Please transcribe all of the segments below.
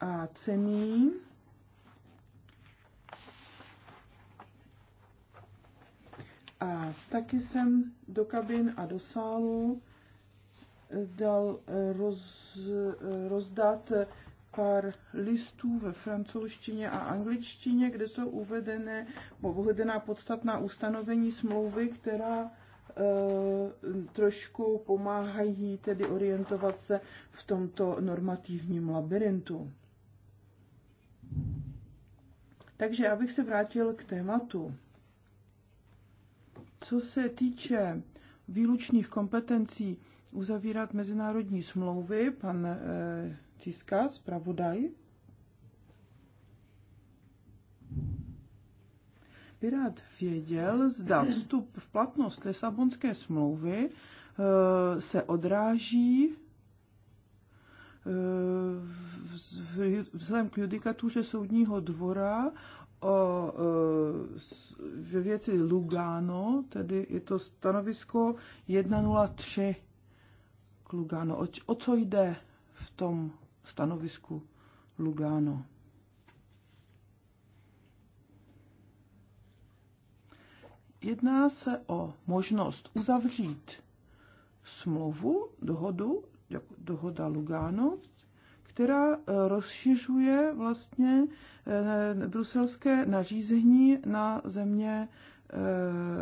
a cený. A taky jsem do kabin a do sálu eh, dal eh, roz, eh, rozdat pár listů ve francouzštině a angličtině, kde jsou uvedené, uvedená podstatná ustanovení smlouvy, která trošku pomáhají tedy orientovat se v tomto normativním labirintu. Takže abych se vrátil k tématu. Co se týče výlučných kompetencí uzavírat mezinárodní smlouvy, pan e, Ciska, zpravodaj, by rád věděl, zda vstup v platnost Lisabonské smlouvy eh, se odráží Eh, vzhledem k judikatuře soudního dvora o, eh, ve věci Lugano, tedy je to stanovisko 103 k Lugano. O, o co jde v tom stanovisku Lugano? Jedná se o možnost uzavřít smlouvu, dohodu jako dohoda Lugano, která eh, rozšiřuje vlastně eh, bruselské nařízení na země eh,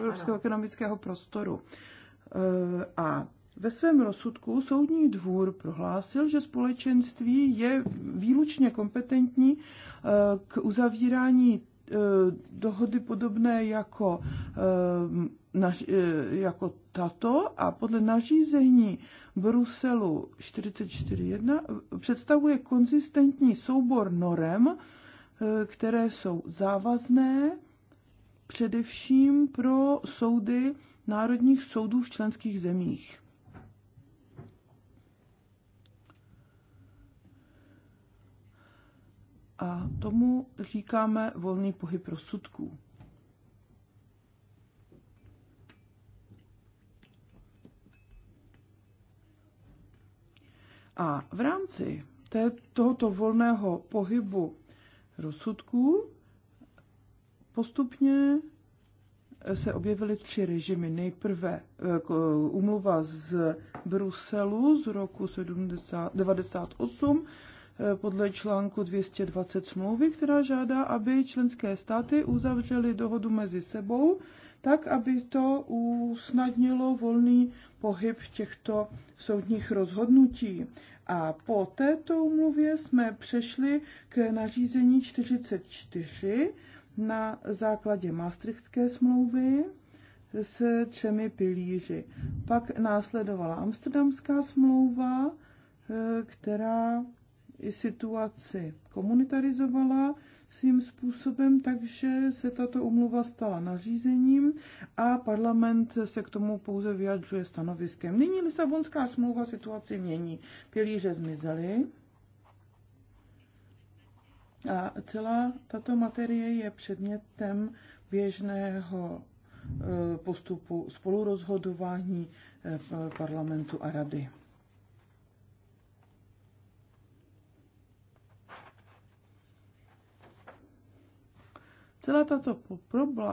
Evropského ekonomického prostoru. A ve svém rozsudku soudní dvůr prohlásil, že společenství je výlučně kompetentní k uzavírání Eh, dohody podobné jako, eh, eh, jako tato a podle nařízení Bruselu 44.1 představuje konzistentní soubor norem, které jsou závazné především pro soudy národních soudů v členských zemích. A tomu říkáme volný pohyb rozsudků. A v rámci té, tohoto volného pohybu rozsudků postupně se objevily tři režimy. Nejprve umluva eh, eh, z Bruselu z roku 1998, podle článku 220 smlouvy, která žádá, aby členské státy uzavřely dohodu mezi sebou, tak, aby to usnadnilo volný pohyb těchto soudních rozhodnutí. A po této umluvě jsme přešli k nařízení 44 na základě Maastrichtské smlouvy s třemi pilíři. Pak následovala Amsterdamská smlouva, e, která situaci komunitarizovala svým způsobem, takže se tato umluva stala nařízením a parlament se k tomu pouze vyjadřuje stanoviskem. Nyní Lisabonská smlouva situaci mění. Pilíře zmizely a celá tato materie je předmětem běžného eh, postupu spolurozhodování eh, parlamentu a rady. Celá tato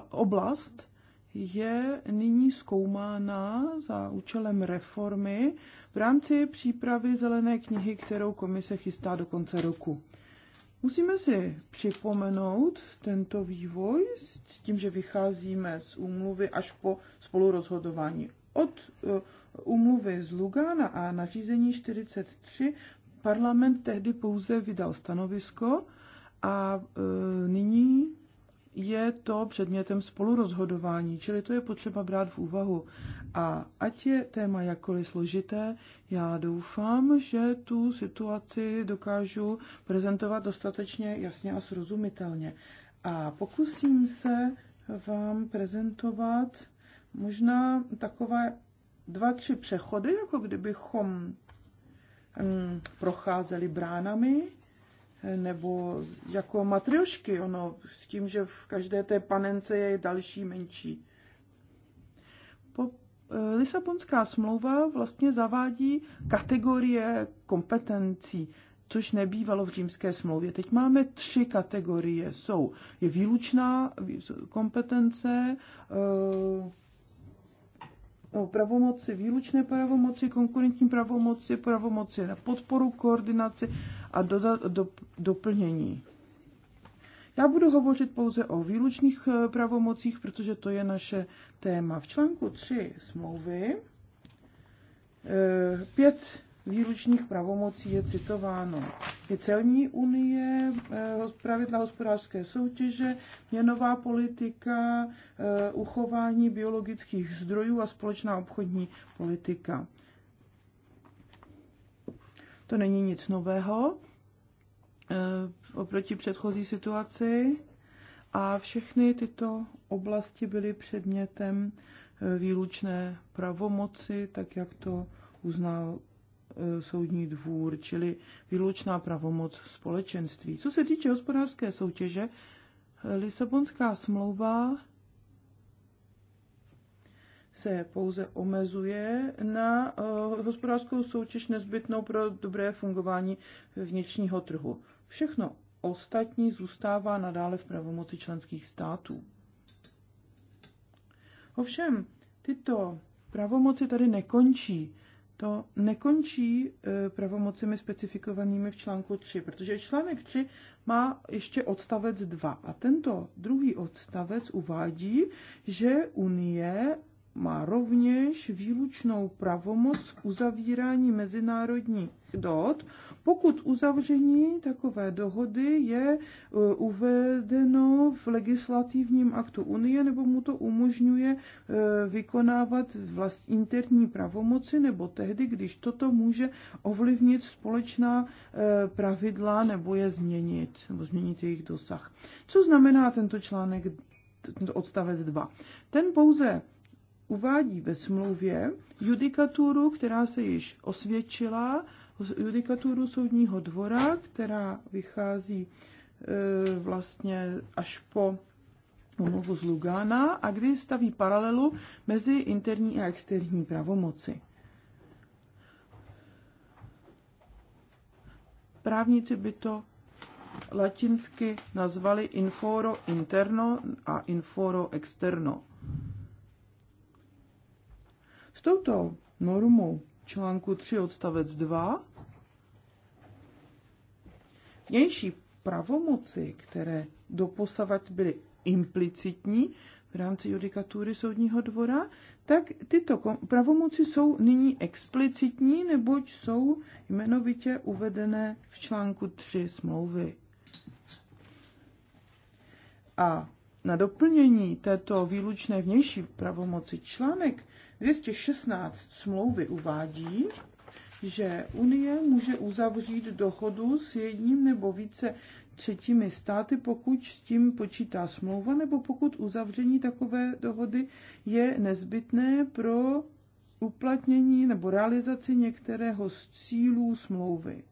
oblast je nyní zkoumána za účelem reformy v rámci přípravy zelené knihy, kterou komise chystá do konce roku. Musíme si připomenout tento vývoj s tím, že vycházíme z úmluvy až po spolurozhodování. Od e, úmluvy z Lugána a nařízení 43 parlament tehdy pouze vydal stanovisko a e, nyní je to předmětem spolurozhodování, čili to je potřeba brát v úvahu. A ať je téma jakkoliv složité, já doufám, že tu situaci dokážu prezentovat dostatečně jasně a srozumitelně. A pokusím se vám prezentovat možná takové dva, tři přechody, jako kdybychom hm, procházeli bránami nebo jako matriošky, ono, s tím, že v každé té panence je další menší. Po, eh, Lisabonská smlouva vlastně zavádí kategorie kompetencí, což nebývalo v římské smlouvě. Teď máme tři kategorie. Jsou je výlučná kompetence, eh, pravomoci, výlučné pravomoci, konkurentní pravomoci, pravomoci na podporu, koordinaci a dodat, do, doplnění. Já budu hovořit pouze o výlučných eh, pravomocích, protože to je naše téma. V článku 3 smlouvy eh, pět výlučných pravomocí je citováno. Je celní unie, eh, pravidla hospodářské soutěže, měnová politika, uchování biologických zdrojů a společná obchodní politika. To není nic nového. Eh, oproti předchozí situaci a všechny tyto oblasti byly předmětem eh, výlučné pravomoci, tak jak to uznal eh, soudní dvůr, čili výlučná pravomoc společenství. Co se týče hospodářské soutěže, Lisabonská smlouva se pouze omezuje na hospodářskou soutěž nezbytnou pro dobré fungování vnitřního trhu. Všechno ostatní zůstává nadále v pravomoci členských států. Ovšem, tyto pravomoci tady nekončí. To nekončí e, pravomocemi specifikovanými v článku 3, protože článek 3 má ještě odstavec 2. A tento druhý odstavec uvádí, že Unie má rovněž výlučnou pravomoc uzavírání mezinárodních dohod, pokud uzavření takové dohody je e, uvedeno v legislativním aktu Unie nebo mu to umožňuje e, vykonávat vlast interní pravomoci nebo tehdy, když toto může ovlivnit společná e, pravidla nebo je změnit, nebo změnit jejich dosah. Co znamená tento článek, tento odstavec 2? Ten pouze uvádí ve smlouvě judikaturu, která se již osvědčila, judikaturu soudního dvora, která vychází e, vlastně až po umluvu z Lugána a kdy staví paralelu mezi interní a externí pravomoci. Právníci by to latinsky nazvali inforo interno a inforo externo touto normou článku 3 odstavec 2 vnější pravomoci, které doposavat byly implicitní v rámci judikatury soudního dvora, tak tyto pravomoci jsou nyní explicitní, neboť jsou jmenovitě uvedené v článku 3 smlouvy. A na doplnění této výlučné vnější pravomoci článek 216 smlouvy uvádí, že Unie může uzavřít dohodu s jedním nebo více třetími státy, pokud s tím počítá smlouva, nebo pokud uzavření takové dohody je nezbytné pro uplatnění nebo realizaci některého z cílů smlouvy.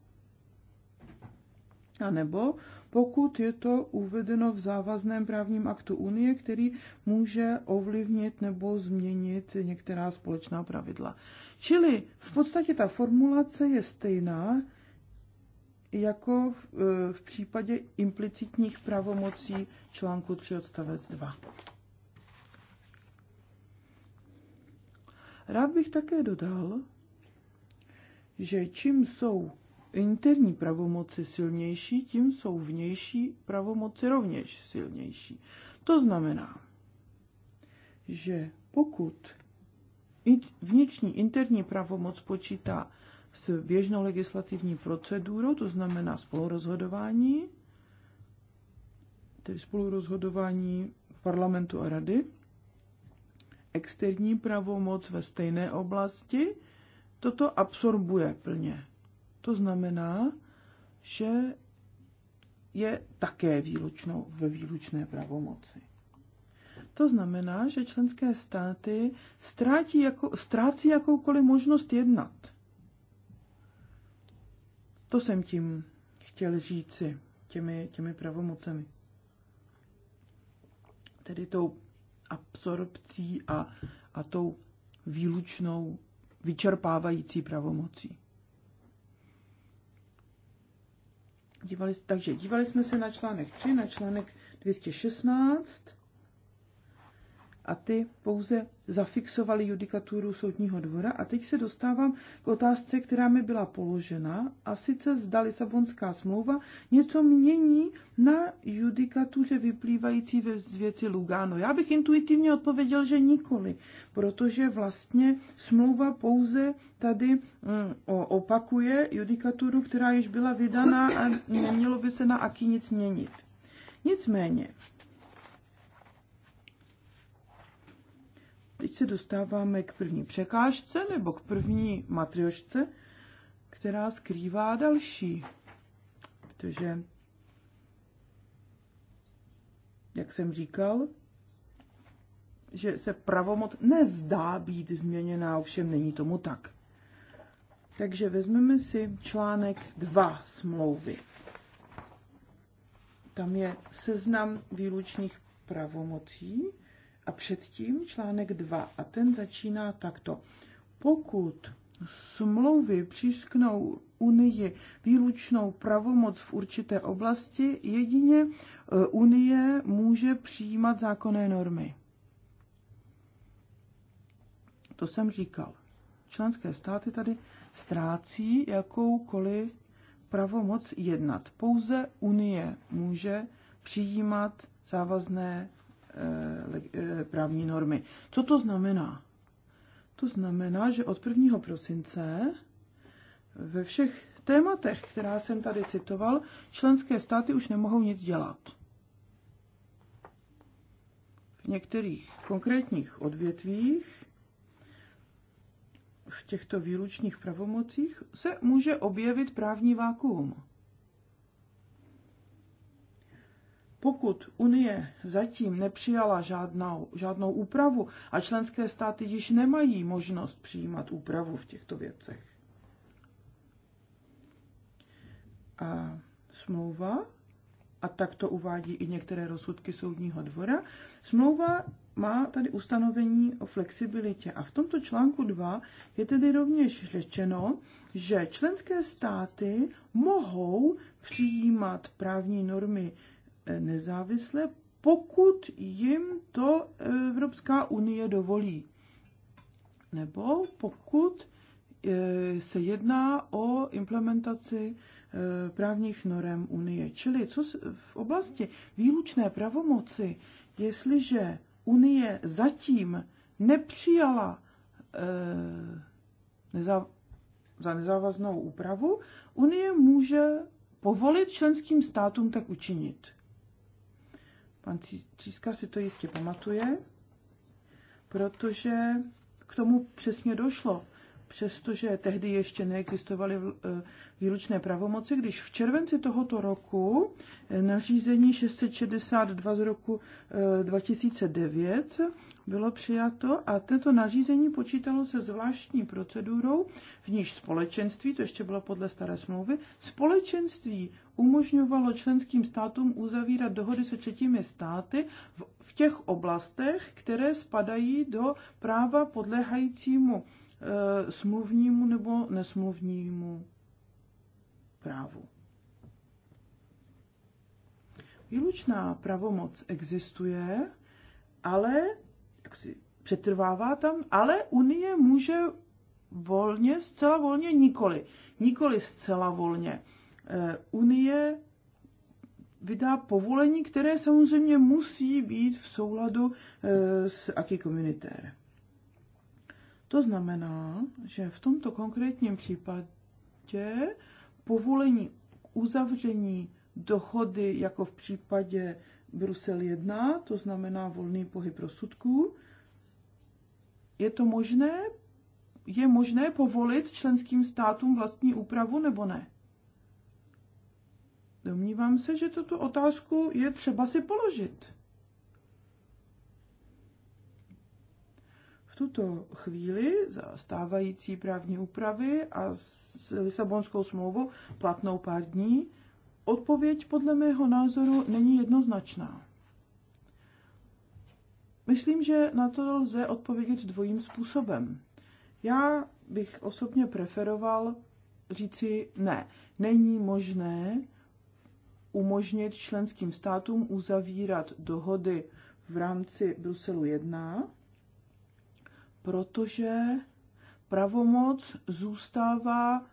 A nebo pokud je to uvedeno v závazném právním aktu Unie, který může ovlivnit nebo změnit některá společná pravidla. Čili v podstatě ta formulace je stejná jako v, e, v případě implicitních pravomocí článku 3 odstavec 2. Rád bych také dodal, že čím jsou interní pravomoci silnější, tím jsou vnější pravomoci rovněž silnější. To znamená, že pokud vnitřní interní pravomoc počítá s běžnou legislativní procedurou, to znamená spolurozhodování, tedy spolurozhodování parlamentu a rady, externí pravomoc ve stejné oblasti, toto absorbuje plně to znamená, že je také výlučnou ve výlučné pravomoci. To znamená, že členské státy ztrácí, jako, ztrácí jakoukoliv možnost jednat. To jsem tím chtěl říci, těmi, těmi pravomocemi. Tedy tou absorpcí a, a tou výlučnou, vyčerpávající pravomocí. dívali, takže dívali jsme se na článek 3, na článek 216 a ty pouze zafixovaly judikaturu soudního dvora. A teď se dostávám k otázce, která mi byla položena, a sice zda Lisabonská smlouva něco mění na judikatuře vyplývající ve věci Lugano. Já bych intuitivně odpověděl, že nikoli, protože vlastně smlouva pouze tady mm, opakuje judikaturu, která již byla vydaná a nemělo by se na aký nic měnit. Nicméně, Teď se dostáváme k první překážce nebo k první matriošce, která skrývá další. Protože, jak jsem říkal, že se pravomoc nezdá být změněná, ovšem není tomu tak. Takže vezmeme si článek 2 smlouvy. Tam je seznam výlučných pravomocí a předtím článek 2 a ten začíná takto. Pokud smlouvy přísknou Unii výlučnou pravomoc v určité oblasti, jedině e, Unie může přijímat zákonné normy. To jsem říkal. Členské státy tady ztrácí jakoukoliv pravomoc jednat. Pouze Unie může přijímat závazné Eh, eh, právní normy. Co to znamená? To znamená, že od 1. prosince ve všech tématech, která jsem tady citoval, členské státy už nemohou nic dělat. V některých konkrétních odvětvích v těchto výlučných pravomocích se může objevit právní vákuum. Pokud Unie zatím nepřijala žádnou, žádnou úpravu a členské státy již nemají možnost přijímat úpravu v těchto věcech. A smlouva, a tak to uvádí i některé rozsudky soudního dvora, smlouva má tady ustanovení o flexibilitě. A v tomto článku 2 je tedy rovněž řečeno, že členské státy mohou přijímat právní normy nezávisle, pokud jim to Evropská unie dovolí. Nebo pokud eh, se jedná o implementaci eh, právních norem Unie. Čili co v oblasti výlučné pravomoci, jestliže Unie zatím nepřijala eh, za nezávaznou úpravu, Unie může povolit členským státům tak učinit. Pan Číska si to jistě pamatuje, protože k tomu přesně došlo. Přestože tehdy ještě neexistovaly eh, výlučné pravomoci, když v červenci tohoto roku eh, nařízení 662 z roku 2009 eh, bylo přijato a tento nařízení počítalo se zvláštní procedurou, v níž společenství, to ještě bylo podle staré smlouvy, společenství umožňovalo členským státům uzavírat dohody se třetími státy v těch oblastech, které spadají do práva podléhajícímu e, smluvnímu nebo nesmluvnímu právu. Výlučná pravomoc existuje, ale si, přetrvává tam, ale Unie může volně, zcela volně nikoli. Nikoli zcela volně. Eh, Unie vydá povolení, které samozřejmě musí být v souladu eh, s aký komunitér. To znamená, že v tomto konkrétním případě povolení k uzavření dohody jako v případě Brusel 1, to znamená volný pohyb rozsudků, je to možné? Je možné povolit členským státům vlastní úpravu nebo ne? Domnívám se, že tuto otázku je třeba si položit. V tuto chvíli za stávající právní úpravy a s Lisabonskou smlouvou platnou pár dní odpověď podle mého názoru není jednoznačná. Myslím, že na to lze odpovědět dvojím způsobem. Já bych osobně preferoval říci ne. Není možné umožnit členským státům uzavírat dohody v rámci Bruselu 1, protože pravomoc zůstává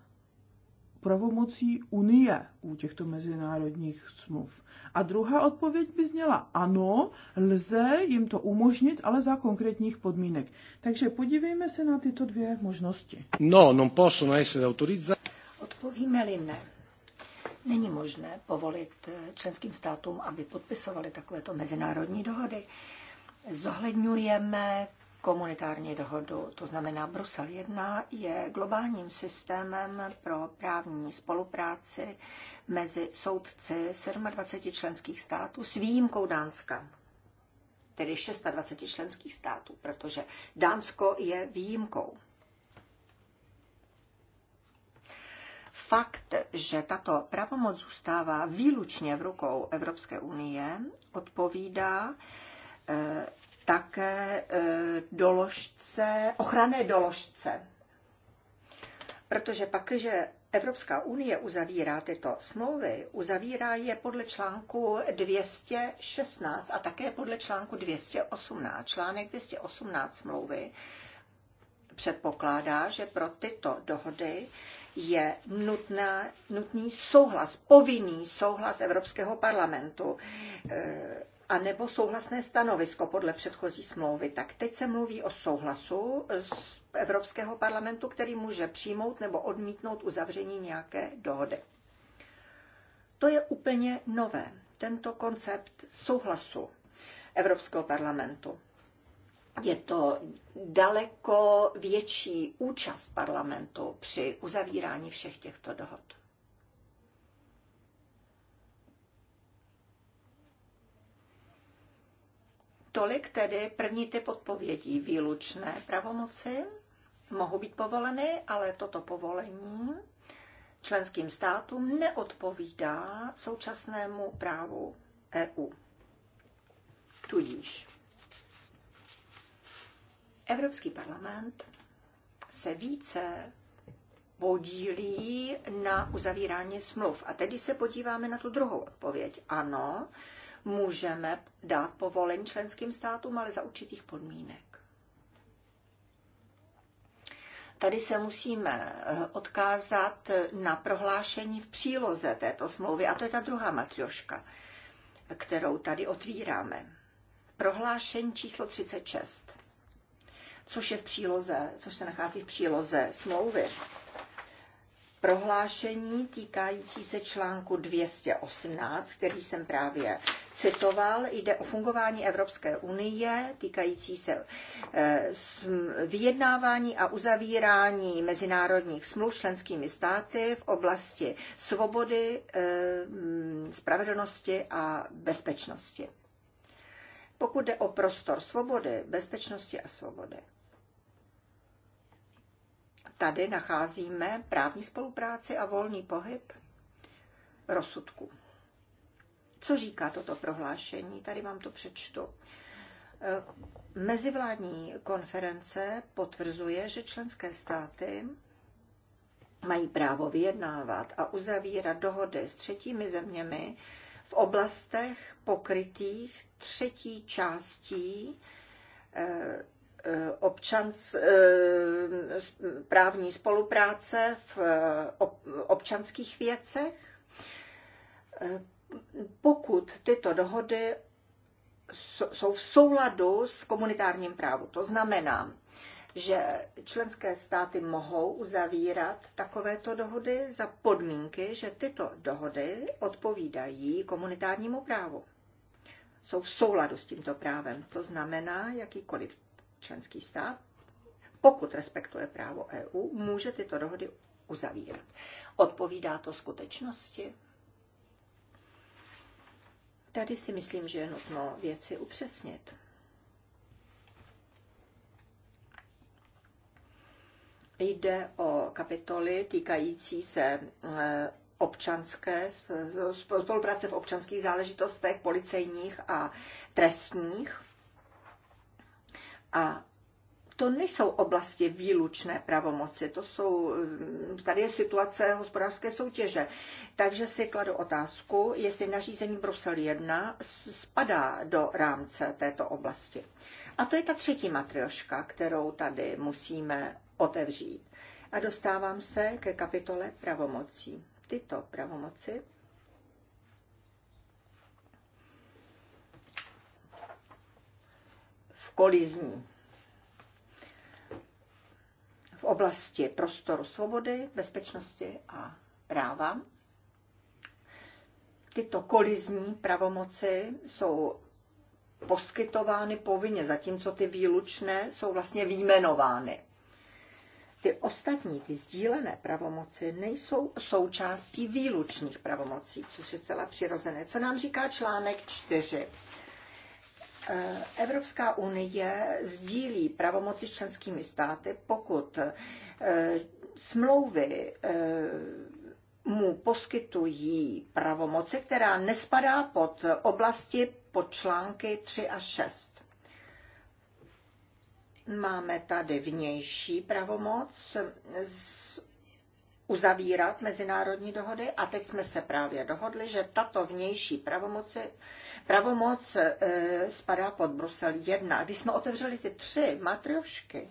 pravomocí Unie u těchto mezinárodních smluv. A druhá odpověď by zněla ano, lze jim to umožnit, ale za konkrétních podmínek. Takže podívejme se na tyto dvě možnosti. No, non possono essere autorizzati. Odpovíme-li ne, Není možné povolit eh, členským státům, aby podpisovali takovéto mezinárodní dohody. Zohledňujeme komunitární dohodu, to znamená Brusel 1 je globálním systémem pro právní spolupráci mezi soudci 27 členských států s výjimkou Dánska, tedy 26 členských států, protože Dánsko je výjimkou. Fakt, že tato pravomoc zůstává výlučně v rukou Evropské unie, odpovídá eh, také eh, doložce, ochranné doložce. Protože pak, když Evropská unie uzavírá tyto smlouvy, uzavírá je podle článku 216 a také podle článku 218. Článek 218 smlouvy předpokládá, že pro tyto dohody je nutná, nutný souhlas, povinný souhlas Evropského parlamentu eh, a nebo souhlasné stanovisko podle předchozí smlouvy. Tak teď se mluví o souhlasu z Evropského parlamentu, který může přijmout nebo odmítnout uzavření nějaké dohody. To je úplně nové, tento koncept souhlasu Evropského parlamentu je to daleko větší účast parlamentu při uzavírání všech těchto dohod. Tolik tedy první typ odpovědí. Výlučné pravomoci mohou být povoleny, ale toto povolení členským státům neodpovídá současnému právu EU. Tudíž Evropský parlament se více podílí na uzavírání smluv. A tedy se podíváme na tu druhou odpověď. Ano, můžeme dát povolení členským státům, ale za určitých podmínek. Tady se musíme eh, odkázat na prohlášení v příloze této smlouvy, a to je ta druhá matrioška, kterou tady otvíráme. Prohlášení číslo 36 což je v příloze, což se nachází v příloze smlouvy. Prohlášení týkající se článku 218, který jsem právě citoval, jde o fungování Evropské unie, týkající se eh, vyjednávání a uzavírání mezinárodních smluv členskými státy v oblasti svobody, eh, spravedlnosti a bezpečnosti pokud jde o prostor svobody, bezpečnosti a svobody, tady nacházíme právní spolupráci a volný pohyb rozsudku. Co říká toto prohlášení? Tady vám to přečtu. E, mezivládní konference potvrzuje, že členské státy mají právo vyjednávat a uzavírat dohody s třetími zeměmi v oblastech pokrytých třetí částí eh, eh, občans, eh, právní spolupráce v občanských věcech, pokud tyto dohody jsou v souladu s komunitárním právem. To znamená, že členské státy mohou uzavírat takovéto dohody za podmínky, že tyto dohody odpovídají komunitárnímu právu. Jsou v souladu s tímto právem. To znamená, jakýkoliv členský stát, pokud respektuje právo EU, může tyto dohody uzavírat. Odpovídá to skutečnosti? Tady si myslím, že je nutno věci upřesnit. Jde o kapitoly týkající se eh, občanské, spolupráce v občanských záležitostech, policejních a trestních. A to nejsou oblasti výlučné pravomoci, to jsou, eh, tady je situace hospodářské soutěže. Takže si kladu otázku, jestli nařízení Brusel 1 spadá do rámce této oblasti. A to je ta třetí matrioška, kterou tady musíme otevřít. A dostávám se ke kapitole pravomocí. Tyto pravomoci v kolizní v oblasti prostoru svobody, bezpečnosti a práva. Tyto kolizní pravomoci jsou poskytovány povinně, zatímco ty výlučné jsou vlastně výjmenovány. Ty ostatní, ty sdílené pravomoci, nejsou součástí výlučných pravomocí, což je zcela přirozené. Co nám říká článek 4? Eh, Evropská unie sdílí pravomoci s členskými státy, pokud eh, smlouvy eh, mu poskytují pravomoci, která nespadá pod oblasti pod články 3 a 6. Máme tady vnější pravomoc uzavírat mezinárodní dohody a teď jsme se právě dohodli, že tato vnější pravomoc, pravomoc e, spadá pod Brusel 1. Když jsme otevřeli ty tři matriošky,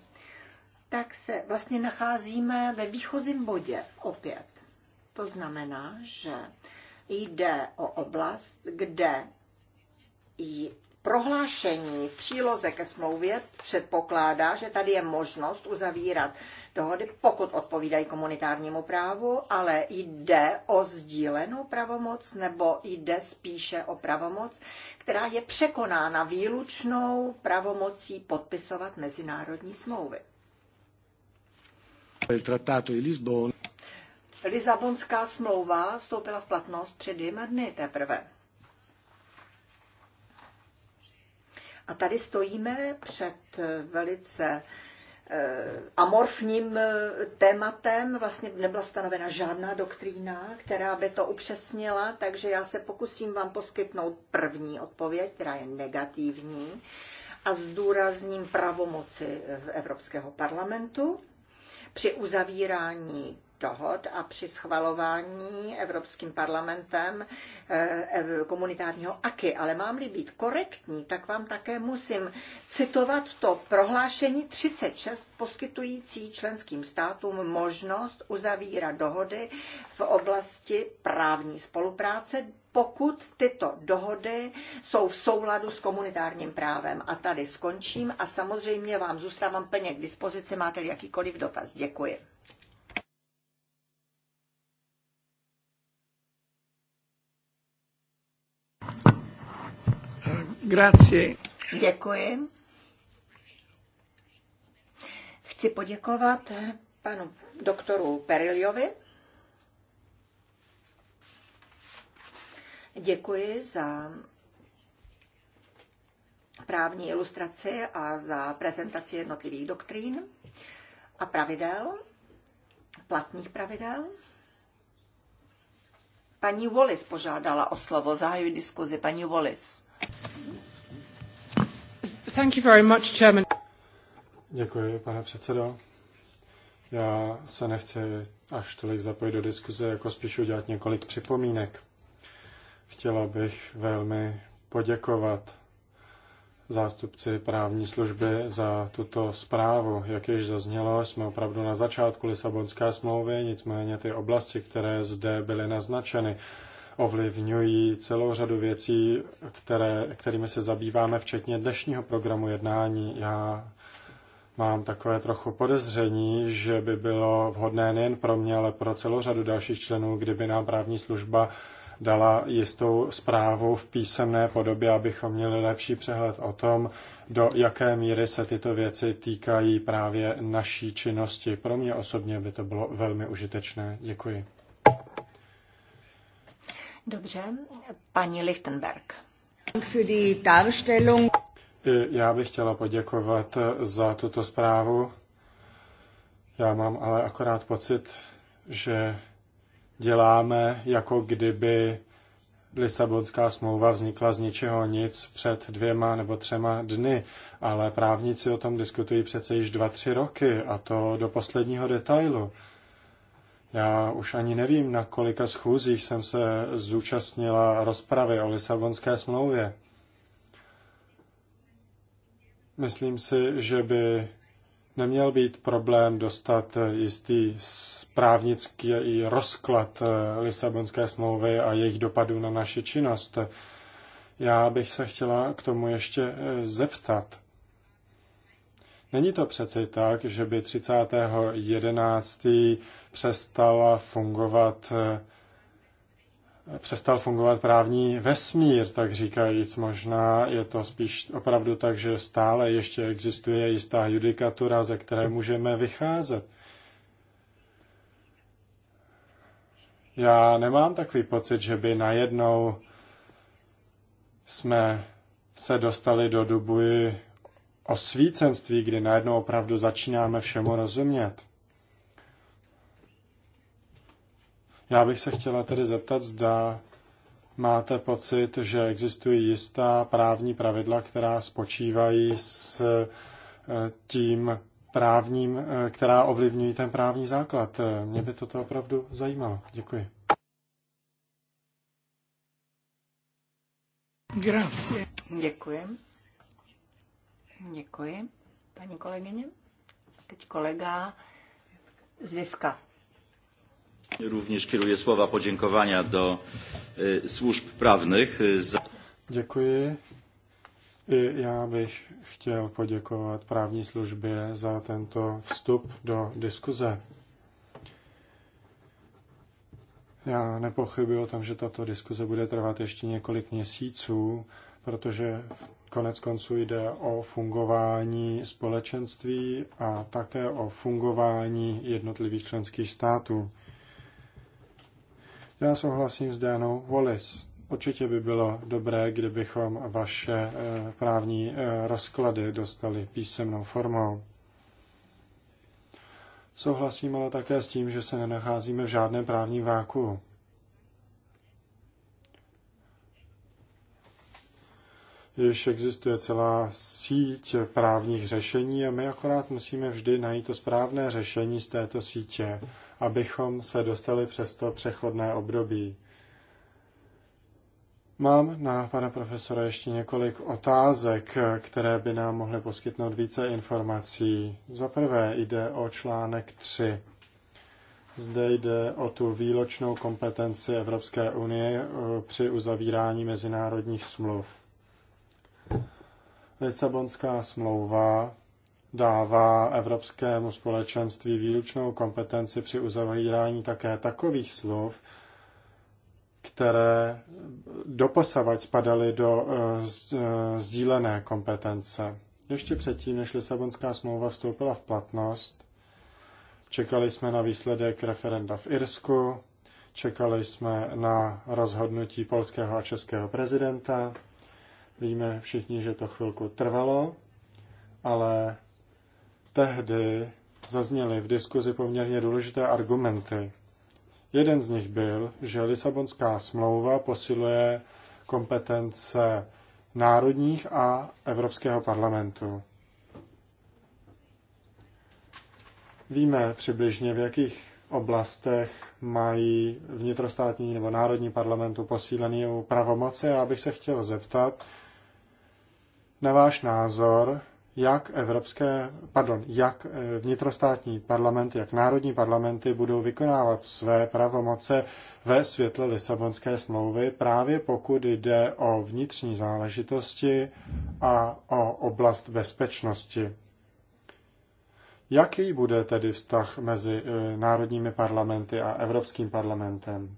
tak se vlastně nacházíme ve výchozím bodě opět. To znamená, že jde o oblast, kde prohlášení v příloze ke smlouvě předpokládá, že tady je možnost uzavírat dohody, pokud odpovídají komunitárnímu právu, ale jde o sdílenou pravomoc nebo jde spíše o pravomoc, která je překonána výlučnou pravomocí podpisovat mezinárodní smlouvy. Lisabonská smlouva vstoupila v platnost před dvěma dny teprve. A tady stojíme před velice eh, amorfním eh, tématem, vlastně nebyla stanovena žádná doktrína, která by to upřesnila, takže já se pokusím vám poskytnout první odpověď, která je negativní a zdůrazním pravomoci eh, Evropského parlamentu při uzavírání dohod a při schvalování Evropským parlamentem eh, eh, komunitárního AKY. Ale mám-li být korektní, tak vám také musím citovat to prohlášení 36 poskytující členským státům možnost uzavírat dohody v oblasti právní spolupráce pokud tyto dohody jsou v souladu s komunitárním právem. A tady skončím a samozřejmě vám zůstávám plně k dispozici, máte jakýkoliv dotaz. Děkuji. Grazie. Děkuji. Chci poděkovat panu doktoru Periliovi. Děkuji za právní ilustraci a za prezentaci jednotlivých doktrín a pravidel, platných pravidel. Paní Wallis požádala o slovo, zahajuji diskuzi. Paní Wallis. Thank you very much, Chairman. Děkuji, pane předsedo. Já se nechci až tolik zapojit do diskuze, jako spíš udělat několik připomínek. Chtěla bych velmi poděkovat zástupci právní služby za tuto zprávu. Jak již zaznělo, jsme opravdu na začátku Lisabonské smlouvy, nicméně ty oblasti, které zde byly naznačeny, ovlivňují celou řadu věcí, které, kterými se zabýváme, včetně dnešního programu jednání. Já mám takové trochu podezření, že by bylo vhodné nejen pro mě, ale pro celou řadu dalších členů, kdyby nám právní služba dala jistou zprávu v písemné podobě, abychom měli lepší přehled o tom, do jaké míry se tyto věci týkají právě naší činnosti. Pro mě osobně by to bylo velmi užitečné. Děkuji. Dobře, paní Lichtenberg. Já bych chtěla poděkovat za tuto zprávu. Já mám ale akorát pocit, že děláme, jako kdyby Lisabonská smlouva vznikla z ničeho nic před dvěma nebo třema dny, ale právníci o tom diskutují přece již dva, tři roky a to do posledního detailu. Já už ani nevím, na kolika schůzích jsem se zúčastnila rozpravy o Lisabonské smlouvě. Myslím si, že by neměl být problém dostat jistý právnický i rozklad eh, Lisabonské smlouvy a jejich dopadů na naši činnost. Já bych se chtěla k tomu ještě eh, zeptat. Není to přeci tak, že by 30.11. přestala fungovat přestal fungovat právní vesmír, tak říkajíc. Možná je to spíš opravdu tak, že stále ještě existuje jistá judikatura, ze které můžeme vycházet. Já nemám takový pocit, že by najednou jsme se dostali do dubuji osvícenství, kdy najednou opravdu začínáme všemu rozumět. Já bych se chtěla tedy zeptat, zda máte pocit, že existují jistá právní pravidla, která spočívají s eh, tím právním, eh, která ovlivňují ten právní základ. Mě by toto opravdu zajímalo. Děkuji. Grazie. Děkuji. Děkuji, paní kolegyně. Teď kolega Zvěvka. Rovněž kieruję slova poděkování do e, služb právních e, za... Děkuji. I já bych chtěl poděkovat právní službě za tento vstup do diskuze. Já nepochybuji o tom, že tato diskuze bude trvat ještě několik měsíců, protože v Konec konců jde o fungování společenství a také o fungování jednotlivých členských států. Já souhlasím s Danou Wallis. Určitě by bylo dobré, kdybychom vaše eh, právní eh, rozklady dostali písemnou formou. Souhlasím ale také s tím, že se nenacházíme v žádném právním váku. již existuje celá síť právních řešení a my akorát musíme vždy najít to správné řešení z této sítě, abychom se dostali přes to přechodné období. Mám na pana profesora ještě několik otázek, které by nám mohly poskytnout více informací. Za prvé jde o článek 3. Zde jde o tu výločnou kompetenci Evropské unie eh, při uzavírání mezinárodních smluv. Lisabonská smlouva dává Evropskému společenství výlučnou kompetenci při uzavírání také takových slov, které doposavať spadaly do eh, eh, sdílené kompetence. Ještě předtím, než Lisabonská smlouva vstoupila v platnost, čekali jsme na výsledek referenda v Irsku, čekali jsme na rozhodnutí polského a českého prezidenta, Víme všichni, že to chvilku trvalo, ale tehdy zazněly v diskuzi poměrně důležité argumenty. Jeden z nich byl, že Lisabonská smlouva posiluje kompetence národních a Evropského parlamentu. Víme přibližně, v jakých oblastech mají vnitrostátní nebo národní parlamentu posílený pravomoci já bych se chtěl zeptat, na váš názor, jak evropské, pardon, jak eh, vnitrostátní parlamenty, jak národní parlamenty budou vykonávat své pravomoce ve světle Lisabonské smlouvy, právě pokud jde o vnitřní záležitosti a o oblast bezpečnosti. Jaký bude tedy vztah mezi eh, národními parlamenty a Evropským parlamentem?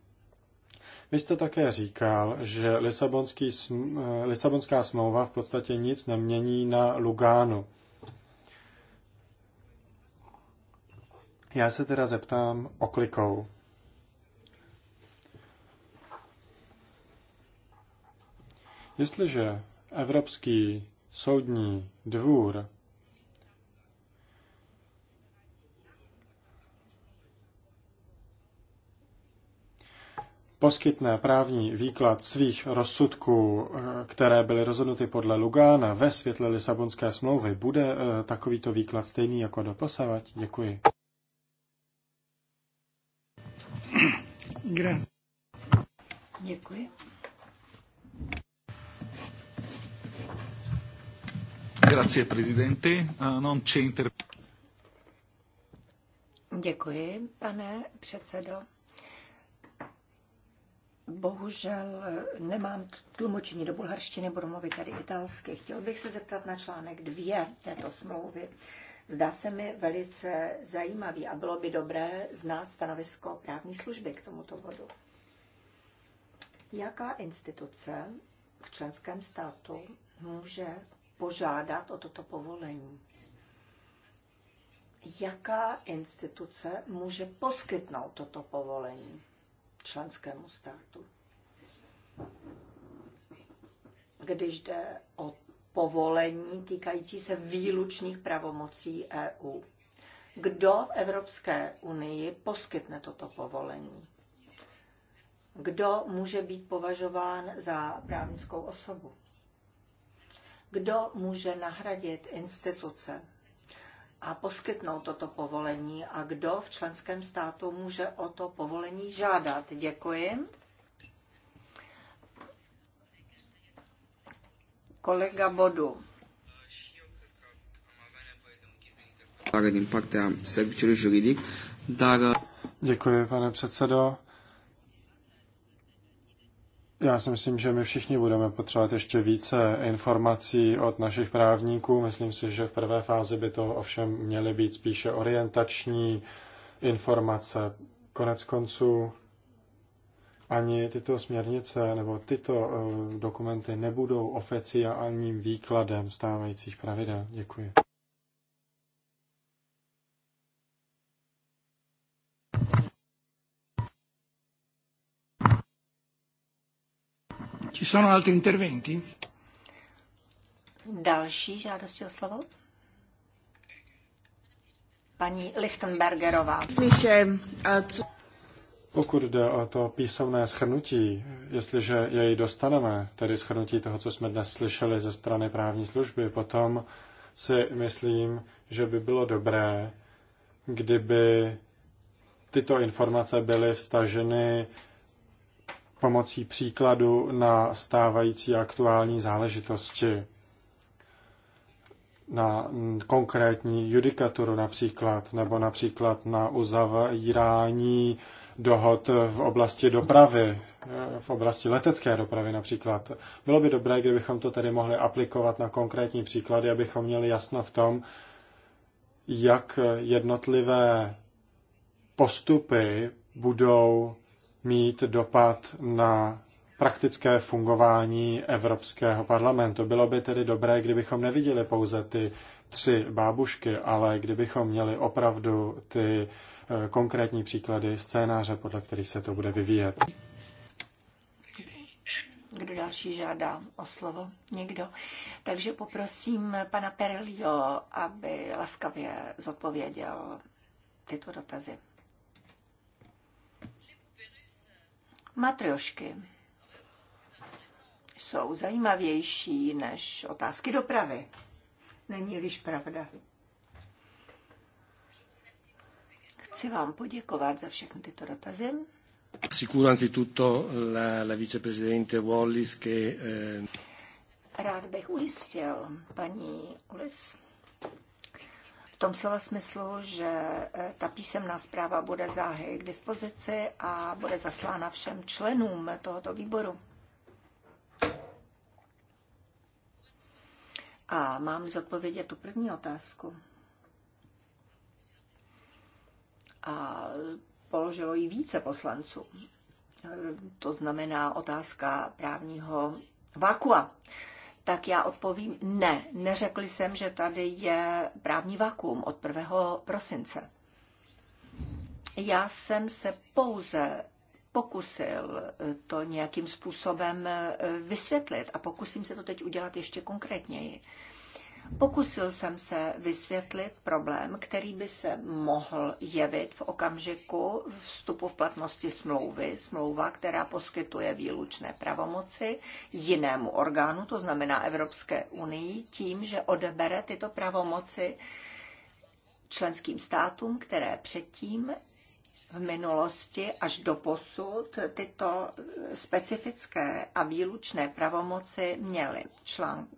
Vy jste také říkal, že Lisabonský, eh, Lisabonská smlouva v podstatě nic nemění na Lugánu. Já se teda zeptám oklikou. Jestliže Evropský soudní dvůr poskytne právní výklad svých rozsudků, eh, které byly rozhodnuty podle Lugána ve světle Lisabonské smlouvy, bude eh, takovýto výklad stejný jako doposavat? Děkuji. Děkuji. Grazie, prezidenti. Eh, non c'è inter... Děkuji, pane předsedo. Bohužel nemám tlumočení do bulharštiny, budu mluvit tady italsky. Chtěl bych se zeptat na článek dvě této smlouvy. Zdá se mi velice zajímavý a bylo by dobré znát stanovisko právní služby k tomuto bodu. Jaká instituce v členském státu může požádat o toto povolení? Jaká instituce může poskytnout toto povolení? členskému státu. Když jde o povolení týkající se výlučných pravomocí EU. Kdo v Evropské unii poskytne toto povolení? Kdo může být považován za právnickou osobu? Kdo může nahradit instituce? a poskytnout toto povolení a kdo v členském státu může o to povolení žádat. Děkuji. Kolega Bodu. Děkuji, pane předsedo. Já si myslím, že my všichni budeme potřebovat ještě více informací od našich právníků. Myslím si, že v prvé fázi by to ovšem měly být spíše orientační informace. Konec konců ani tyto směrnice nebo tyto eh, dokumenty nebudou oficiálním výkladem stávajících pravidel. Děkuji. Ci sono altri interventi? Další žádosti o slovo? Paní Lichtenbergerová. Eh, Pokud jde o to písomné schrnutí, jestliže jej dostaneme, tedy schrnutí toho, co jsme dnes slyšeli ze strany právní služby, potom si myslím, že by bylo dobré, kdyby tyto informace byly vstaženy pomocí příkladu na stávající aktuální záležitosti, na konkrétní judikaturu například, nebo například na uzavírání dohod v oblasti dopravy, v oblasti letecké dopravy například. Bylo by dobré, kdybychom to tedy mohli aplikovat na konkrétní příklady, abychom měli jasno v tom, jak jednotlivé postupy budou mít dopad na praktické fungování Evropského parlamentu. Bylo by tedy dobré, kdybychom neviděli pouze ty tři bábušky, ale kdybychom měli opravdu ty eh, konkrétní příklady scénáře, podle kterých se to bude vyvíjet. Kdo další žádá o slovo? Někdo. Takže poprosím pana Perlio, aby laskavě zodpověděl tyto dotazy. matriošky jsou zajímavější než otázky dopravy. Není-liž pravda. Chci vám poděkovat za všechny tyto dotazy. Sicuro anzitutto la, la viceprezidente Wallis che... Eh... Rád bych ujistil paní Ulis, tom slova smyslu, že eh, ta písemná zpráva bude záhy k dispozici a bude zaslána všem členům tohoto výboru. A mám zodpovědět tu první otázku. A položilo ji více poslanců. Eh, to znamená otázka právního vákua tak já odpovím ne. Neřekl jsem, že tady je právní vakuum od 1. prosince. Já jsem se pouze pokusil to nějakým způsobem eh, vysvětlit a pokusím se to teď udělat ještě konkrétněji. Pokusil jsem se vysvětlit problém, který by se mohl jevit v okamžiku vstupu v platnosti smlouvy, smlouva, která poskytuje výlučné pravomoci jinému orgánu, to znamená Evropské unii, tím, že odebere tyto pravomoci členským státům, které předtím v minulosti až do posud tyto specifické a výlučné pravomoci měly.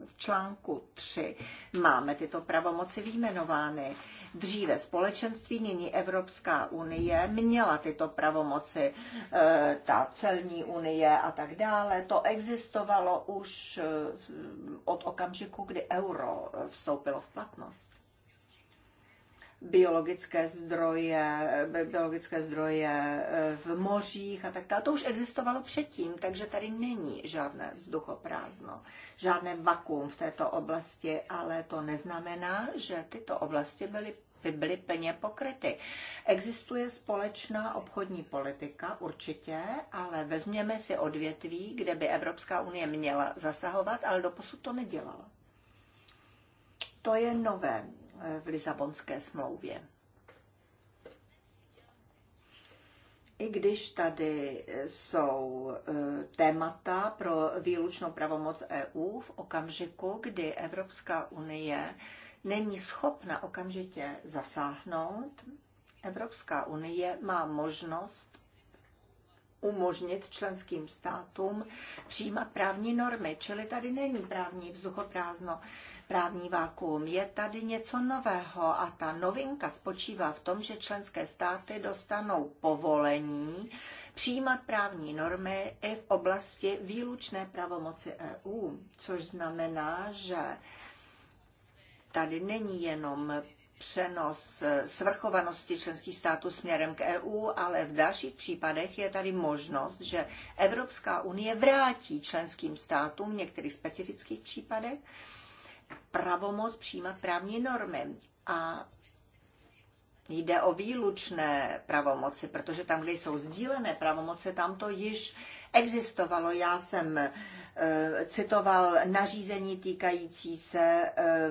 V článku 3 máme tyto pravomoci výjmenovány. Dříve společenství, nyní Evropská unie měla tyto pravomoci, e, ta celní unie a tak dále. To existovalo už e, od okamžiku, kdy euro vstoupilo v platnost biologické zdroje, biologické zdroje e, v mořích a tak dále. To už existovalo předtím, takže tady není žádné vzduchoprázdno, žádné vakuum v této oblasti, ale to neznamená, že tyto oblasti byly byly plně pokryty. Existuje společná obchodní politika určitě, ale vezměme si odvětví, kde by Evropská unie měla zasahovat, ale doposud to nedělala. To je nové v Lisabonské smlouvě. I když tady jsou e, témata pro výlučnou pravomoc EU v okamžiku, kdy Evropská unie není schopna okamžitě zasáhnout, Evropská unie má možnost umožnit členským státům přijímat právní normy. Čili tady není právní vzduchoprázdno, právní vákuum. Je tady něco nového a ta novinka spočívá v tom, že členské státy dostanou povolení přijímat právní normy i v oblasti výlučné pravomoci EU, což znamená, že tady není jenom přenos eh, svrchovanosti členských států směrem k EU, ale v dalších případech je tady možnost, že Evropská unie vrátí členským státům v některých specifických případech pravomoc přijímat právní normy. A jde o výlučné pravomoci, protože tam, kde jsou sdílené pravomoce, tam to již existovalo. Já jsem Eh, citoval nařízení týkající se eh,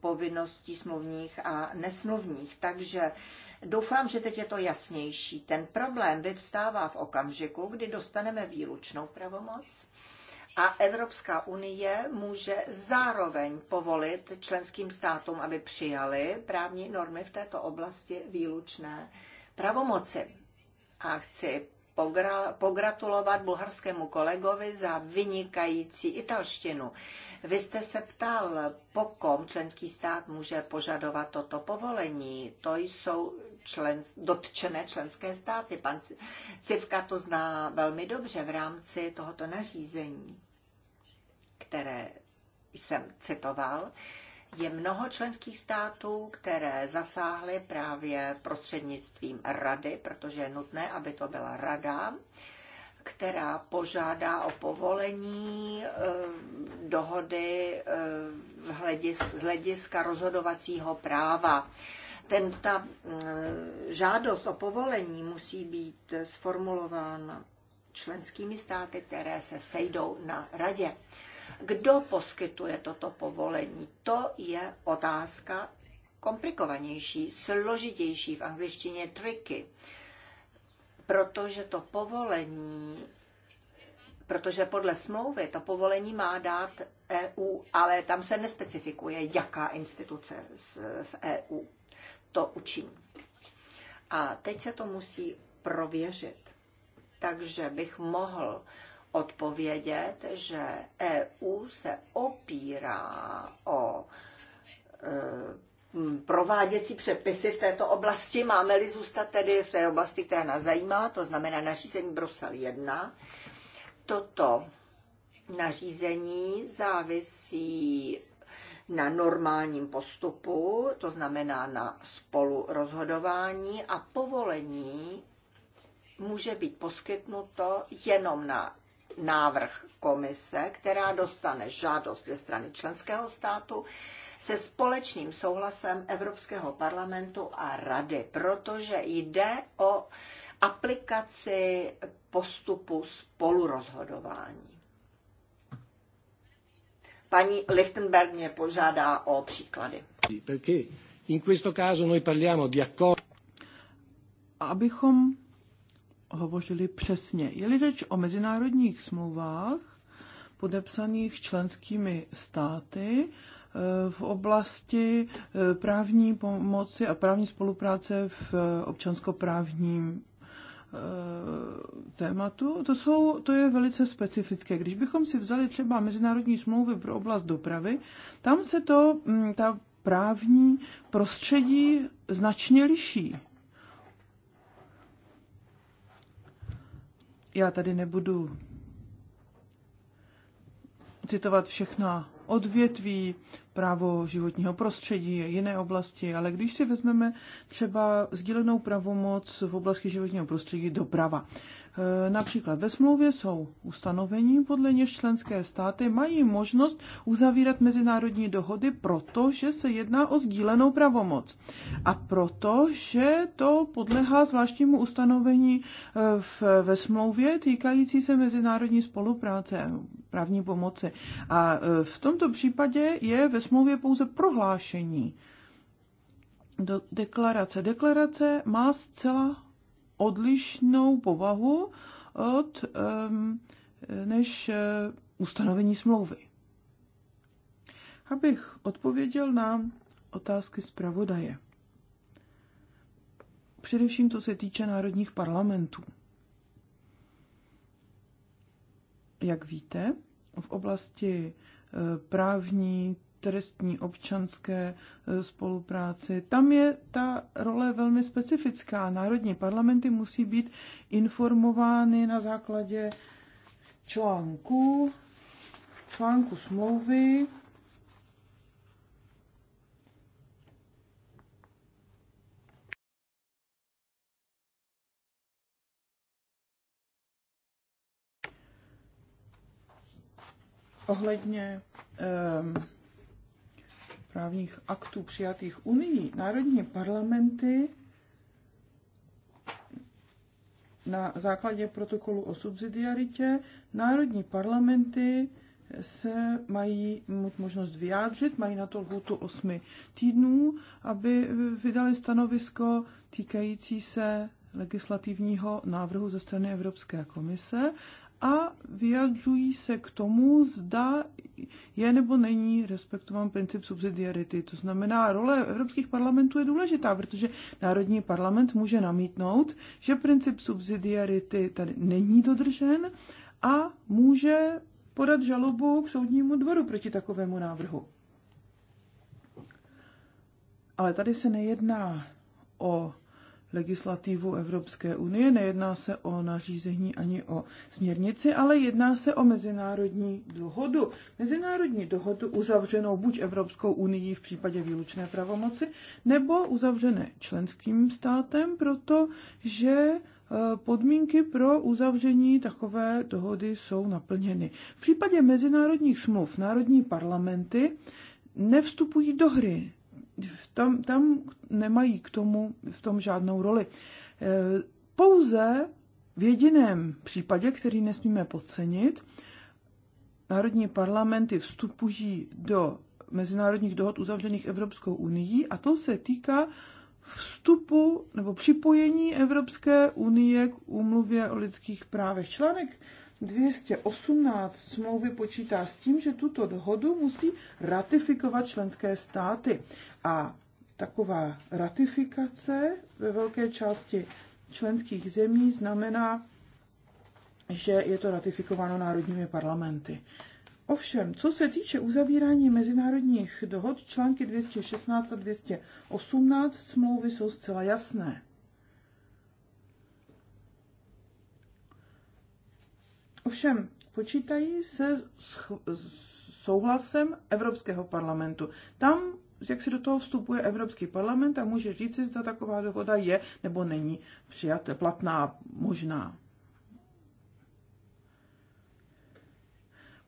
povinností smluvních a nesmluvních. Takže Doufám, že teď je to jasnější. Ten problém vyvstává v okamžiku, kdy dostaneme výlučnou pravomoc a Evropská unie může zároveň povolit členským státům, aby přijali právní normy v této oblasti výlučné pravomoci. A chci pogratulovat bulharskému kolegovi za vynikající italštinu. Vy jste se ptal, po kom členský stát může požadovat toto povolení. To jsou člen, dotčené členské státy. Pan Civka to zná velmi dobře v rámci tohoto nařízení, které jsem citoval je mnoho členských států, které zasáhly právě prostřednictvím rady, protože je nutné, aby to byla rada, která požádá o povolení e, dohody e, hledis, z hlediska rozhodovacího práva. Ten, ta eh, žádost o povolení musí být sformulována členskými státy, které se sejdou na radě. Kdo poskytuje toto povolení? To je otázka komplikovanější, složitější v angličtině triky, protože to povolení protože podle smlouvy to povolení má dát EU, ale tam se nespecifikuje, jaká instituce v EU to učiní. A teď se to musí prověřit. Takže bych mohl odpovědět, že EU se opírá o e, prováděcí přepisy v této oblasti. Máme-li zůstat tedy v té oblasti, která nás zajímá, to znamená nařízení Brusel 1. Toto nařízení závisí na normálním postupu, to znamená na spolurozhodování a povolení může být poskytnuto jenom na návrh komise, která dostane žádost ze strany členského státu se společným souhlasem Evropského parlamentu a rady, protože jde o aplikaci postupu spolurozhodování. Paní Lichtenberg mě požádá o příklady. in questo caso noi parliamo di accordo. Abychom hovořili přesně. Je-li řeč o mezinárodních smlouvách podepsaných členskými státy e, v oblasti e, právní pomoci a právní spolupráce v e, občanskoprávním tématu, to, jsou, to je velice specifické. Když bychom si vzali třeba mezinárodní smlouvy pro oblast dopravy, tam se to, ta právní prostředí značně liší. Já tady nebudu citovat všechna odvětví, právo životního prostředí a jiné oblasti, ale když si vezmeme třeba sdílenou pravomoc v oblasti životního prostředí doprava, Eh, například ve smlouvě jsou ustanovení, podle něž členské státy mají možnost uzavírat mezinárodní dohody, protože se jedná o sdílenou pravomoc. A protože to podlehá zvláštnímu ustanovení eh, v, ve smlouvě týkající se mezinárodní spolupráce, právní pomoci. A eh, v tomto případě je ve smlouvě pouze prohlášení do deklarace. Deklarace má zcela odlišnou povahu od, než eh, ustanovení smlouvy. Abych odpověděl na otázky zpravodaje. Především co se týče národních parlamentů. Jak víte, v oblasti eh, právní trestní občanské e, spolupráci. Tam je ta role velmi specifická. Národní parlamenty musí být informovány na základě článku, článku smlouvy, ohledně ehm, právních aktů přijatých Unii, národní parlamenty na základě protokolu o subsidiaritě, národní parlamenty se mají mít možnost vyjádřit, mají na to lhůtu 8 týdnů, aby vydali stanovisko týkající se legislativního návrhu ze strany Evropské komise a vyjadřují se k tomu, zda je nebo není respektován princip subsidiarity. To znamená, role evropských parlamentů je důležitá, protože Národní parlament může namítnout, že princip subsidiarity tady není dodržen a může podat žalobu k soudnímu dvoru proti takovému návrhu. Ale tady se nejedná o legislativu Evropské unie. Nejedná se o nařízení ani o směrnici, ale jedná se o mezinárodní dohodu. Mezinárodní dohodu uzavřenou buď Evropskou unii v případě výlučné pravomoci, nebo uzavřené členským státem, protože eh, podmínky pro uzavření takové dohody jsou naplněny. V případě mezinárodních smluv národní parlamenty nevstupují do hry tam tam nemají k tomu v tom žádnou roli. E, pouze v jediném případě, který nesmíme podcenit, národní parlamenty vstupují do mezinárodních dohod uzavřených Evropskou unii a to se týká vstupu nebo připojení Evropské unie k úmluvě o lidských právech. Článek 218 smlouvy počítá s tím, že tuto dohodu musí ratifikovat členské státy. A taková ratifikace ve velké části členských zemí znamená, že je to ratifikováno národními parlamenty. Ovšem, co se týče uzavírání mezinárodních dohod, články 216 a 218 smlouvy jsou zcela jasné. Ovšem, počítají se s souhlasem Evropského parlamentu. Tam jak si do toho vstupuje Evropský parlament a může říct, zda taková dohoda je nebo není přijaté, platná, možná.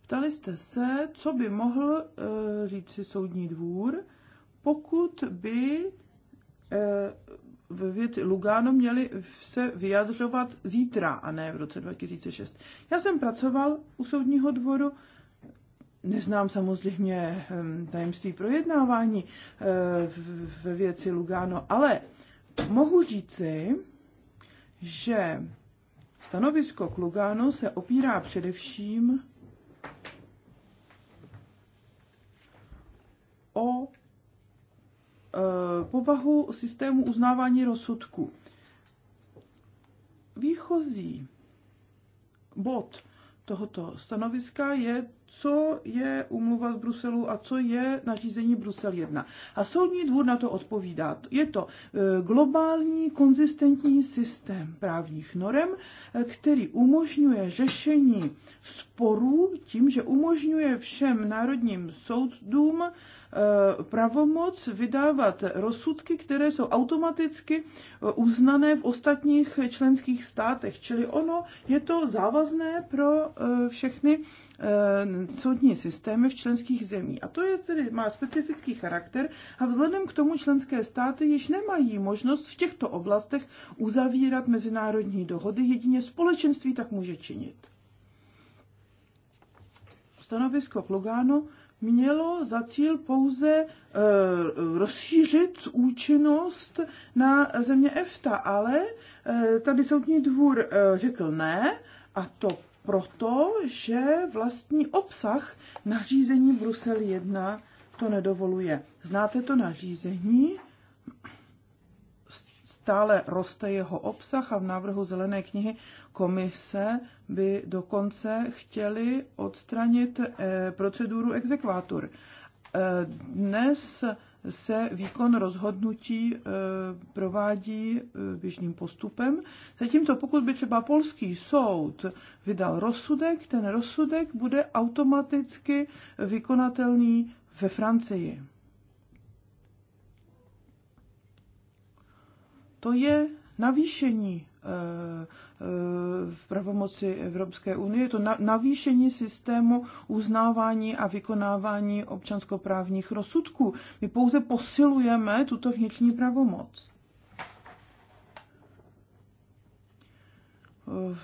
Ptali jste se, co by mohl e, říci soudní dvůr, pokud by eh, ve věci Lugano měli se vyjadřovat zítra a ne v roce 2006. Já jsem pracoval u soudního dvoru Neznám samozřejmě ehm, tajemství projednávání eh, ve věci Lugano, ale mohu říci, že stanovisko k Lugano se opírá především o eh, povahu systému uznávání rozsudku. Výchozí bod tohoto stanoviska je co je umluva z Bruselu a co je nařízení Brusel 1. A soudní dvůr na to odpovídá. Je to e, globální konzistentní systém právních norem, e, který umožňuje řešení sporů tím, že umožňuje všem národním soudům Eh, pravomoc vydávat rozsudky, které jsou automaticky eh, uznané v ostatních členských státech. Čili ono je to závazné pro eh, všechny soudní systémy v členských zemí. A to je tedy, má specifický charakter a vzhledem k tomu členské státy již nemají možnost v těchto oblastech uzavírat mezinárodní dohody, jedině společenství tak může činit. Stanovisko Klugánu mělo za cíl pouze eh, rozšířit účinnost na země EFTA, ale eh, tady soudní dvůr eh, řekl ne a to proto, že vlastní obsah nařízení Brusel 1 to nedovoluje. Znáte to nařízení? stále roste jeho obsah a v návrhu zelené knihy komise by dokonce chtěli odstranit eh, proceduru exekvátor. Eh, dnes se výkon rozhodnutí eh, provádí běžným postupem, zatímco pokud by třeba polský soud vydal rozsudek, ten rozsudek bude automaticky vykonatelný ve Francii. To je navýšení eh, eh, v pravomoci Evropské unie, to navýšení systému uznávání a vykonávání občanskoprávních rozsudků. My pouze posilujeme tuto vnitřní pravomoc.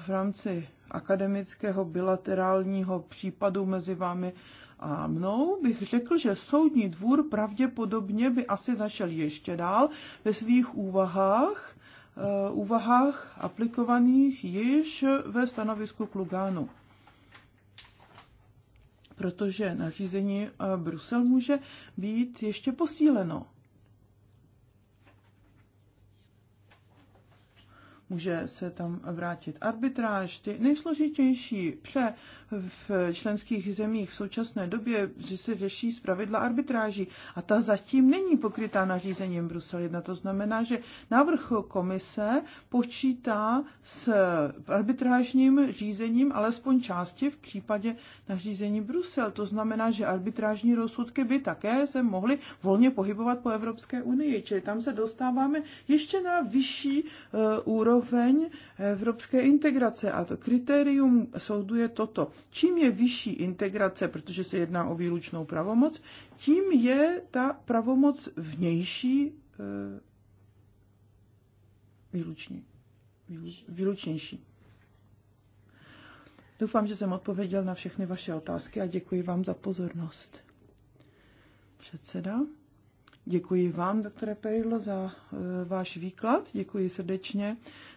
V rámci akademického bilaterálního případu mezi vámi a mnou, bych řekl, že soudní dvůr pravděpodobně by asi zašel ještě dál ve svých úvahách, uh, úvahách aplikovaných již ve stanovisku k Lugánu. Protože nařízení eh, Brusel může být ještě posíleno. může se tam vrátit arbitráž. Ty nejsložitější pře v členských zemích v současné době, že se řeší zpravidla arbitráží a ta zatím není pokrytá nařízením Brusel 1. To znamená, že návrh komise počítá s arbitrážním řízením alespoň části v případě nařízení Brusel. To znamená, že arbitrážní rozsudky by také se mohly volně pohybovat po Evropské unii. Čili tam se dostáváme ještě na vyšší uh, úroveň úroveň evropské integrace. A to kritérium soudu je toto. Čím je vyšší integrace, protože se jedná o výlučnou pravomoc, tím je ta pravomoc vnější eh, výlučně, výlučnější. Doufám, že jsem odpověděl na všechny vaše otázky a děkuji vám za pozornost. Předseda. Děkuji vám, doktore Peridlo, za e, váš výklad. Děkuji srdečně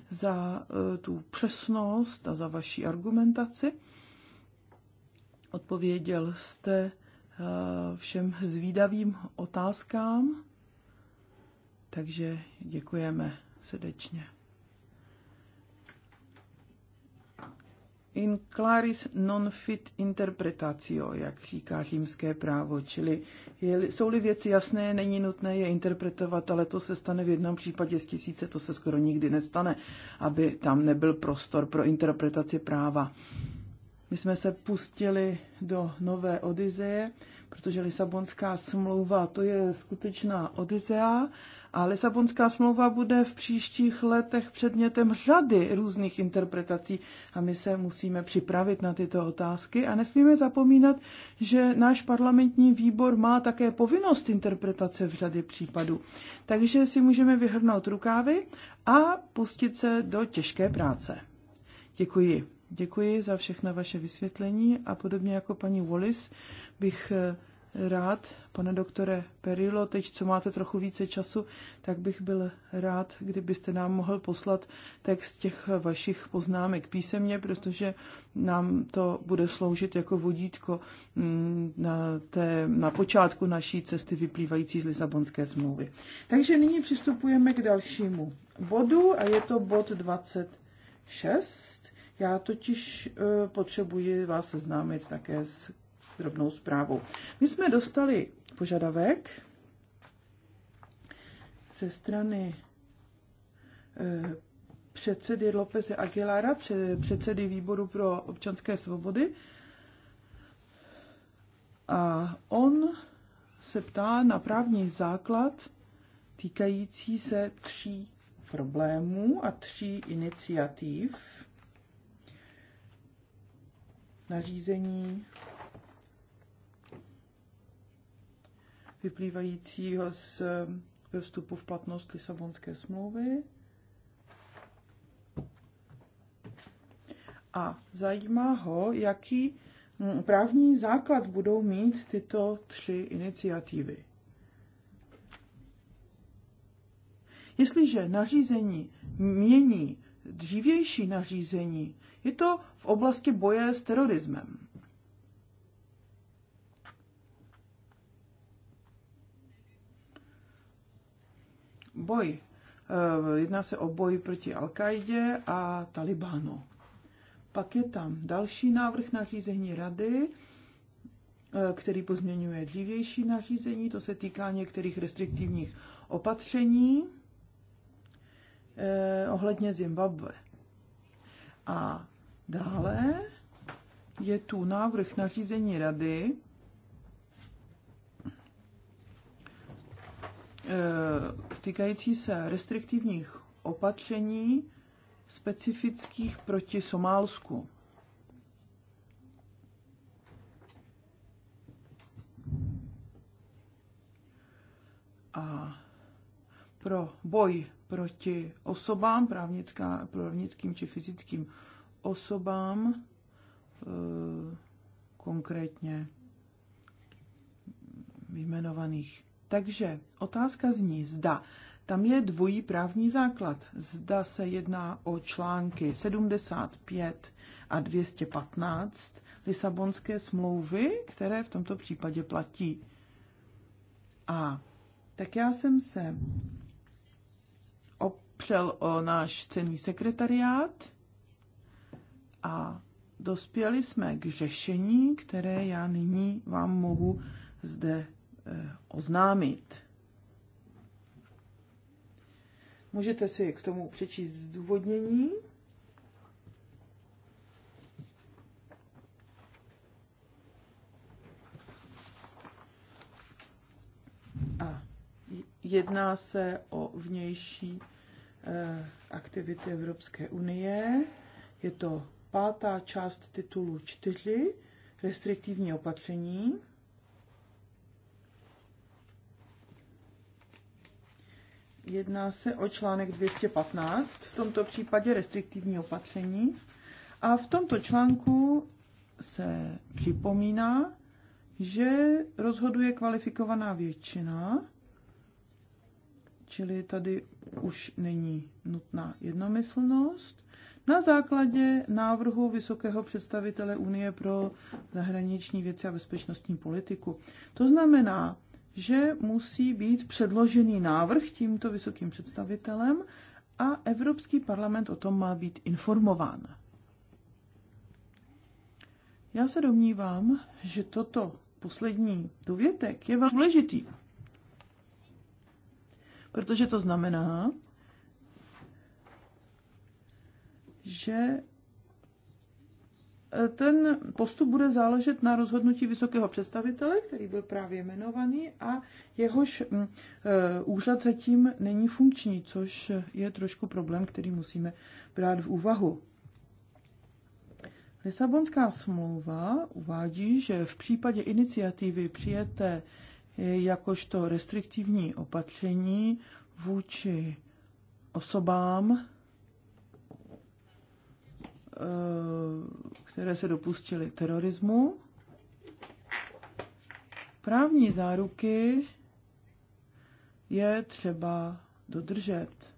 za e, tu přesnost a za vaši argumentaci. Odpověděl jste e, všem zvídavým otázkám, takže děkujeme srdečně. in claris non fit interpretatio, jak říká římské právo, čili jsou-li věci jasné, není nutné je interpretovat, ale to se stane v jednom případě z tisíce, to se skoro nikdy nestane, aby tam nebyl prostor pro interpretaci práva. My jsme se pustili do nové Odizeje, protože Lisabonská smlouva to je skutečná odizea a Lisabonská smlouva bude v příštích letech předmětem řady různých interpretací a my se musíme připravit na tyto otázky a nesmíme zapomínat, že náš parlamentní výbor má také povinnost interpretace v řady případů. Takže si můžeme vyhrnout rukávy a pustit se do těžké práce. Děkuji. Děkuji za všechna vaše vysvětlení a podobně jako paní Wallis, bych eh, rád, pane doktore Perilo, teď, co máte trochu více času, tak bych byl rád, kdybyste nám mohl poslat text těch vašich poznámek písemně, protože nám to bude sloužit jako vodítko mm, na, té, na počátku naší cesty vyplývající z Lisabonské smlouvy. Takže nyní přistupujeme k dalšímu bodu a je to bod 26. Já totiž eh, potřebuji vás seznámit také s drobnou zprávu. My jsme dostali požadavek ze strany eh, předsedy Lopeze Aguilara, předsedy výboru pro občanské svobody. A on se ptá na právní základ týkající se tří problémů a tří iniciativ. Nařízení vyplývajícího z eh, vstupu v platnost Lisabonské smlouvy. A zajímá ho, jaký hm, právní základ budou mít tyto tři iniciativy. Jestliže nařízení mění dřívější nařízení, je to v oblasti boje s terorismem. boj. Eh, jedná se o boj proti al a Talibánu. Pak je tam další návrh nařízení rady, eh, který pozměňuje dřívější nařízení, to se týká některých restriktivních opatření eh, ohledně Zimbabwe. A dále je tu návrh nařízení rady, E, týkající se restriktivních opatření specifických proti Somálsku. A pro boj proti osobám, právnická, právnickým či fyzickým osobám, e, konkrétně vyjmenovaných takže otázka zní, zda tam je dvojí právní základ. Zda se jedná o články 75 a 215 Lisabonské smlouvy, které v tomto případě platí. A tak já jsem se opřel o náš cený sekretariát a dospěli jsme k řešení, které já nyní vám mohu zde Eh, oznámit. Můžete si k tomu přečíst zdůvodnění. A jedná se o vnější eh, aktivity Evropské unie. Je to pátá část titulu 4, restriktivní opatření. Jedná se o článek 215, v tomto případě restriktivní opatření. A v tomto článku se připomíná, že rozhoduje kvalifikovaná většina, čili tady už není nutná jednomyslnost, na základě návrhu vysokého představitele Unie pro zahraniční věci a bezpečnostní politiku. To znamená, že musí být předložený návrh tímto vysokým představitelem a Evropský parlament o tom má být informován. Já se domnívám, že toto poslední dovětek je velmi důležitý, protože to znamená, že ten postup bude záležet na rozhodnutí vysokého představitele, který byl právě jmenovaný a jehož mm, eh, úřad zatím není funkční, což je trošku problém, který musíme brát v úvahu. Lisabonská smlouva uvádí, že v případě iniciativy přijete eh, jakožto restriktivní opatření vůči osobám, Eh, které se dopustily terorismu. Právní záruky je třeba dodržet.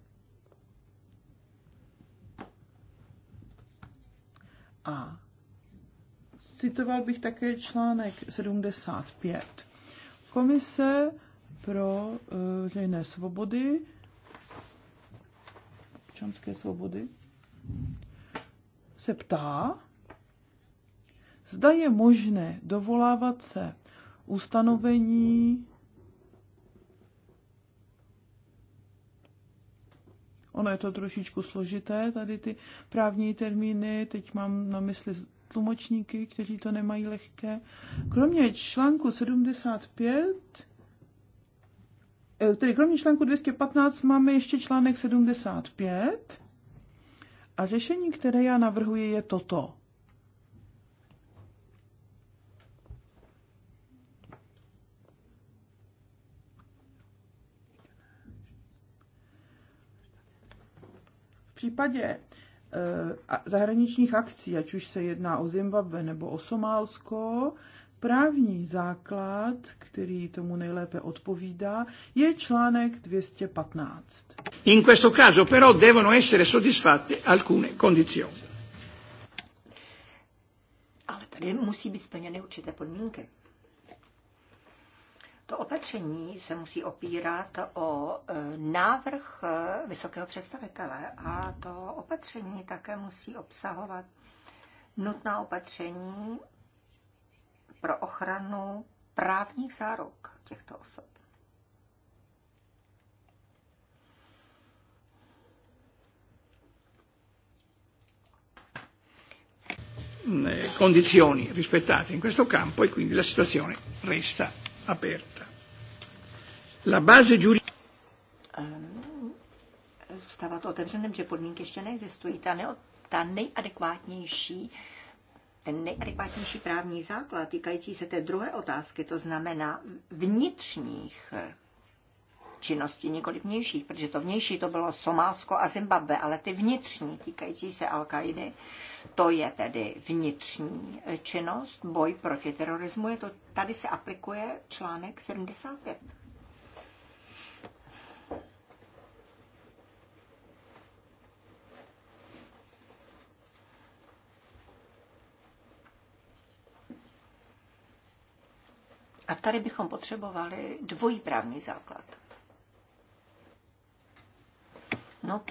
A citoval bych také článek 75. Komise pro eh, veřejné svobody, občanské svobody, se ptá, zda je možné dovolávat se ustanovení Ono je to trošičku složité, tady ty právní termíny, teď mám na mysli tlumočníky, kteří to nemají lehké. Kromě článku 75, eh, tedy kromě článku 215 máme ještě článek 75, a řešení, které já navrhuji, je toto. V případě eh, zahraničních akcí, ať už se jedná o Zimbabwe nebo o Somálsko, Právní základ, který tomu nejlépe odpovídá, je článek 215. In questo caso però devono essere soddisfatte alcune condizioni. Ale tady musí být splněny určité podmínky. To opatření se musí opírat o e, návrh e, vysokého představitele a to opatření také musí obsahovat nutná opatření pro ochranu právních záruk těchto osob. Mm, eh, condizioni rispettate in questo campo e quindi la situazione resta aperta. La base giuridica ehm, zůstává to otevřeným, že podmínky ještě neexistují. Ta, ne, ta nejadekvátnější ten nejadekvátnější právní základ týkající se té druhé otázky, to znamená vnitřních činností, nikoli vnějších, protože to vnější to bylo Somálsko a Zimbabwe, ale ty vnitřní týkající se al kaidy to je tedy vnitřní činnost, boj proti terorismu, je to, tady se aplikuje článek 75. A tady bychom potřebovali dvojí právní základ. No.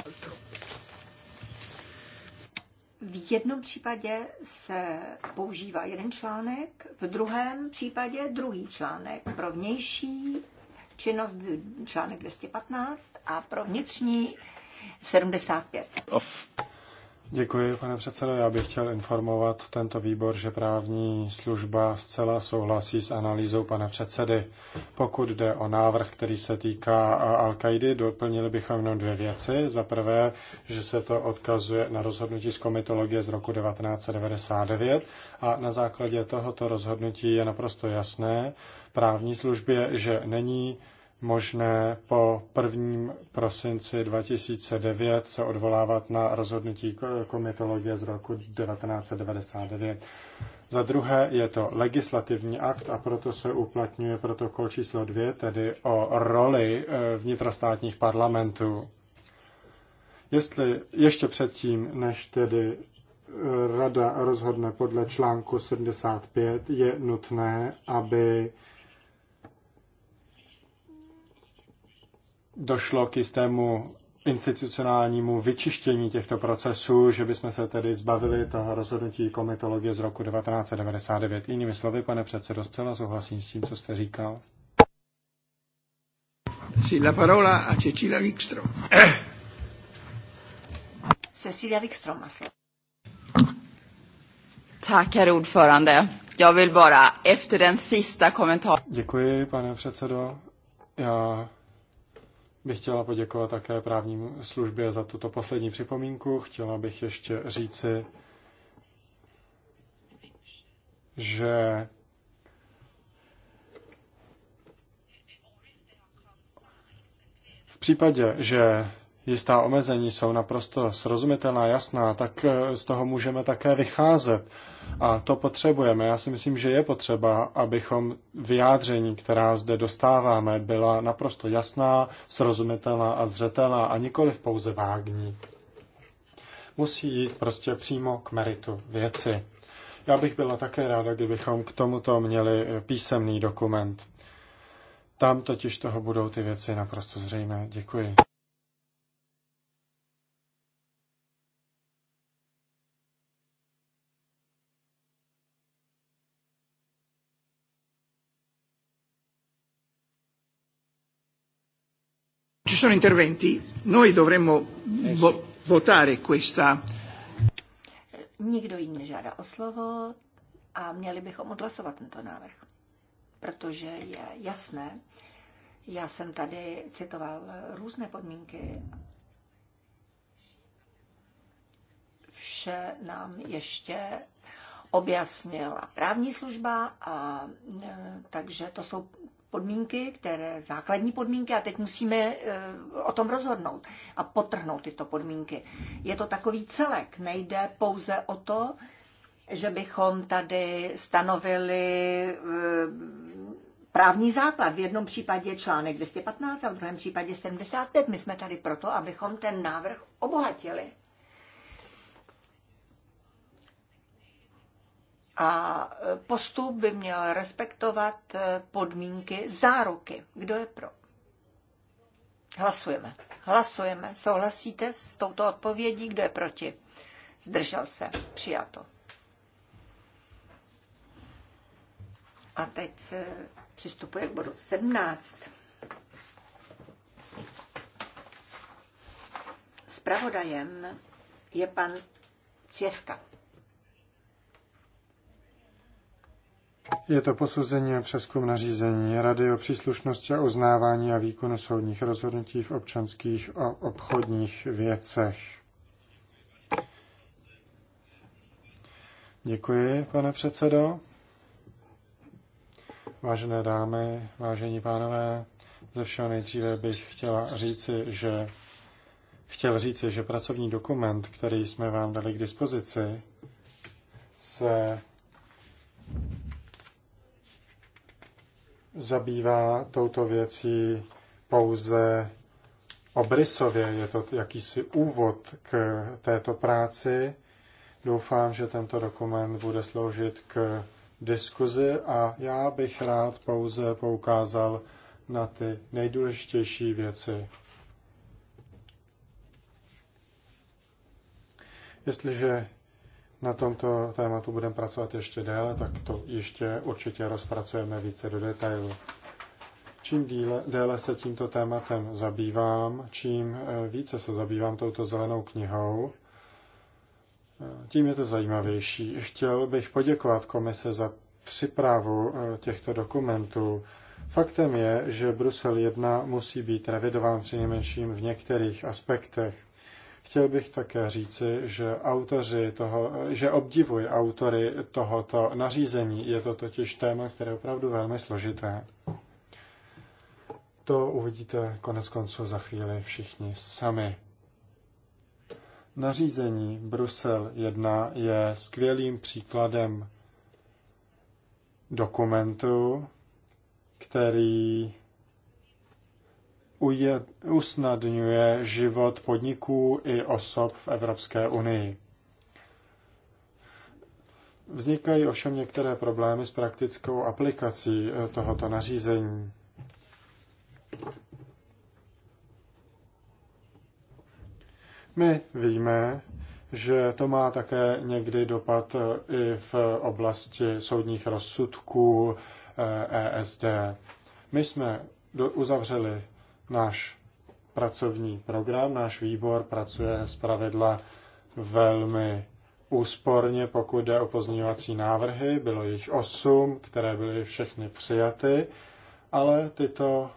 V jednom případě se používá jeden článek, v druhém případě druhý článek pro vnější činnost článek 215 a pro vnitřní 75. Of. Děkuji, pane předsedo. Já bych chtěl informovat tento výbor, že právní služba zcela souhlasí s analýzou pana předsedy. Pokud jde o návrh, který se týká al kaidy doplnili bychom jenom dvě věci. Za prvé, že se to odkazuje na rozhodnutí z komitologie z roku 1999 a na základě tohoto rozhodnutí je naprosto jasné právní službě, že není možné po 1. prosinci 2009 se odvolávat na rozhodnutí komitologie z roku 1999. Za druhé je to legislativní akt a proto se uplatňuje protokol číslo 2, tedy o roli e, vnitrostátních parlamentů. Jestli ještě předtím, než tedy e, rada rozhodne podle článku 75, je nutné, aby došlo k jistému institucionálnímu vyčištění těchto procesů, že bychom se tedy zbavili toho rozhodnutí komitologie z roku 1999. Jinými slovy, pane předsedo, zcela souhlasím s tím, co jste říkal. Sí, la parola a Cecilia Wikström. Cecilia Wikström, alltså. Tack, herr ordförande. Jag vill bara efter den sista kommentaren... Děkuji, pane předsedo. Já bych chtěla poděkovat také právní službě za tuto poslední připomínku. Chtěla bych ještě říci, že v případě, že jistá omezení jsou naprosto srozumitelná, jasná, tak eh, z toho můžeme také vycházet. A to potřebujeme. Já si myslím, že je potřeba, abychom vyjádření, která zde dostáváme, byla naprosto jasná, srozumitelná a zřetelná a v pouze vágní. Musí jít prostě přímo k meritu věci. Já bych byla také ráda, kdybychom k tomuto měli eh, písemný dokument. Tam totiž toho budou ty věci naprosto zřejmé. Děkuji. ci sono interventi, noi dovremmo vo- votare questa. Nikdo jiný nežádá o slovo a měli bychom odhlasovat tento návrh, protože je jasné, já jsem tady citoval různé podmínky. Vše nám ještě objasnila právní služba, a, e, takže to jsou podmínky, které, základní podmínky a teď musíme eh, o tom rozhodnout a potrhnout tyto podmínky. Je to takový celek, nejde pouze o to, že bychom tady stanovili eh, právní základ. V jednom případě článek 215 a v druhém případě 75. My jsme tady proto, abychom ten návrh obohatili. A e, postup by měl respektovat e, podmínky záruky. Kdo je pro? Hlasujeme. Hlasujeme. Souhlasíte s touto odpovědí? Kdo je proti? Zdržel se. Přijato. A teď e, přistupuje k bodu 17. Spravodajem je pan Cěvka. Je to posouzení a přeskum nařízení Rady o příslušnosti a uznávání a výkonu soudních rozhodnutí v občanských a obchodních věcech. Děkuji, pane předsedo. Vážené dámy, vážení pánové, ze všeho nejdříve bych chtěla říci, že chtěl říci, že pracovní dokument, který jsme vám dali k dispozici, se zabývá touto věcí pouze obrysově. Je to jakýsi úvod k této práci. Doufám, že tento dokument bude sloužit k diskuzi a já bych rád pouze poukázal na ty nejdůležitější věci. Jestliže na tomto tématu budeme pracovat ještě déle, tak to ještě určitě rozpracujeme více do detailu. Čím díle, déle se tímto tématem zabývám, čím eh, více se zabývám touto zelenou knihou, eh, tím je to zajímavější. Chtěl bych poděkovat komise za připravu eh, těchto dokumentů. Faktem je, že Brusel 1 musí být revidován při v některých aspektech. Chtěl bych také říci, že, autoři toho, že obdivuji autory tohoto nařízení. Je to totiž téma, které je opravdu velmi složité. To uvidíte konec konců za chvíli všichni sami. Nařízení Brusel 1 je skvělým příkladem dokumentu, který usnadňuje život podniků i osob v Evropské unii. Vznikají ovšem některé problémy s praktickou aplikací eh, tohoto nařízení. My víme, že to má také někdy dopad eh, i v oblasti soudních rozsudků ESD. Eh, e My jsme uzavřeli náš pracovní program. Náš výbor pracuje z pravidla velmi úsporně, pokud jde o pozměňovací návrhy. Bylo jich osm, které byly všechny přijaty, ale tyto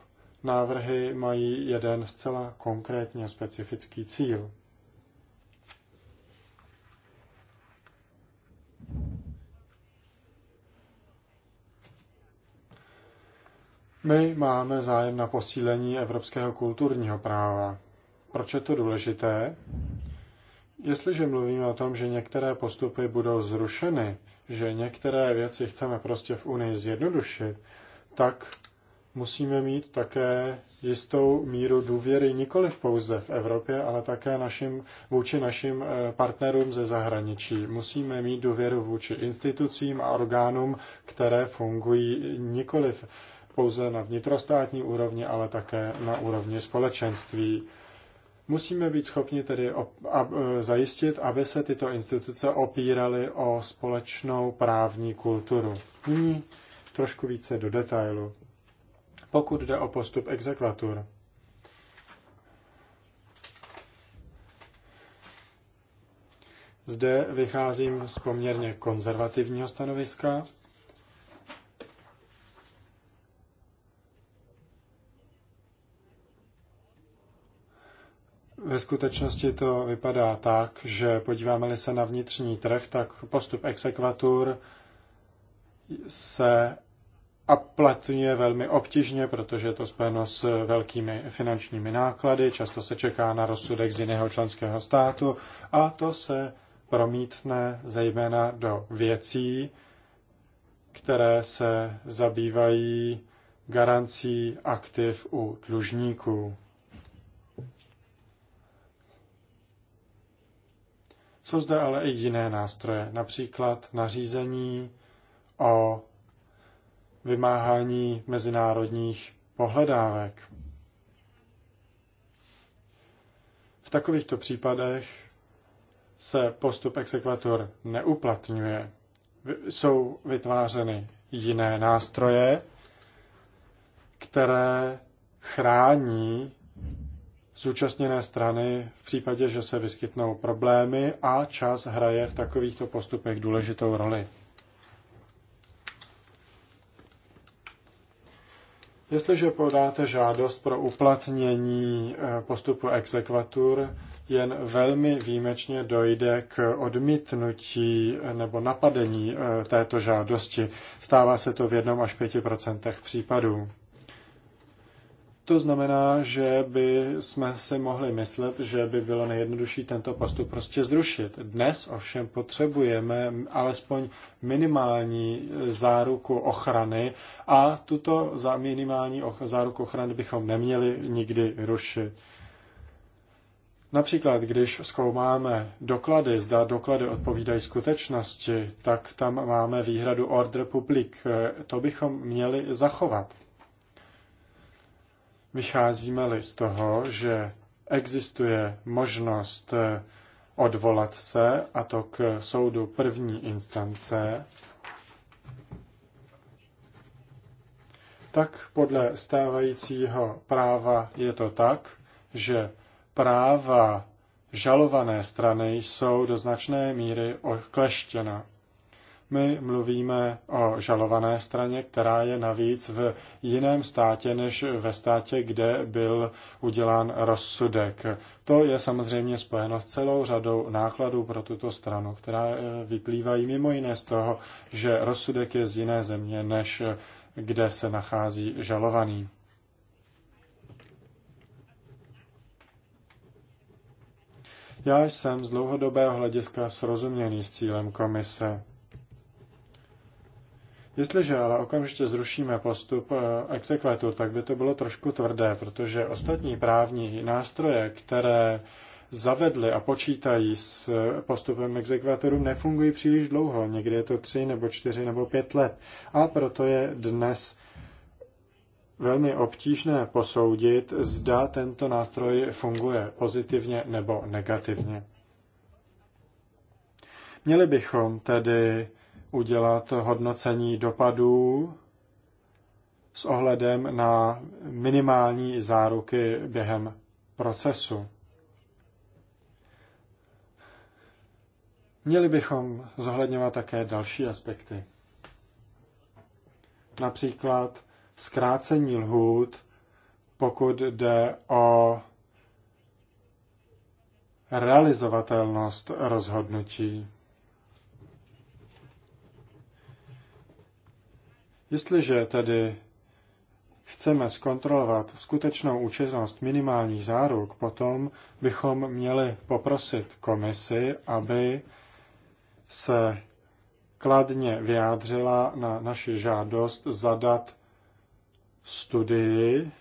návrhy mají jeden zcela konkrétně specifický cíl. My máme zájem na posílení evropského kulturního práva. Proč je to důležité? Jestliže mluvíme o tom, že některé postupy budou zrušeny, že některé věci chceme prostě v Unii zjednodušit, tak musíme mít také jistou míru důvěry nikoli pouze v Evropě, ale také našim, vůči našim eh, partnerům ze zahraničí. Musíme mít důvěru vůči institucím a orgánům, které fungují nikoli pouze na vnitrostátní úrovni, ale také na úrovni společenství. Musíme být schopni tedy e, zajistit, aby se tyto instituce opíraly o společnou právní kulturu. Nyní trošku více do detailu. Pokud jde o postup exekvatur, Zde vycházím z poměrně konzervativního stanoviska. Ve skutečnosti to vypadá tak, že podíváme-li se na vnitřní trh, tak postup exekvatur se aplatňuje velmi obtížně, protože je to spojeno s velkými finančními náklady, často se čeká na rozsudek z jiného členského státu a to se promítne zejména do věcí, které se zabývají garancí aktiv u dlužníků. Jsou zde ale i jiné nástroje, například nařízení o vymáhání mezinárodních pohledávek. V takovýchto případech se postup exekvator neuplatňuje. Jsou vytvářeny jiné nástroje, které chrání zúčastněné strany v případě, že se vyskytnou problémy a čas hraje v takovýchto postupech důležitou roli. Jestliže podáte žádost pro uplatnění eh, postupu exekvatur, jen velmi výjimečně dojde k odmítnutí eh, nebo napadení eh, této žádosti. Stává se to v jednom až pěti procentech případů. To znamená, že by jsme si mohli myslet, že by bylo nejjednodušší tento postup prostě zrušit. Dnes ovšem potřebujeme alespoň minimální záruku ochrany a tuto minimální záruku ochrany bychom neměli nikdy rušit. Například, když zkoumáme doklady, zda doklady odpovídají skutečnosti, tak tam máme výhradu ordre public. To bychom měli zachovat. Vycházíme-li z toho, že existuje možnost eh, odvolat se, a to k soudu první instance, tak podle stávajícího práva je to tak, že práva žalované strany jsou do značné míry okleštěna. My mluvíme o žalované straně, která je navíc v jiném státě než ve státě, kde byl udělán rozsudek. To je samozřejmě spojeno s celou řadou nákladů pro tuto stranu, která eh, vyplývají mimo jiné z toho, že rozsudek je z jiné země, než eh, kde se nachází žalovaný. Já jsem z dlouhodobého hlediska srozuměný s cílem komise. Jestliže ale okamžitě zrušíme postup eh, exekvetu, tak by to bylo trošku tvrdé, protože ostatní právní nástroje, které zavedly a počítají s eh, postupem exekvatorů, nefungují příliš dlouho. Někdy je to tři nebo čtyři nebo pět let. A proto je dnes velmi obtížné posoudit, zda tento nástroj funguje pozitivně nebo negativně. Měli bychom tedy udělat hodnocení dopadů s ohledem na minimální záruky během procesu. Měli bychom zohledňovat také další aspekty. Například zkrácení lhůt, pokud jde o realizovatelnost rozhodnutí. Jestliže tedy chceme zkontrolovat skutečnou účinnost minimálních záruk, potom bychom měli poprosit komisi, aby se kladně vyjádřila na naši žádost zadat studii,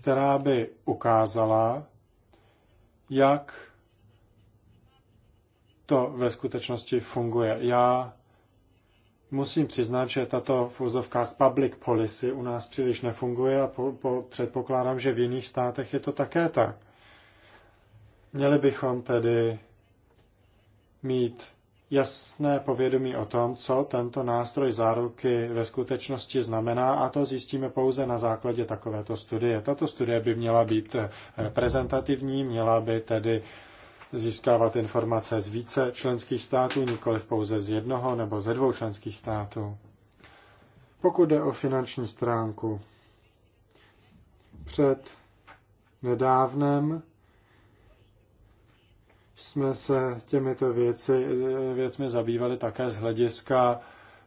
která by ukázala, jak to ve skutečnosti funguje. Já Musím přiznat, že tato v úzovkách public policy u nás příliš nefunguje a po, po, předpokládám, že v jiných státech je to také tak. Měli bychom tedy mít jasné povědomí o tom, co tento nástroj záruky ve skutečnosti znamená a to zjistíme pouze na základě takovéto studie. Tato studie by měla být prezentativní, měla by tedy získávat informace z více členských států, nikoliv pouze z jednoho nebo ze dvou členských států. Pokud jde o finanční stránku, před nedávnem jsme se těmito věci, věcmi zabývali také z hlediska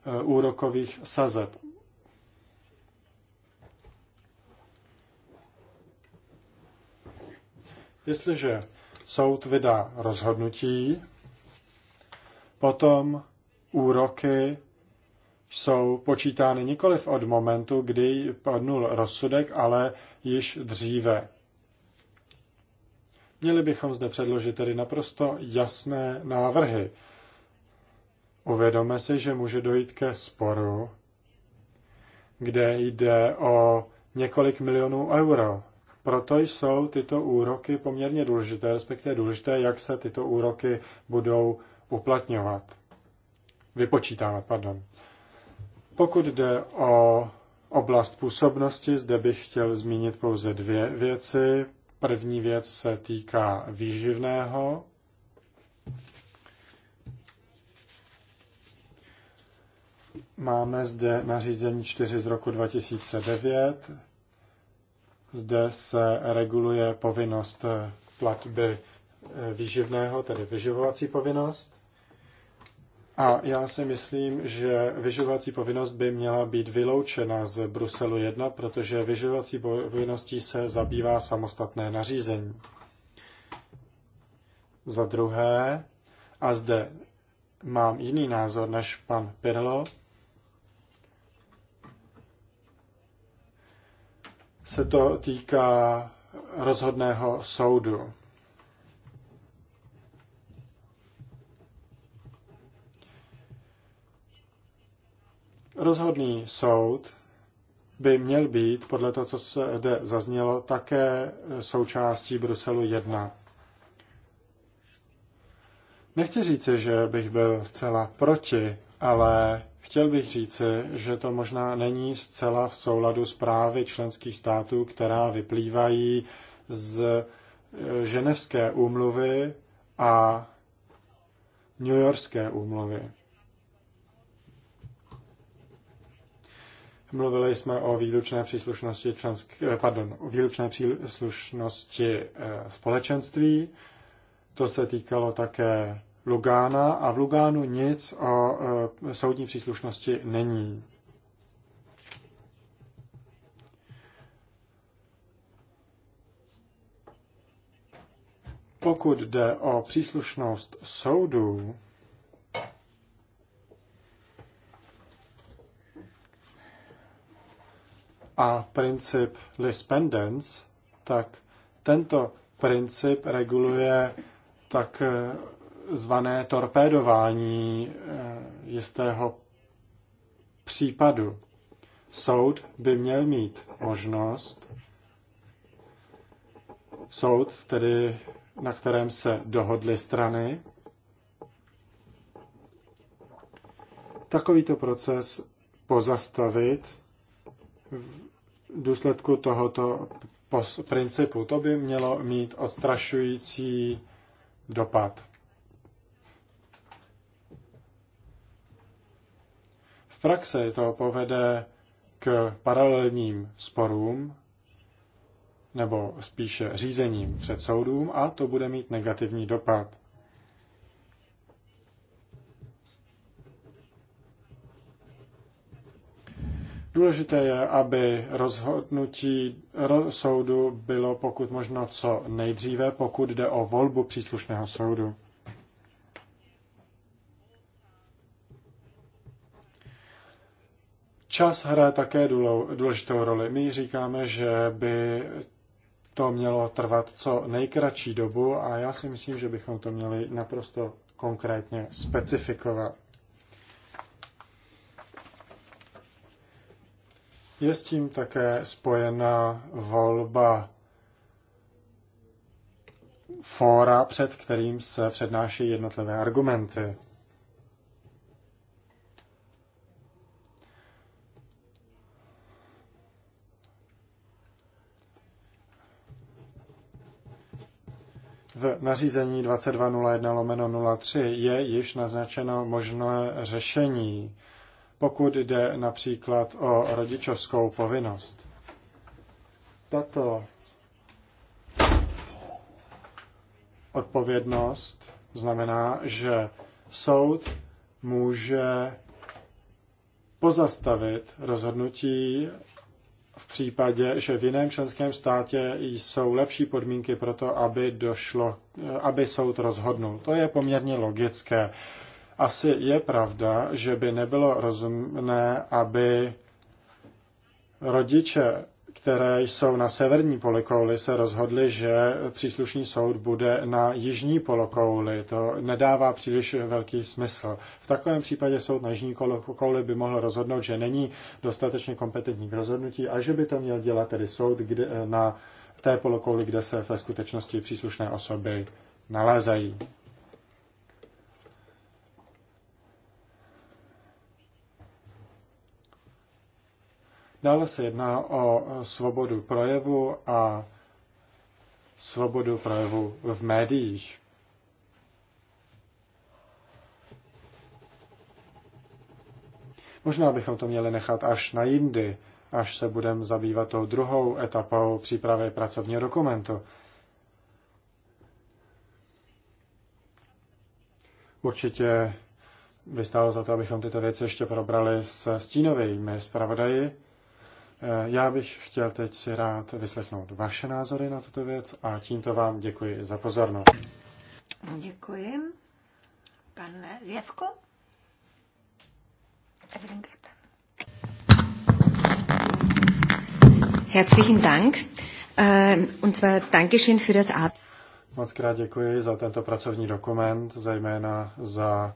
eh, úrokových sazeb. Jestliže soud vydá rozhodnutí, potom úroky jsou počítány nikoliv od momentu, kdy padnul rozsudek, ale již dříve. Měli bychom zde předložit tedy naprosto jasné návrhy. Uvědome si, že může dojít ke sporu, kde jde o několik milionů euro. Proto jsou tyto úroky poměrně důležité, respektive důležité, jak se tyto úroky budou uplatňovat. Vypočítávat, pardon. Pokud jde o oblast působnosti, zde bych chtěl zmínit pouze dvě věci. První věc se týká výživného. Máme zde nařízení 4 z roku 2009, zde se reguluje povinnost platby eh, výživného, tedy vyživovací povinnost. A já si myslím, že vyživovací povinnost by měla být vyloučena z Bruselu 1, protože vyživovací povinností se zabývá samostatné nařízení. Za druhé, a zde mám jiný názor než pan Pirlo, se to týká rozhodného soudu. Rozhodný soud by měl být, podle toho, co se zde zaznělo, také součástí Bruselu 1. Nechci říci, že bych byl zcela proti ale chtěl bych říci, že to možná není zcela v souladu s právy členských států, která vyplývají z e, ženevské úmluvy a newyorské úmluvy. Mluvili jsme o výlučné příslušnosti člensk, e, pardon, o výlučné příslušnosti e, společenství. To se týkalo také Lugána a v Lugánu nic o e, soudní příslušnosti není. Pokud jde o příslušnost soudů, a princip lispendence, tak tento princip reguluje tak e, zvané torpédování eh, jistého případu. Soud by měl mít možnost, soud tedy, na kterém se dohodly strany, takovýto proces pozastavit v důsledku tohoto principu. To by mělo mít odstrašující dopad. V praxi to povede k paralelním sporům nebo spíše řízením před soudům a to bude mít negativní dopad. Důležité je, aby rozhodnutí soudu bylo pokud možno co nejdříve, pokud jde o volbu příslušného soudu. Čas hraje také důležitou roli. My říkáme, že by to mělo trvat co nejkratší dobu a já si myslím, že bychom to měli naprosto konkrétně specifikovat. Je s tím také spojena volba fóra, před kterým se přednáší jednotlivé argumenty. v nařízení 2201 03 je již naznačeno možné řešení, pokud jde například o rodičovskou povinnost. Tato odpovědnost znamená, že soud může pozastavit rozhodnutí v případě, že v jiném členském státě jsou lepší podmínky pro to, aby, došlo, eh, aby soud rozhodnul. To je poměrně logické. Asi je pravda, že by nebylo rozumné, aby rodiče které jsou na severní polokouli, se rozhodly, že příslušný soud bude na jižní polokouli. To nedává příliš velký smysl. V takovém případě soud na jižní polokouli by mohl rozhodnout, že není dostatečně kompetentní k rozhodnutí a že by to měl dělat tedy soud kde, na té polokouli, kde se ve skutečnosti příslušné osoby nalézají. Dále se jedná o svobodu projevu a svobodu projevu v médiích. Možná bychom to měli nechat až na jindy, až se budeme zabývat tou druhou etapou přípravy pracovního dokumentu. Určitě by stálo za to, abychom tyto věci ještě probrali s stínovými zpravodaji Eh, já bych chtěl teď si rád vyslechnout vaše názory na tuto věc a tímto vám děkuji za pozornost. Děkuji. Pane Zjevko? Evelyn Herzlichen Dank. Ähm, und zwar Dankeschön für das Moc krát děkuji za tento pracovní dokument, zejména za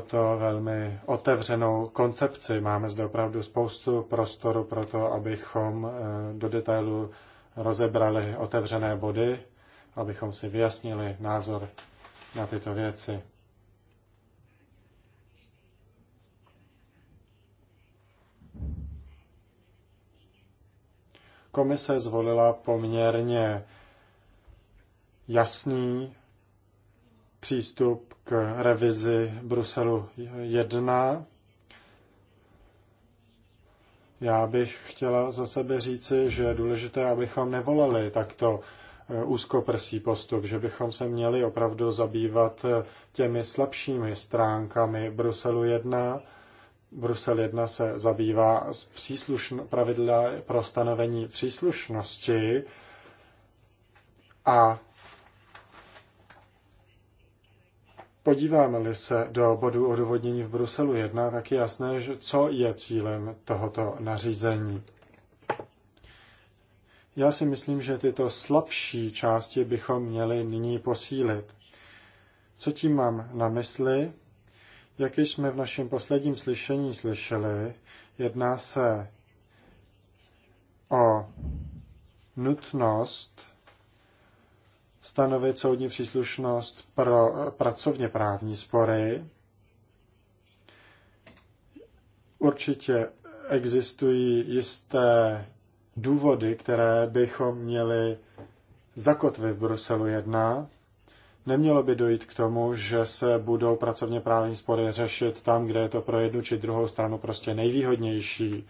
tuto velmi otevřenou koncepci. Máme zde opravdu spoustu prostoru pro to, abychom eh, do detailu rozebrali otevřené body, abychom si vyjasnili názor na tyto věci. Komise zvolila poměrně jasný přístup k revizi Bruselu 1. Já bych chtěla za sebe říci, že je důležité, abychom nevolali takto eh, úzkoprsý postup, že bychom se měli opravdu zabývat eh, těmi slabšími stránkami Bruselu 1. Brusel 1 se zabývá z příslušn- pravidla pro stanovení příslušnosti a Podíváme-li se do bodu odůvodnění v Bruselu 1, tak je jasné, že co je cílem tohoto nařízení. Já si myslím, že tyto slabší části bychom měli nyní posílit. Co tím mám na mysli? Jak již jsme v našem posledním slyšení slyšeli, jedná se o nutnost stanovit soudní příslušnost pro pracovně právní spory. Určitě existují jisté důvody, které bychom měli zakotvit v Bruselu 1. Nemělo by dojít k tomu, že se budou pracovně právní spory řešit tam, kde je to pro jednu či druhou stranu prostě nejvýhodnější.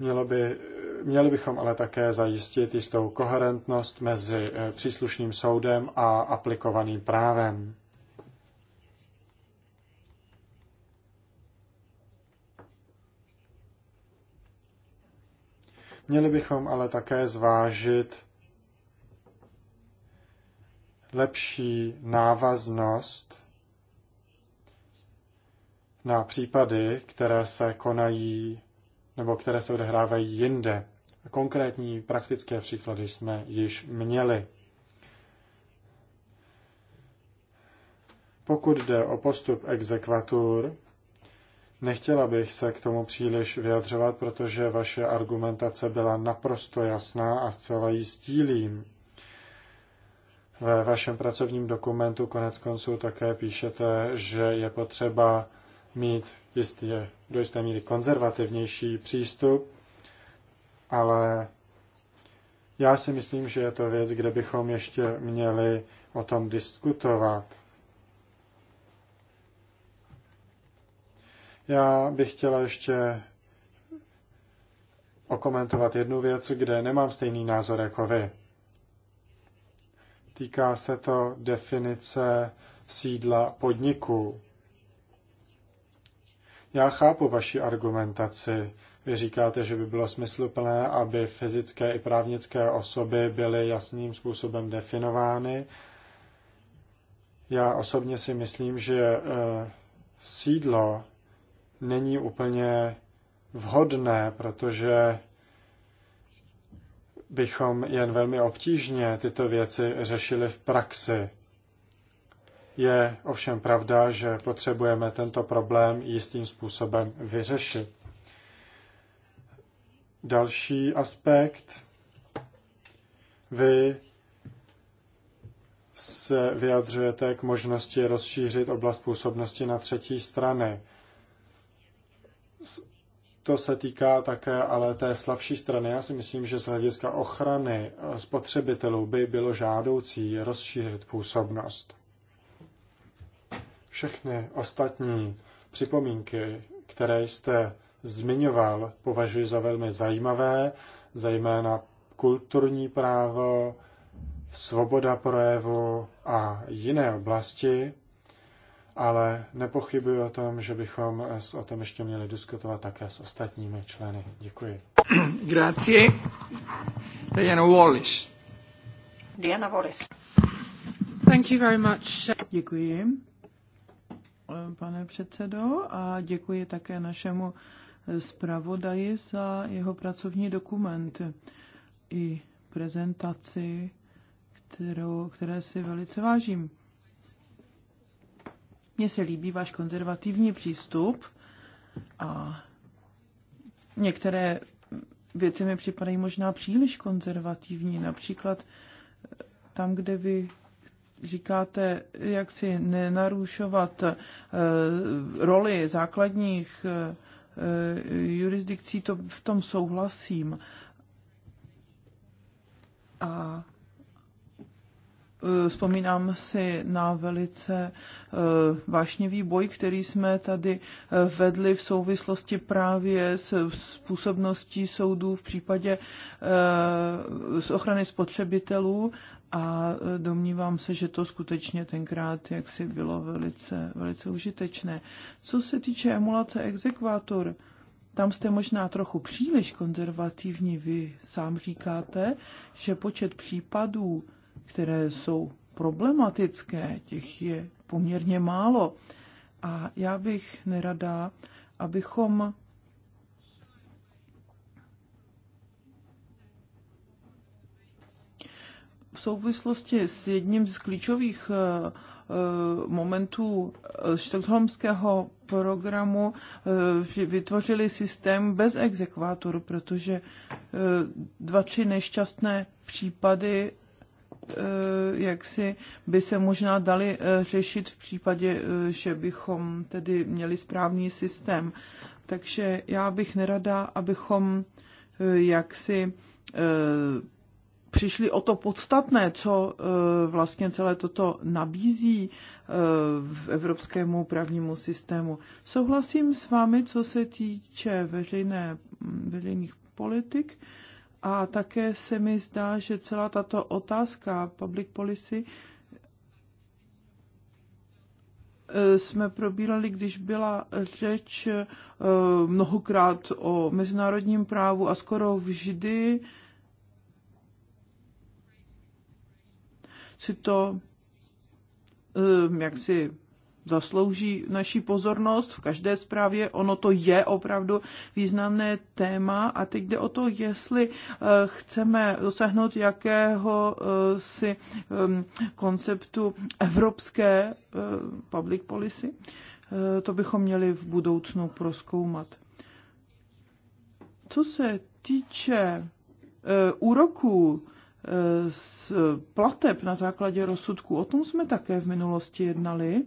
Mělo by, měli bychom ale také zajistit jistou koherentnost mezi eh, příslušným soudem a aplikovaným právem. Měli bychom ale také zvážit lepší návaznost na případy, které se konají nebo které se odehrávají jinde. Konkrétní praktické příklady jsme již měli. Pokud jde o postup exekvatur, nechtěla bych se k tomu příliš vyjadřovat, protože vaše argumentace byla naprosto jasná a zcela jí stílím. Ve vašem pracovním dokumentu konec konců také píšete, že je potřeba mít jistě do jisté míry konzervativnější přístup, ale já si myslím, že je to věc, kde bychom ještě měli o tom diskutovat. Já bych chtěla ještě okomentovat jednu věc, kde nemám stejný názor jako vy. Týká se to definice sídla podniků. Já chápu vaši argumentaci. Vy říkáte, že by bylo smysluplné, aby fyzické i právnické osoby byly jasným způsobem definovány. Já osobně si myslím, že eh, sídlo není úplně vhodné, protože bychom jen velmi obtížně tyto věci řešili v praxi. Je ovšem pravda, že potřebujeme tento problém jistým způsobem vyřešit. Další aspekt. Vy se vyjadřujete k možnosti rozšířit oblast působnosti na třetí strany. To se týká také ale té slabší strany. Já si myslím, že z hlediska ochrany spotřebitelů by bylo žádoucí rozšířit působnost. Všechny ostatní připomínky, které jste zmiňoval, považuji za velmi zajímavé, zejména kulturní právo, svoboda projevu a jiné oblasti, ale nepochybuji o tom, že bychom s o tom ještě měli diskutovat také s ostatními členy. Děkuji. Grazie. Diana Wallis. Diana Wallis. Thank you very much. Děkuji. Eh, pane předsedo, a děkuji také našemu zpravodaji za jeho pracovní dokument i prezentaci, kterou, které si velice vážím. Mně se líbí váš konzervativní přístup a některé věci mi připadají možná příliš konzervativní, například tam, kde vy říkáte, jak si nenarušovat eh, roli základních eh, eh, jurisdikcí, to v tom souhlasím. A Vzpomínám si na velice vášnivý boj, který jsme tady vedli v souvislosti právě s působností soudů v případě z ochrany spotřebitelů a e, domnívám se, že to skutečně tenkrát jaksi bylo velice, velice užitečné. Co se týče emulace exekvátor, tam jste možná trochu příliš konzervativní. Vy sám říkáte, že počet případů, které jsou problematické, těch je poměrně málo. A já bych nerada, abychom v souvislosti s jedním z klíčových eh, eh, momentů eh, štokholmského programu vytvořili systém bez exekvátoru, protože dva, tři nešťastné případy jak si by se možná dali řešit v případě, že bychom tedy měli správný systém. Takže já bych nerada, abychom jaksi přišli o to podstatné, co e, vlastně celé toto nabízí e, v evropskému právnímu systému. Souhlasím s vámi, co se týče veřejné, veřejných politik a také se mi zdá, že celá tato otázka public policy e, jsme probírali, když byla řeč mnohokrát o mezinárodním právu a skoro vždy si to eh, jak si zaslouží naší pozornost v každé zprávě. Ono to je opravdu významné téma a teď jde o to, jestli eh, chceme dosáhnout jakého eh, si konceptu evropské public policy. To bychom měli v budoucnu proskoumat. Co se týče úroků, z eh, plateb na základě rozsudků. O tom jsme také v minulosti jednali.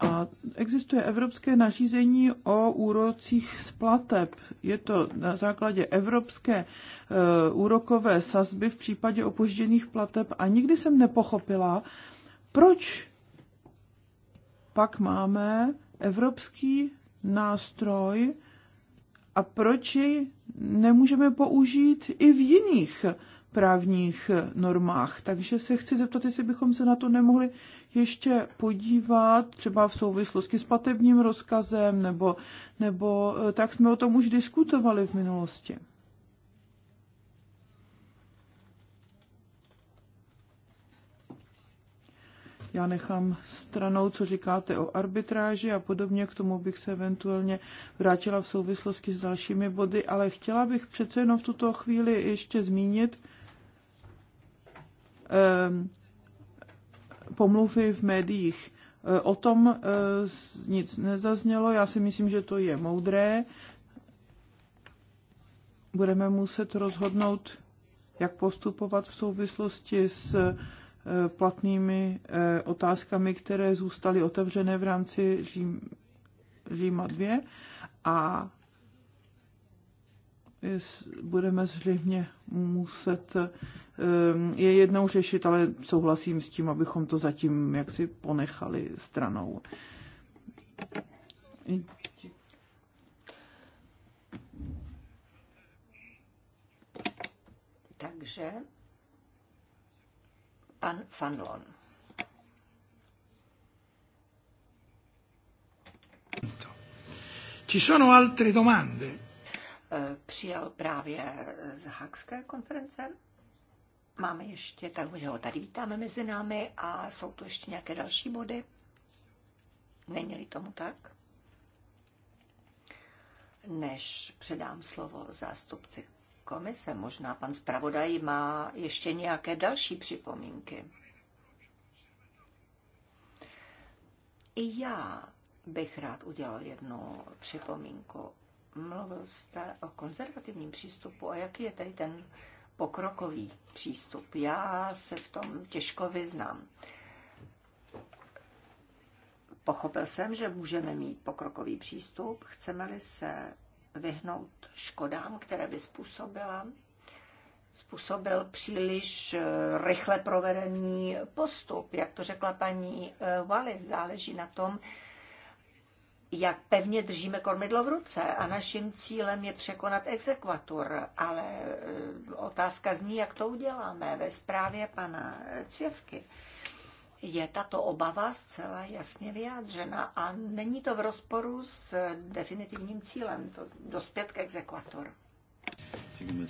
A existuje evropské nařízení o úrocích z plateb. Je to na základě evropské e, úrokové sazby v případě opožděných plateb a nikdy jsem nepochopila, proč pak máme evropský nástroj, a proč jej nemůžeme použít i v jiných právních normách. Takže se chci zeptat, jestli bychom se na to nemohli ještě podívat, třeba v souvislosti s platebním rozkazem, nebo, nebo eh, tak jsme o tom už diskutovali v minulosti. Já nechám stranou, co říkáte o arbitráži a podobně, k tomu bych se eventuálně vrátila v souvislosti s dalšími body, ale chtěla bych přece jenom v tuto chvíli ještě zmínit ehm, pomluvy v médiích. E, o tom e, nic nezaznělo, já si myslím, že to je moudré. Budeme muset rozhodnout, jak postupovat v souvislosti s Eh, platnými eh, otázkami, které zůstaly otevřené v rámci Řím, Říma 2 a budeme zřejmě muset eh, je jednou řešit, ale souhlasím s tím, abychom to zatím jaksi ponechali stranou. Takže pan Fanlon. Ci sono altre domande? Eh, Přijel právě z Hakské konference. Máme ještě, takže ho tady vítáme mezi námi a jsou tu ještě nějaké další body. Není-li tomu tak? Než předám slovo zástupci komise. Možná pan zpravodaj má ještě nějaké další připomínky. I já bych rád udělal jednu připomínku. Mluvil jste o konzervativním přístupu a jaký je tady ten pokrokový přístup. Já se v tom těžko vyznám. Pochopil jsem, že můžeme mít pokrokový přístup, chceme-li se vyhnout škodám, které by způsobila, způsobil příliš eh, rychle provedený postup. Jak to řekla paní eh, Wallis, záleží na tom, jak pevně držíme kormidlo v ruce a naším cílem je překonat exekvatur, ale eh, otázka zní, jak to uděláme ve zprávě pana Cvěvky je tato obava zcela jasně vyjádřena a není to v rozporu s definitivním cílem, to dospět k exekvator. Ehm,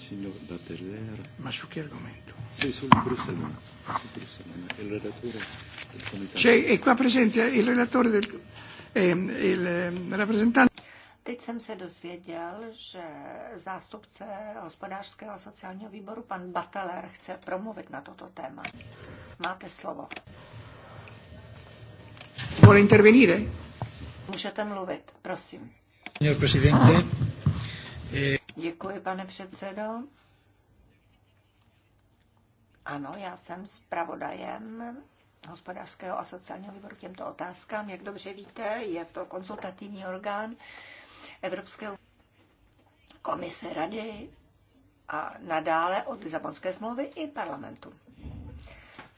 ehm, Teď jsem se dozvěděl, že zástupce hospodářského a sociálního výboru, pan Bateler, chce promluvit na toto téma. Máte slovo vuole intervenire? ¿eh? Můžete mluvit, prosím. Eh, Děkuji, pane předsedo. Ano, já jsem zpravodajem hospodářského a sociálního výboru těmto otázkám. Jak dobře víte, je to konzultativní orgán Evropské komise rady a nadále od Lisabonské smlouvy i parlamentu.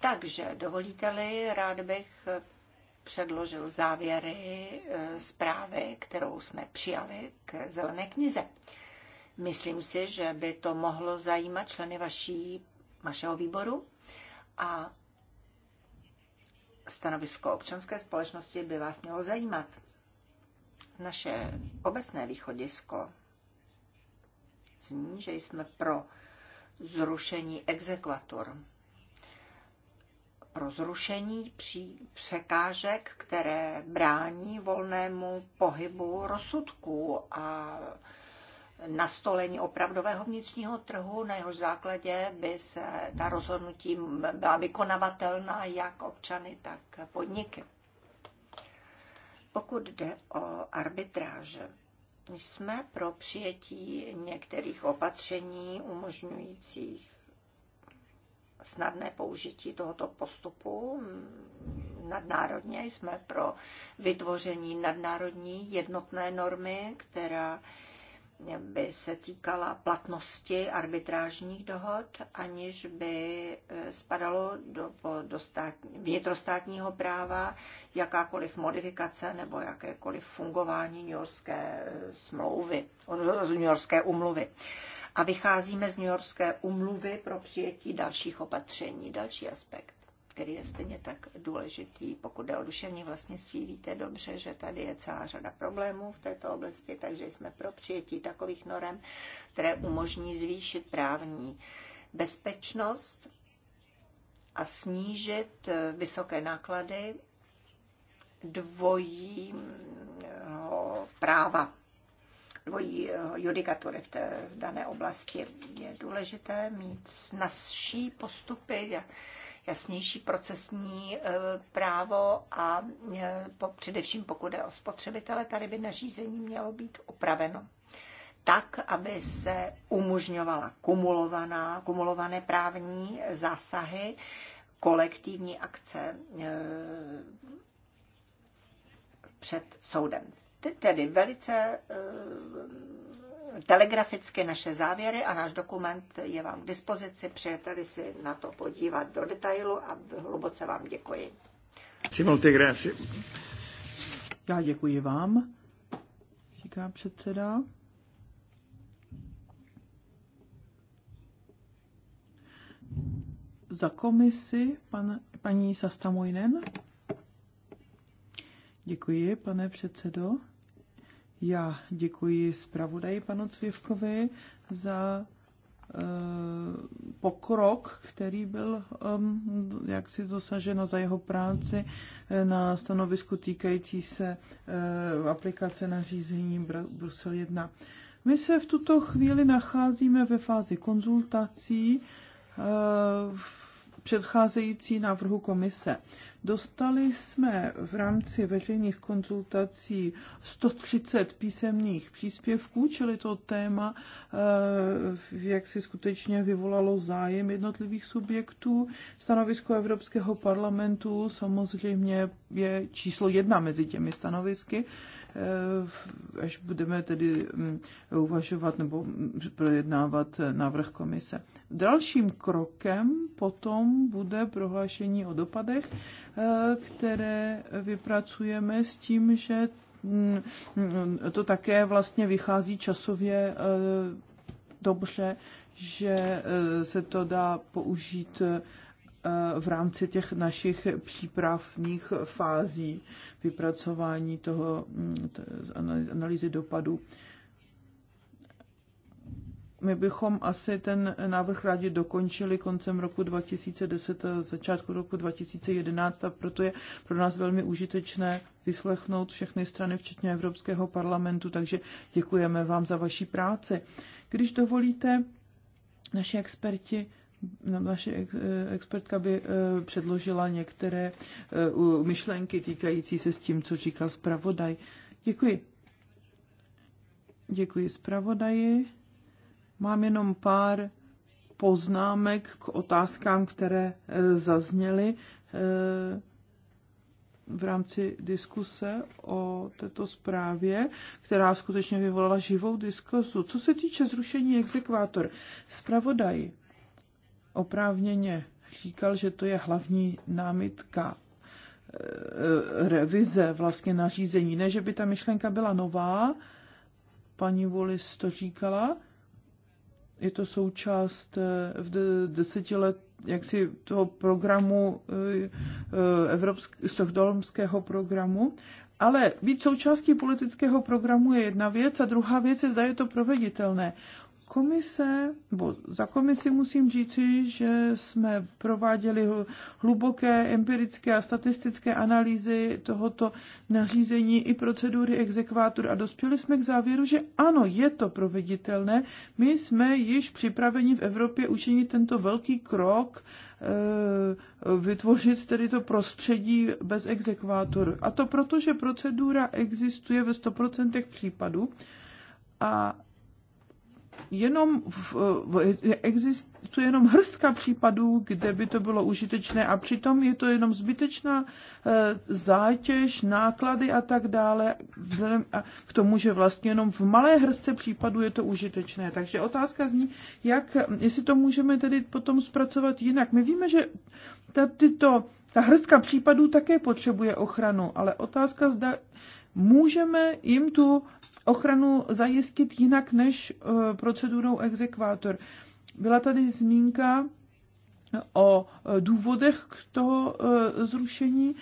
Takže dovolíte-li, rád bych předložil závěry e, zprávy, kterou jsme přijali k zelené knize. Myslím si, že by to mohlo zajímat členy vaší, vašeho výboru a stanovisko občanské společnosti by vás mělo zajímat. Naše obecné východisko zní, že jsme pro zrušení exekvatur pro zrušení překážek, které brání volnému pohybu rozsudků a nastolení opravdového vnitřního trhu, na jeho základě by se ta rozhodnutí byla vykonavatelná jak občany, tak podniky. Pokud jde o arbitráže, jsme pro přijetí některých opatření umožňujících snadné použití tohoto postupu. Nadnárodně jsme pro vytvoření nadnárodní jednotné normy, která by se týkala platnosti arbitrážních dohod, aniž by eh, spadalo do, do stát, vnitrostátního práva jakákoliv modifikace nebo jakékoliv fungování New Yorkské eh, smlouvy, New Yorkské umluvy a vycházíme z New Yorkské umluvy pro přijetí dalších opatření. Další aspekt který je stejně tak důležitý. Pokud jde o duševní vlastnictví, víte dobře, že tady je celá řada problémů v této oblasti, takže jsme pro přijetí takových norem, které umožní zvýšit právní bezpečnost a snížit eh, vysoké náklady dvojí práva dvojí eh, judikatury v té v dané oblasti. Je důležité mít snazší postupy, jasnější procesní eh, právo a eh, po, především pokud je o spotřebitele, tady by nařízení mělo být opraveno tak, aby se umožňovala kumulovaná, kumulované právní zásahy, kolektivní akce před soudem tedy velice eh, telegraficky naše závěry a náš dokument je vám k dispozici. Přijete-li si na to podívat do detailu a hluboce vám děkuji. Simolte, grazie. Já děkuji vám, říká předseda. Za komisi pan, paní Sastamojnen. Děkuji, pane předsedo. Já děkuji zpravodaji panu Cvěvkovi za eh, pokrok, který byl um, jaksi dosaženo za jeho práci eh, na stanovisku týkající se uh, aplikace nařízení Brusel 1. My se v tuto chvíli nacházíme ve fázi konzultací uh, předcházející návrhu komise. Dostali jsme v rámci veřejných konzultací 130 písemných příspěvků, čili to téma, eh, jak si skutečně vyvolalo zájem jednotlivých subjektů. Stanovisko Evropského parlamentu samozřejmě je číslo jedna mezi těmi stanovisky. Eh, až budeme tedy mm, uvažovat nebo mm, projednávat eh, návrh komise. Dalším krokem potom bude prohlášení o dopadech, eh, které vypracujeme s tím, že mm, to také vlastně vychází časově dobře, že se to dá použít Eh, v rámci těch našich přípravních fází vypracování toho mm, analýzy dopadu. My bychom asi ten návrh rádi dokončili koncem roku 2010 a začátku roku 2011 a proto je pro nás velmi užitečné vyslechnout všechny strany, včetně Evropského parlamentu, takže děkujeme vám za vaši práci. Když dovolíte, naši experti naše eh, expertka by eh, předložila některé eh, myšlenky týkající se s tím, co říkal zpravodaj. Děkuji. Děkuji zpravodaji. Mám jenom pár poznámek k otázkám, které zazněly v rámci diskuse o této zprávě, která skutečně vyvolala živou diskusu. Co se týče zrušení exekvátor, zpravodaj oprávněně říkal, že to je hlavní námitka eh, revize vlastně nařízení. Ne, že by ta myšlenka byla nová, paní Wallis to říkala, je to součást eh, v deseti let jaksi toho programu eh, evropského stokholmského programu, ale být součástí politického programu je jedna věc a druhá věc je, zda je to proveditelné komise, nebo za komisi musím říci, že jsme prováděli hluboké empirické a statistické analýzy tohoto nařízení i procedury exekvátor a dospěli jsme k závěru, že ano, je to proveditelné. My jsme již připraveni v Evropě učinit tento velký krok, eh, vytvořit tedy to prostředí bez exekvátor. A to proto, že procedura existuje ve 100% případů a jenom v, existuje jenom hrstka případů, kde by to bylo užitečné a přitom je to jenom zbytečná eh, zátěž, náklady a tak dále, vzhledem k tomu, že vlastně jenom v malé hrstce případů je to užitečné. Takže otázka zní, jak, jestli to můžeme tedy potom zpracovat jinak. My víme, že ta tyto, ta hrstka případů také potřebuje ochranu, ale otázka zda můžeme jim tu ochranu zajistit jinak než eh, procedurou exekvátor. Byla tady zmínka eh, o eh, důvodech k toho zrušení,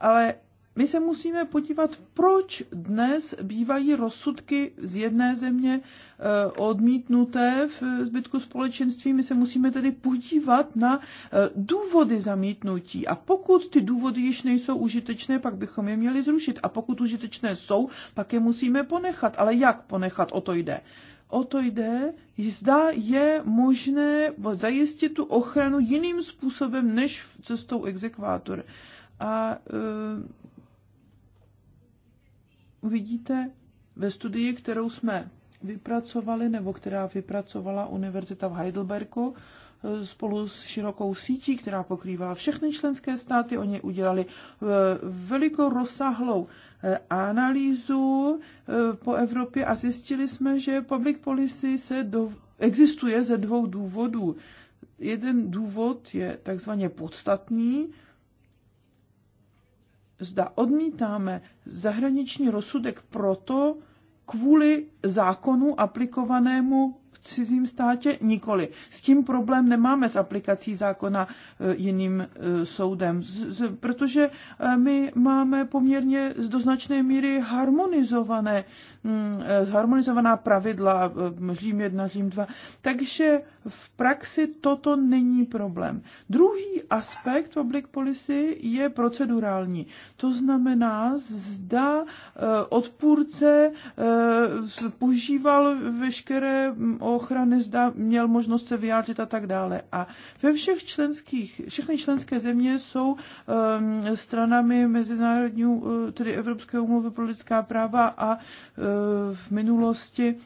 ale my se musíme podívat, proč dnes bývají rozsudky z jedné země eh, odmítnuté v zbytku společenství. My se musíme tedy podívat na eh, důvody zamítnutí. A pokud ty důvody již nejsou užitečné, pak bychom je měli zrušit. A pokud užitečné jsou, pak je musíme ponechat. Ale jak ponechat? O to jde. O to jde, zda je možné zajistit tu ochranu jiným způsobem než cestou exekvátor. A eh, vidíte ve studii, kterou jsme vypracovali, nebo která vypracovala Univerzita v Heidelbergu, eh, spolu s širokou sítí, která pokrývala všechny členské státy. Oni udělali eh, velikou rozsáhlou eh, analýzu po Evropě a zjistili jsme, že public policy se do, existuje ze dvou důvodů. Jeden důvod je takzvaně podstatný, zda odmítáme zahraniční rozsudek proto, kvůli zákonu aplikovanému v cizím státě nikoli. S tím problém nemáme s aplikací zákona e, jiným e, soudem, protože e, my máme poměrně z doznačné míry harmonizované, mm, harmonizovaná pravidla, řím jedna, řím dva. Takže v praxi toto není problém. Druhý aspekt public policy je procedurální. To znamená, zda eh, odpůrce eh, používal veškeré hm, ochrany, zda měl možnost se vyjádřit a tak dále. A ve všech členských, všechny členské země jsou ehm, stranami mezinárodní, eh, tedy Evropské umluvy pro lidská práva a v minulosti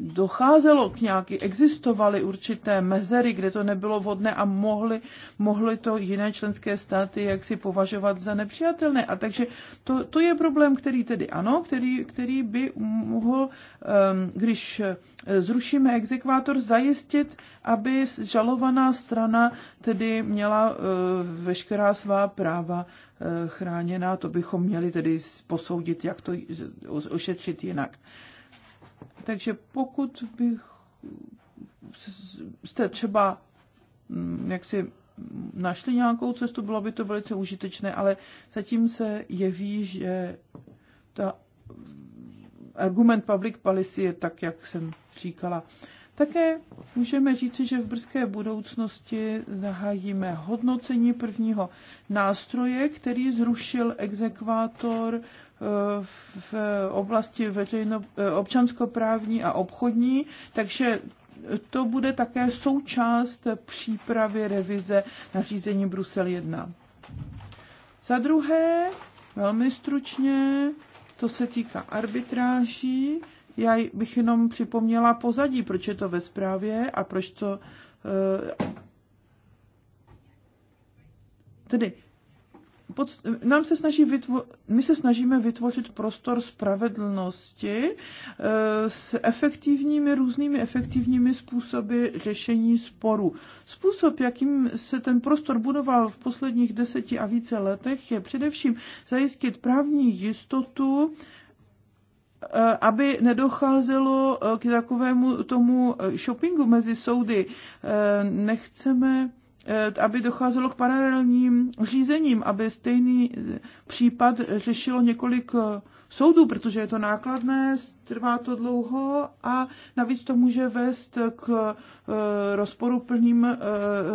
docházelo k nějaký, existovaly určité mezery, kde to nebylo vodné a mohly, mohly to jiné členské státy jak si považovat za nepřijatelné. A takže to, to je problém, který tedy ano, který, který by mohl, ehm, když eh, zrušíme exekvátor, zajistit, aby žalovaná strana tedy měla eh, veškerá svá práva eh, chráněná. To bychom měli tedy posoudit, jak to ošetřit jinak. Takže pokud bych jste třeba mm, jak si našli nějakou cestu, bylo by to velice užitečné, ale zatím se jeví, že ta argument public policy je tak, jak jsem říkala, také můžeme říci, že v brzké budoucnosti zahájíme hodnocení prvního nástroje, který zrušil exekvátor eh, v oblasti veřejno, eh, občanskoprávní a obchodní, takže to bude také součást přípravy revize nařízení Brusel 1. Za druhé, velmi stručně, to se týká arbitráží. Já bych jenom připomněla pozadí, proč je to ve zprávě a proč to... Eh, tedy pod, nám se snaží vytvo, my se snažíme vytvořit prostor spravedlnosti eh, s efektivními, různými efektivními způsoby řešení sporů. Způsob, jakým se ten prostor budoval v posledních deseti a více letech, je především zajistit právní jistotu Eh, aby nedocházelo eh, k takovému tomu eh, shoppingu mezi soudy. Nechceme, aby docházelo k paralelním řízením, aby stejný případ řešilo několik soudů, protože je to nákladné, trvá to dlouho a navíc to může vést k eh, rozporuplným eh,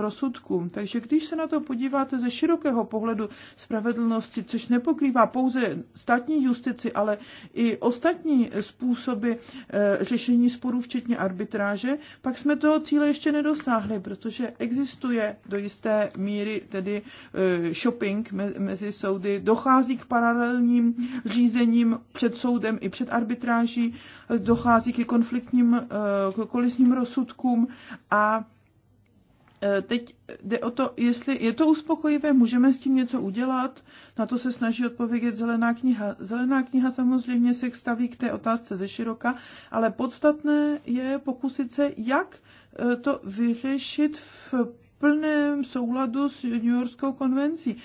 rozsudkům. Takže když se na to podíváte ze širokého pohledu spravedlnosti, což nepokrývá pouze státní justici, ale i ostatní způsoby eh, řešení sporů, včetně arbitráže, pak jsme toho cíle ještě nedosáhli, protože existuje do jisté míry tedy shopping mezi soudy, dochází k paralelním řízením před soudem i před arbitráží, dochází ke konfliktním, eh, k kolizním rozsudkům a eh, Teď jde o to, jestli je to uspokojivé, můžeme s tím něco udělat. Na to se snaží odpovědět Zelená kniha. Zelená kniha samozřejmě se staví k té otázce ze široka, ale podstatné je pokusit se, jak eh, to vyřešit v plném souladu s juniorskou konvencí. E,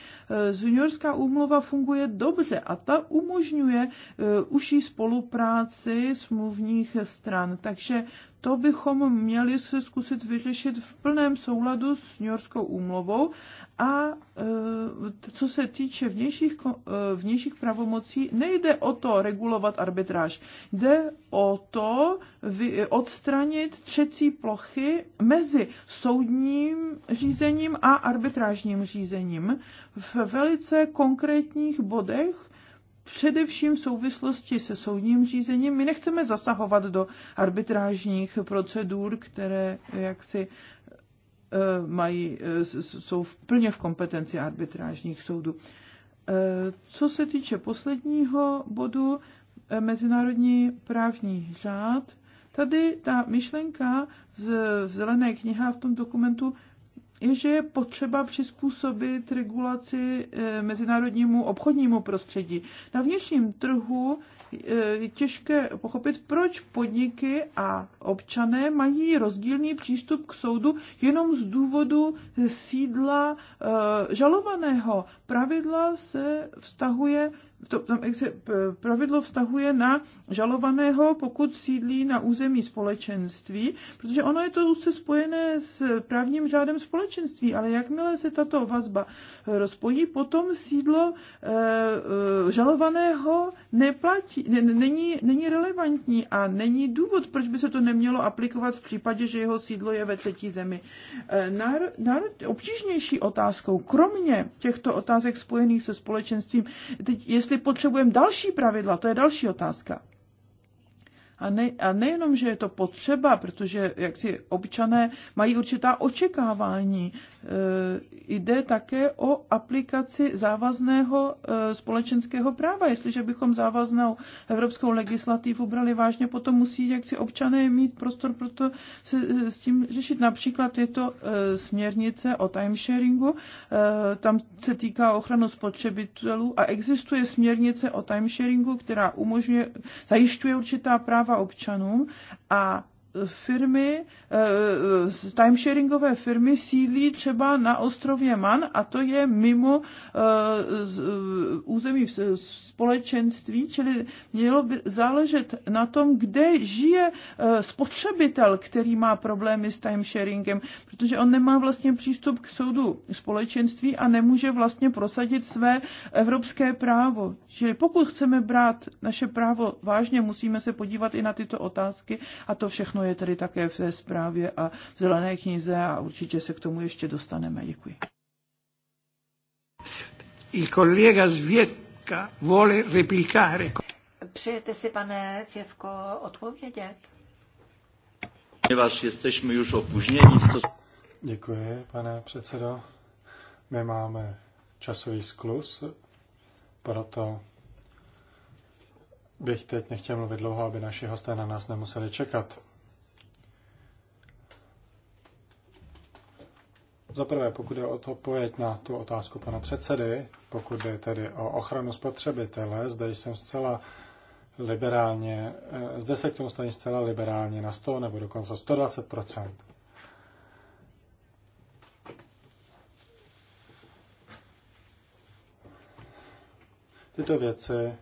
juniorská úmluva funguje dobře a ta umožňuje e, užší spolupráci smluvních stran. Takže to bychom měli se zkusit vyřešit v plném souladu s New Yorkskou úmluvou a e, co se týče vnějších, e, vnějších pravomocí, nejde o to regulovat arbitráž. Jde o to odstranit třecí plochy mezi soudním řízením a arbitrážním řízením v velice konkrétních bodech, především v souvislosti se soudním řízením. My nechceme zasahovat do arbitrážních procedur, které jaksi eh, mají, eh, jsou plně v kompetenci arbitrážních soudů. Eh, co se týče posledního bodu, mezinárodní právní řád, tady ta myšlenka v zelené kniha v tom dokumentu je, že je potřeba přizpůsobit regulaci eh, mezinárodnímu obchodnímu prostředí. Na vnějším trhu eh, je těžké pochopit, proč podniky a občané mají rozdílný přístup k soudu jenom z důvodu sídla eh, žalovaného. Pravidla se vztahuje to, tam se pravidlo vztahuje na žalovaného, pokud sídlí na území společenství, protože ono je to úzce spojené s právním řádem společenství, ale jakmile se tato vazba eh, rozpojí, potom sídlo e, žalovaného neplatí, ne, není, není relevantní a není důvod, proč by se to nemělo aplikovat v případě, že jeho sídlo je ve třetí zemi. E, nár, nár, obtížnější otázkou, kromě těchto otázek spojených se společenstvím, teď je jestli potřebujeme další pravidla, to je další otázka. A, ne, a nejenom, že je to potřeba, protože jak si občané mají určitá očekávání, e, jde také o aplikaci závazného e, společenského práva. Jestliže bychom závaznou evropskou legislativu brali vážně, potom musí jak si občané mít prostor pro to se, e, s tím řešit. Například je to e, směrnice o timesharingu, e, tam se týká ochranu spotřebitelů a existuje směrnice o timesharingu, která umožňuje, zajišťuje určitá práva práva občanům a firmy Eh, timesharingové firmy sídlí třeba na ostrově Man a to je mimo eh, eh, území společenství, čili mělo by záležet na tom, kde žije spotřebitel, který má problémy s timesharingem, protože on nemá vlastně přístup k soudu společenství a nemůže vlastně prosadit své evropské právo. Čili pokud chceme brát naše právo vážně, musíme se podívat i na tyto otázky a to všechno je tedy také v té zprávě právě a zelené knize a určitě se k tomu ještě dostaneme. Děkuji. Il collega Světka vole replicare. Přejete si, pane Cěvko, odpovědět? Ponieważ jesteśmy już opóźnieni w Děkuji, pane předsedo. My máme časový sklus, proto bych teď nechtěl mluvit dlouho, aby naši hosté na nás nemuseli čekat. Za prvé, pokud je o to pojeď na tu otázku pana předsedy, pokud je tedy o ochranu spotřebitele, zde jsem zcela liberálně, eh, zde se k tomu staví zcela liberálně na 100 nebo dokonce 120 Tyto věci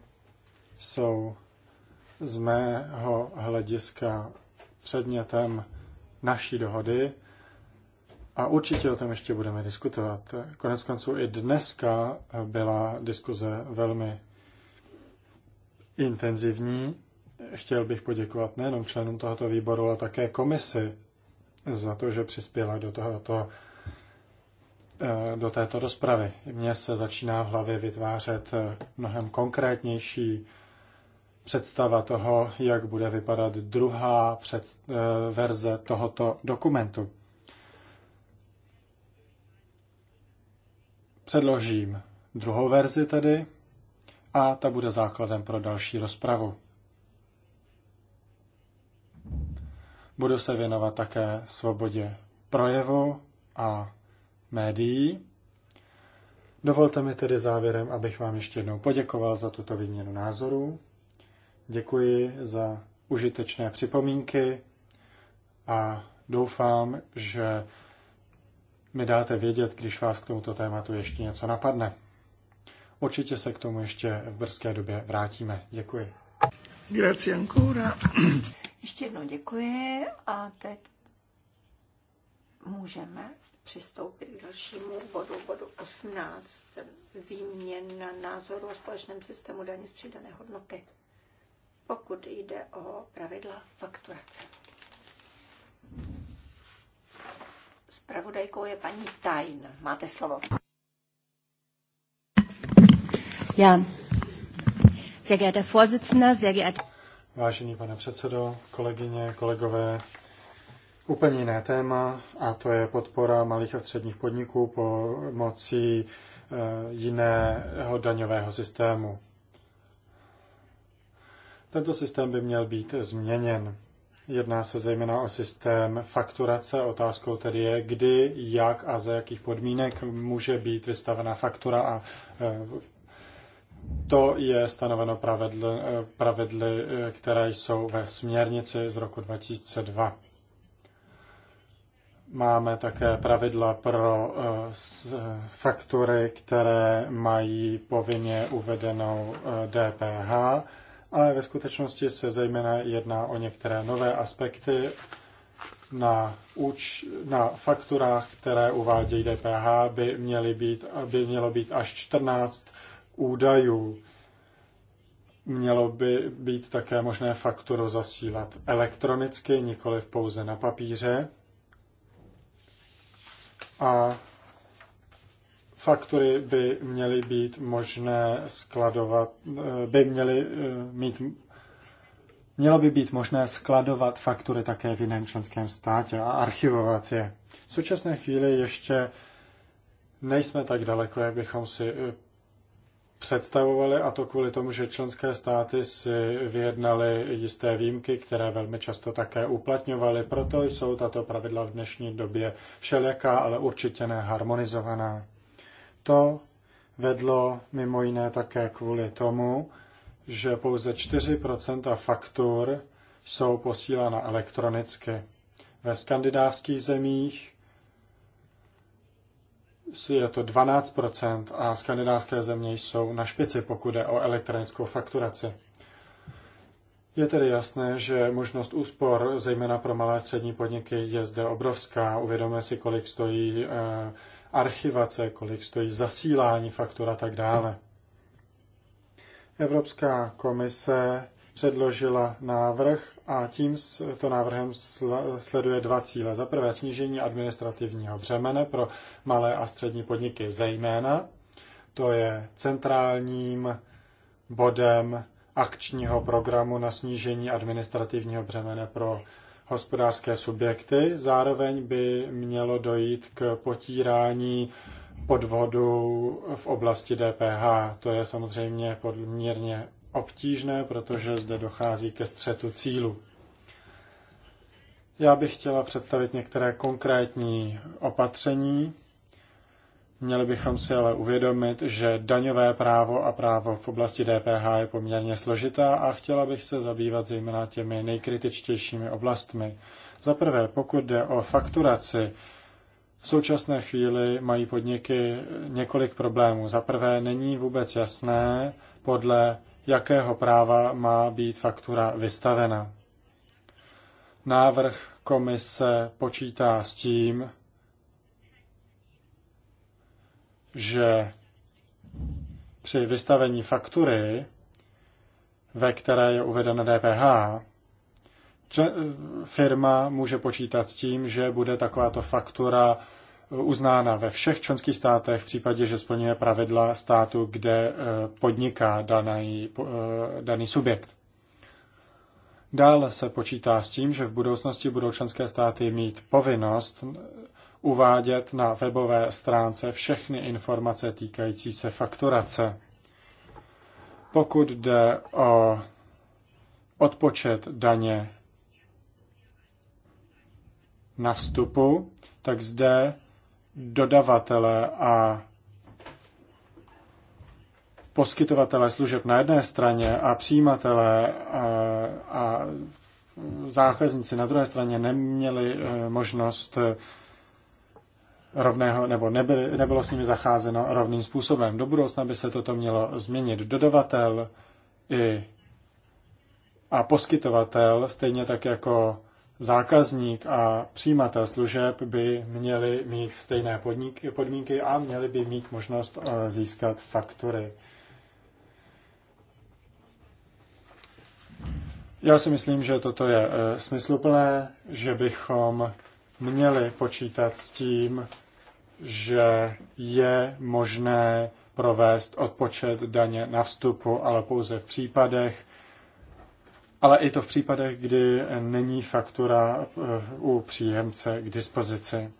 jsou z mého hlediska předmětem naší dohody a určitě o tom ještě budeme diskutovat. Konec konců i dneska byla diskuze velmi intenzivní. Chtěl bych poděkovat nejenom členům tohoto výboru, ale také komisi za to, že přispěla do, tohoto, eh, do této rozpravy. Mně se začíná v hlavě vytvářet eh, mnohem konkrétnější představa toho, jak bude vypadat druhá eh, verze tohoto dokumentu. Předložím druhou verzi tedy a ta bude základem pro další rozpravu. Budu se věnovat také svobodě projevu a médií. Dovolte mi tedy závěrem, abych vám ještě jednou poděkoval za tuto výměnu názorů. Děkuji za užitečné připomínky a doufám, že mi dáte vědět, když vás k tomuto tématu ještě něco napadne. Určitě se k tomu ještě v brzké době vrátíme. Děkuji. Grazie ancora. Ještě jednou děkuji a teď můžeme přistoupit k dalšímu bodu, bodu 18, výměna názoru o společném systému daně z přidané hodnoty, pokud jde o pravidla fakturace. Spravodajkou je paní Tajn. Máte slovo. Já. Sehr geehrter Vorsitzender, sehr geehrter... Vážený pane předsedo, kolegyně, kolegové, úplně jiné téma a to je podpora malých a středních podniků pomocí eh, jiného daňového systému. Tento systém by měl být změněn. Jedná se zejména o systém fakturace. Otázkou tedy je, kdy, jak a za jakých podmínek může být vystavena faktura a eh, to je stanoveno pravidly, eh, pravidly, eh, které jsou ve směrnici z roku 2002. Máme také pravidla pro faktury, které mají povinně uvedenou DPH ale ve skutečnosti se zejména jedná o některé nové aspekty na, úč, na fakturách, které uvádějí DPH, by, měly být, by mělo být až 14 údajů. Mělo by být také možné fakturu zasílat elektronicky, nikoli pouze na papíře. A Faktury by měly být možné skladovat, eh, by měly eh, mít Mělo by být možné skladovat faktury také v jiném členském státě a archivovat je. V současné chvíli ještě nejsme tak daleko, jak bychom si eh, představovali, a to kvůli tomu, že členské státy si vyjednaly jisté výjimky, které velmi často také uplatňovaly. Proto jsou tato pravidla v dnešní době všelijaká, ale určitě neharmonizovaná. To vedlo mimo jiné také kvůli tomu, že pouze 4 faktur jsou posílána elektronicky. Ve skandinávských zemích je to 12 a skandinávské země jsou na špici, pokud jde o elektronickou fakturaci. Je tedy jasné, že možnost úspor, zejména pro malé a střední podniky, je zde obrovská. Uvědomuje si, kolik stojí eh, archivace, kolik stojí zasílání faktur a tak dále. Evropská komise předložila návrh a tím s to návrhem sleduje dva cíle. Za prvé snížení administrativního břemene pro malé a střední podniky zejména. To je centrálním bodem akčního programu na snížení administrativního břemene pro hospodářské subjekty. Zároveň by mělo dojít k potírání podvodu v oblasti DPH. To je samozřejmě podměrně obtížné, protože zde dochází ke střetu cílu. Já bych chtěla představit některé konkrétní opatření, Měli bychom si ale uvědomit, že daňové právo a právo v oblasti DPH je poměrně složitá a chtěla bych se zabývat zejména těmi nejkritičtějšími oblastmi. Za prvé, pokud jde o fakturaci, v současné chvíli mají podniky několik problémů. Za prvé, není vůbec jasné, podle jakého práva má být faktura vystavena. Návrh komise počítá s tím, že při vystavení faktury, ve které je uvedena DPH, firma může počítat s tím, že bude takováto faktura uznána ve všech členských státech v případě, že splňuje pravidla státu, kde e, podniká daný, e, daný subjekt. Dále se počítá s tím, že v budoucnosti budou členské státy mít povinnost uvádět na webové stránce všechny informace týkající se fakturace. Pokud jde o odpočet daně na vstupu, tak zde dodavatele a poskytovatele služeb na jedné straně a přijímatele a, a zákazníci na druhé straně neměli e, možnost rovného, nebo nebyly, nebylo s nimi zacházeno rovným způsobem. Do budoucna by se toto mělo změnit. Dodavatel i a poskytovatel, stejně tak jako zákazník a přijímatel služeb by měli mít stejné podniky, podmínky a měli by mít možnost eh, získat faktury. Já si myslím, že toto je eh, smysluplné, že bychom měli počítat s tím, že je možné provést odpočet daně na vstupu, ale pouze v případech, ale i to v případech, kdy není faktura eh, u příjemce k dispozici.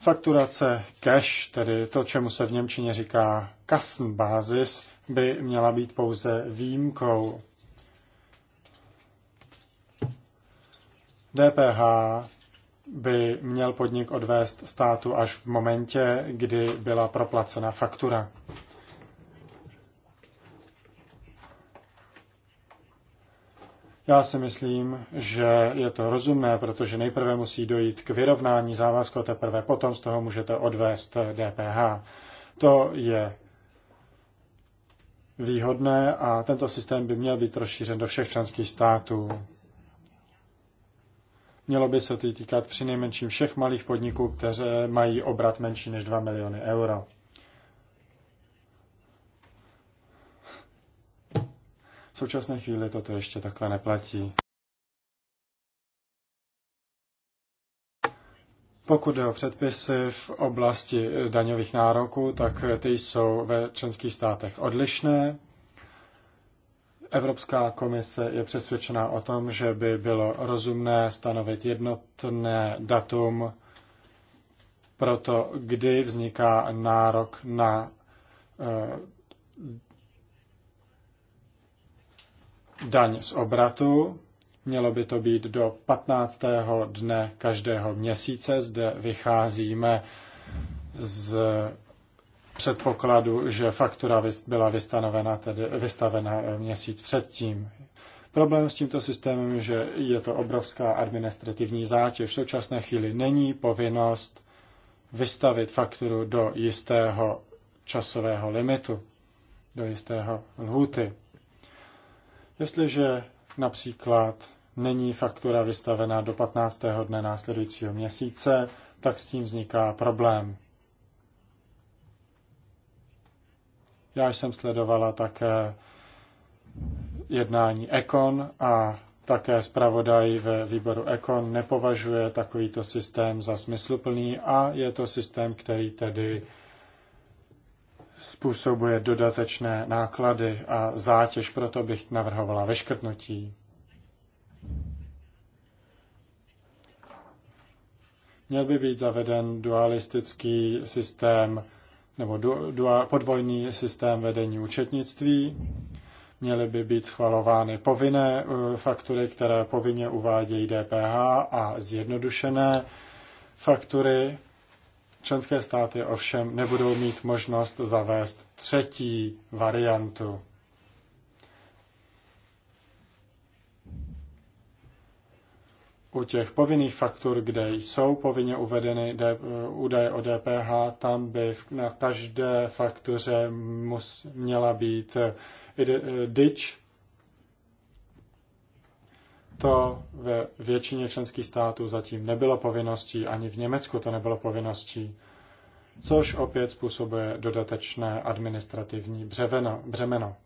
Fakturace cash, tedy to, čemu se v Němčině říká kassenbasis, by měla být pouze výjimkou. DPH by měl podnik odvést státu až v momentě, kdy byla proplacena faktura. Já si myslím, že je to rozumné, protože nejprve musí dojít k vyrovnání závazku a teprve potom z toho můžete odvést DPH. To je výhodné a tento systém by měl být rozšířen do všech členských států. Mělo by se to týkat přinejmenším všech malých podniků, které mají obrat menší než 2 miliony euro. V současné chvíli toto ještě takhle neplatí. Pokud jde o předpisy v oblasti daňových nároků, tak ty jsou ve členských státech odlišné. Evropská komise je přesvědčená o tom, že by bylo rozumné stanovit jednotné datum pro to, kdy vzniká nárok na eh, daň z obratu. Mělo by to být do 15. dne každého měsíce. Zde vycházíme z předpokladu, že faktura byla vystanovena, tedy vystavena eh, měsíc předtím. Problém s tímto systémem je, že je to obrovská administrativní zátěž. V současné chvíli není povinnost vystavit fakturu do jistého časového limitu, do jistého lhuty. Jestliže například není faktura vystavena do 15. dne následujícího měsíce, tak s tím vzniká problém. Já jsem sledovala také jednání Ekon a také zpravodaj ve výboru Ekon nepovažuje takovýto systém za smysluplný a je to systém, který tedy způsobuje dodatečné náklady a zátěž, proto bych navrhovala veškrtnutí. Měl by být zaveden dualistický systém nebo du, du, podvojný systém vedení účetnictví. Měly by být schvalovány povinné e, faktury, které povinně uvádějí DPH a zjednodušené faktury. Členské státy ovšem nebudou mít možnost zavést třetí variantu u těch povinných faktur, kde jsou povinně uvedeny eh, údaje o DPH, tam by na každé faktuře mus, měla být eh, eh, DIČ. To ve většině členských států zatím nebylo povinností, ani v Německu to nebylo povinností, což opět způsobuje dodatečné administrativní břemeno,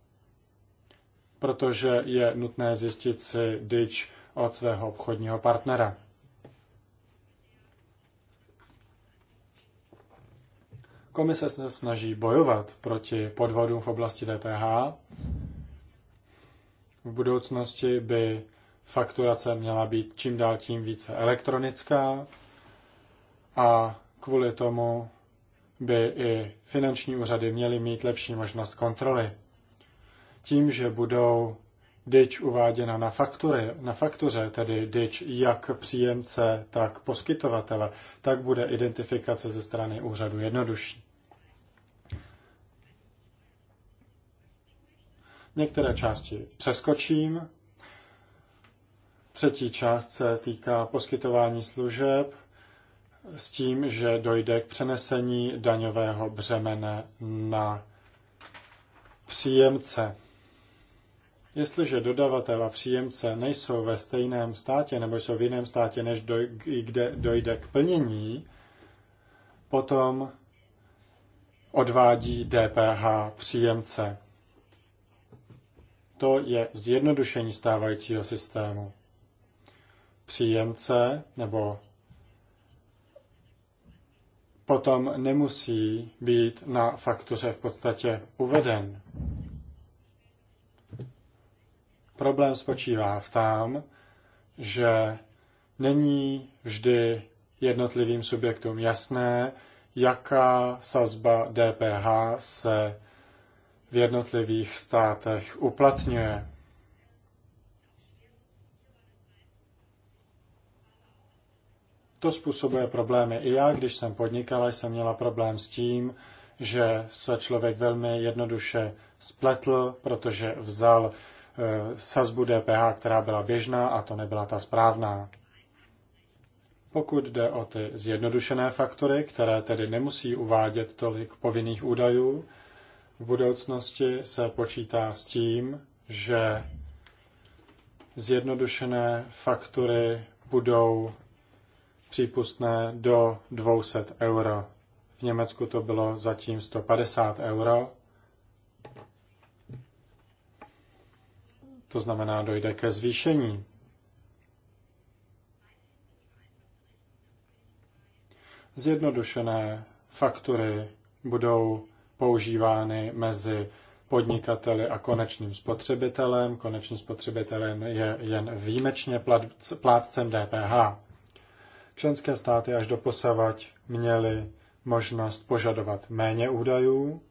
protože je nutné zjistit si DIČ od svého obchodního partnera. Komise se snaží bojovat proti podvodům v oblasti DPH. V budoucnosti by fakturace měla být čím dál tím více elektronická a kvůli tomu by i finanční úřady měly mít lepší možnost kontroly. Tím, že budou DIČ uváděna na, faktury, na faktuře, tedy DIČ jak příjemce, tak poskytovatele, tak bude identifikace ze strany úřadu jednodušší. Některé části přeskočím. Třetí část se týká poskytování služeb s tím, že dojde k přenesení daňového břemene na příjemce. Jestliže dodavatel a příjemce nejsou ve stejném státě nebo jsou v jiném státě, než doj, kde dojde k plnění, potom odvádí DPH příjemce. To je zjednodušení stávajícího systému. Příjemce nebo potom nemusí být na faktuře v podstatě uveden. Problém spočívá v tom, že není vždy jednotlivým subjektům jasné, jaká sazba DPH se v jednotlivých státech uplatňuje. To způsobuje problémy. I já, když jsem podnikala, jsem měla problém s tím, že se člověk velmi jednoduše spletl, protože vzal Eh, sazbu DPH, která byla běžná a to nebyla ta správná. Pokud jde o ty zjednodušené faktory, které tedy nemusí uvádět tolik povinných údajů, v budoucnosti se počítá s tím, že zjednodušené faktury budou přípustné do 200 euro. V Německu to bylo zatím 150 euro To znamená, dojde ke zvýšení. Zjednodušené faktury budou používány mezi podnikateli a konečným spotřebitelem. Konečný spotřebitelem je jen výjimečně plátcem DPH. Členské státy až posavať měly možnost požadovat méně údajů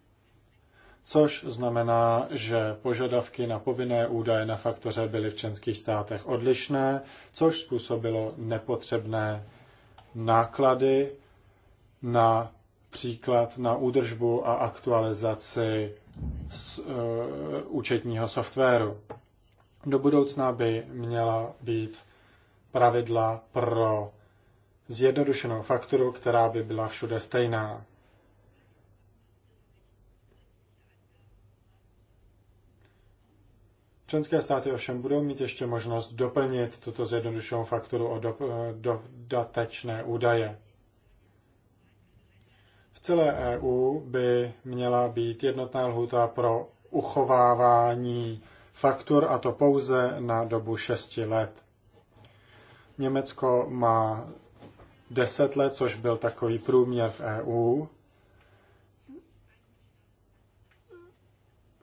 což znamená, že požadavky na povinné údaje na faktoře byly v členských státech odlišné, což způsobilo nepotřebné náklady na příklad na údržbu a aktualizaci z, e, účetního softwaru. Do budoucna by měla být pravidla pro zjednodušenou fakturu, která by byla všude stejná. Členské státy ovšem budou mít ještě možnost doplnit tuto zjednodušenou fakturu o eh, dodatečné údaje. V celé EU by měla být jednotná lhůta pro uchovávání faktur, a to pouze na dobu 6 let. Německo má 10 let, což byl takový průměr v EU.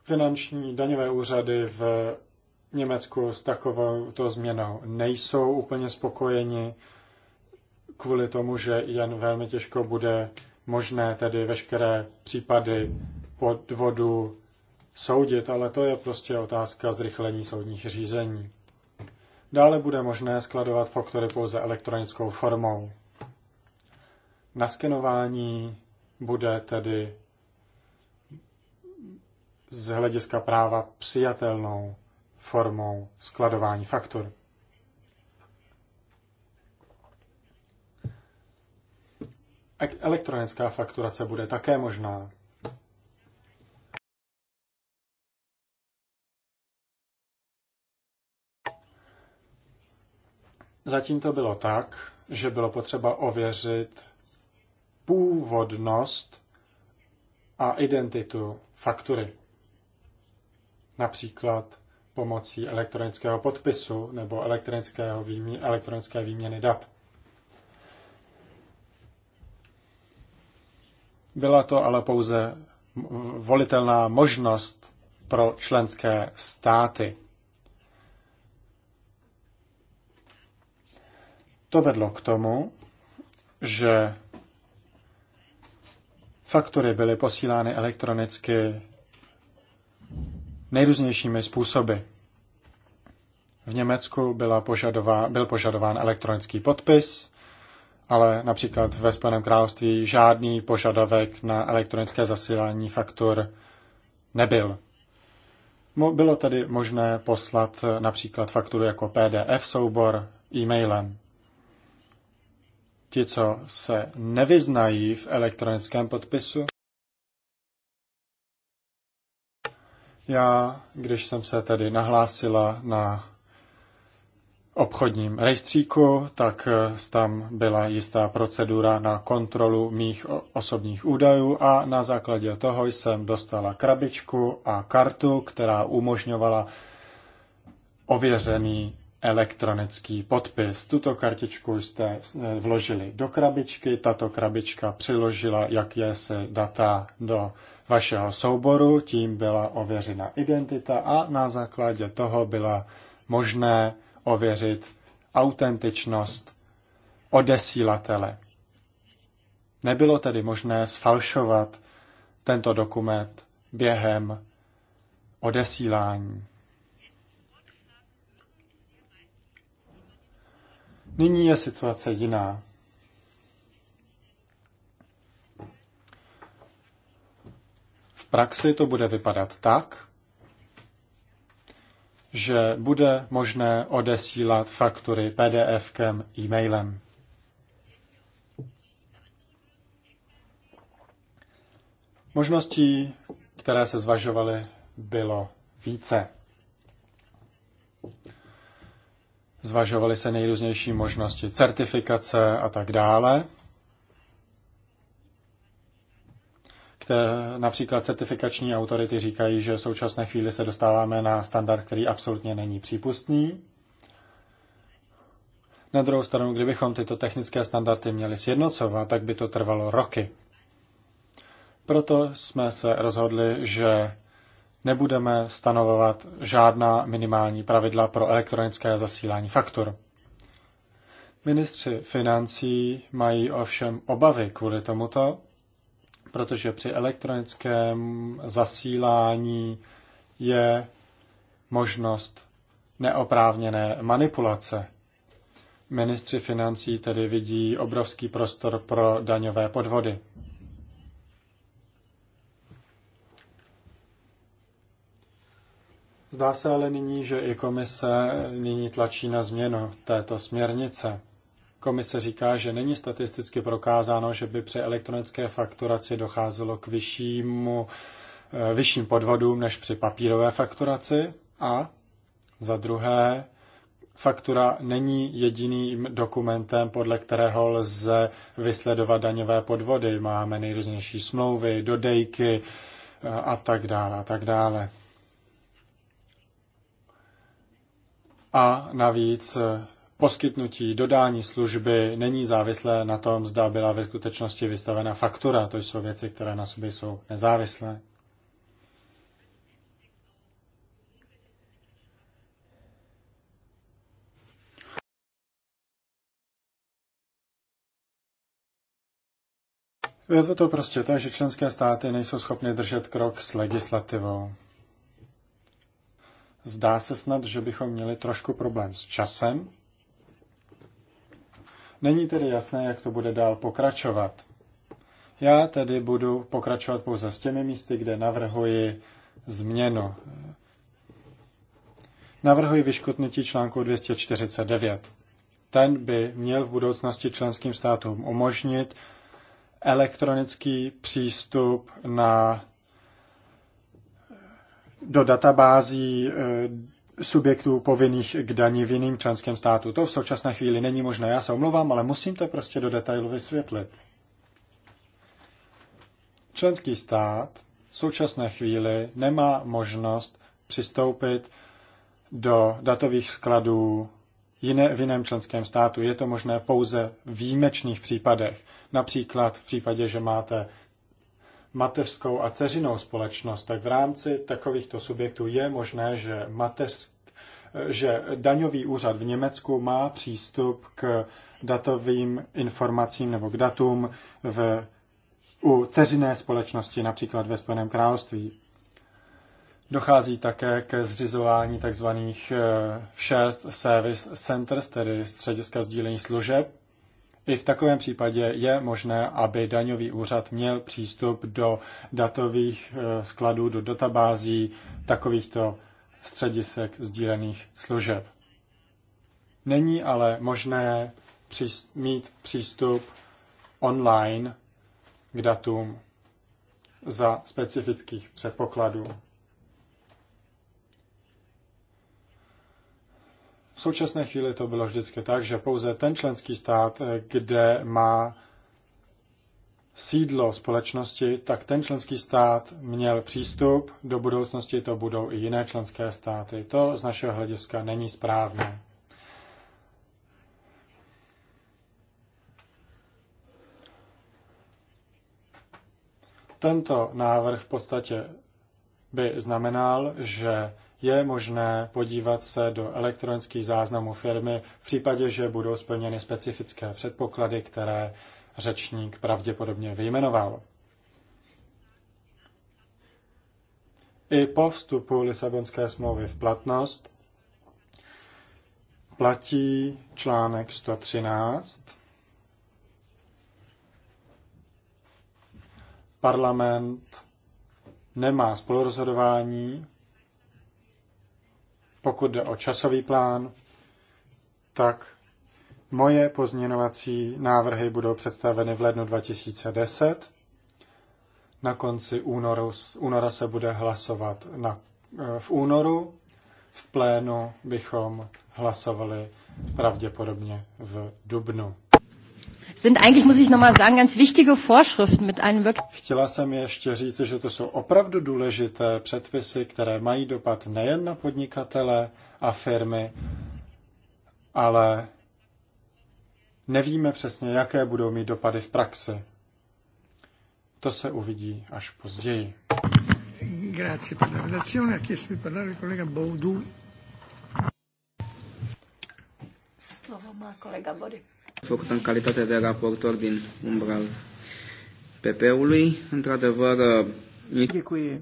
Finanční daňové úřady v Německu s takovou to změnou nejsou úplně spokojeni kvůli tomu, že jen velmi těžko bude možné tedy veškeré případy podvodu soudit, ale to je prostě otázka zrychlení soudních řízení. Dále bude možné skladovat faktory pouze elektronickou formou. Naskenování bude tedy z hlediska práva přijatelnou formou skladování faktur. Elektronická fakturace bude také možná. Zatím to bylo tak, že bylo potřeba ověřit původnost a identitu faktury například pomocí elektronického podpisu nebo elektronického výmě, elektronické výměny dat. Byla to ale pouze volitelná možnost pro členské státy. To vedlo k tomu, že faktury byly posílány elektronicky nejrůznějšími způsoby. V Německu byla požadová, byl požadován elektronický podpis, ale například ve Spojeném království žádný požadavek na elektronické zasílání faktur nebyl. Bylo tedy možné poslat například fakturu jako PDF soubor e-mailem. Ti, co se nevyznají v elektronickém podpisu, Já, když jsem se tedy nahlásila na obchodním rejstříku, tak eh, tam byla jistá procedura na kontrolu mých osobních údajů a na základě toho jsem dostala krabičku a kartu, která umožňovala ověřený elektronický podpis. Tuto kartičku jste eh, vložili do krabičky, tato krabička přiložila, jak je se data do vašeho souboru, tím byla ověřena identita a na základě toho byla možné ověřit autentičnost odesílatele. Nebylo tedy možné sfalšovat tento dokument během odesílání. Nyní je situace jiná. V praxi to bude vypadat tak, že bude možné odesílat faktury PDFkem e-mailem. Možností, které se zvažovaly, bylo více. Zvažovaly se nejrůznější možnosti certifikace a tak dále. Které, například certifikační autority říkají, že v současné chvíli se dostáváme na standard, který absolutně není přípustný. Na druhou stranu, kdybychom tyto technické standardy měli sjednocovat, tak by to trvalo roky. Proto jsme se rozhodli, že nebudeme stanovovat žádná minimální pravidla pro elektronické zasílání faktur. Ministři financí mají ovšem obavy kvůli tomuto, protože při elektronickém zasílání je možnost neoprávněné manipulace. Ministři financí tedy vidí obrovský prostor pro daňové podvody. Zdá se ale nyní, že i komise nyní tlačí na změnu této směrnice. Komise říká, že není statisticky prokázáno, že by při elektronické fakturaci docházelo k vyššímu, eh, vyšším podvodům než při papírové fakturaci. A za druhé, faktura není jediným dokumentem, podle kterého lze vysledovat daňové podvody. Máme nejrůznější smlouvy, dodejky eh, a tak dále a tak dále. a navíc eh, poskytnutí dodání služby není závislé na tom, zda byla ve skutečnosti vystavena faktura. To jsou věci, které na sobě jsou nezávislé. Je eh, to prostě tak, že členské státy nejsou schopny držet krok s legislativou. Zdá se snad, že bychom měli trošku problém s časem. Není tedy jasné, jak to bude dál pokračovat. Já tedy budu pokračovat pouze s těmi místy, kde navrhuji změnu. Navrhuji vyškutnutí článku 249. Ten by měl v budoucnosti členským státům umožnit elektronický přístup na do databází eh, subjektů povinných k daní v jiném členském státu. To v současné chvíli není možné, já se omlouvám, ale musím to prostě do detailu vysvětlit. Členský stát v současné chvíli nemá možnost přistoupit do datových skladů jiné, v jiném členském státu. Je to možné pouze v výjimečných případech. Například v případě, že máte mateřskou a ceřinou společnost, tak v rámci takovýchto subjektů je možné, že, mateřsk, že daňový úřad v Německu má přístup k datovým informacím nebo k datům v, u ceřiné společnosti, například ve Spojeném království. Dochází také ke zřizování tzv. Eh, shared service centers, tedy střediska sdílení služeb, i v takovém případě je možné, aby daňový úřad měl přístup do datových eh, skladů, do databází takovýchto středisek sdílených služeb. Není ale možné mít přístup online k datům za specifických předpokladů. V současné chvíli to bylo vždycky tak, že pouze ten členský stát, eh, kde má sídlo společnosti, tak ten členský stát měl přístup, do budoucnosti to budou i jiné členské státy. To z našeho hlediska není správné. Tento návrh v podstatě by znamenal, že je možné podívat se do elektronických záznamů firmy v případě, že budou splněny specifické předpoklady, které řečník pravděpodobně vyjmenoval. I po vstupu Lisabonské smlouvy v platnost platí článek 113. Parlament nemá spolurozhodování pokud jde o časový plán, tak moje pozměňovací návrhy budou představeny v lednu 2010. Na konci únoru, února se bude hlasovat na, eh, v únoru. V plénu bychom hlasovali pravděpodobně v dubnu sind eigentlich, muss ich nochmal sagen, ganz wichtige Vorschriften mit einem wirklich... Chtěla jsem ještě říct, že to jsou opravdu důležité předpisy, které mají dopad nejen na podnikatele a firmy, ale nevíme přesně, jaké budou mít dopady v praxi. To se uvidí až později. Grazie per la relazione. Ha chiesto di parlare il collega Boudou. Slovo má kolega Body făcut în calitate de raportor din umbra PP-ului. Într-adevăr... Uh, Děkuji.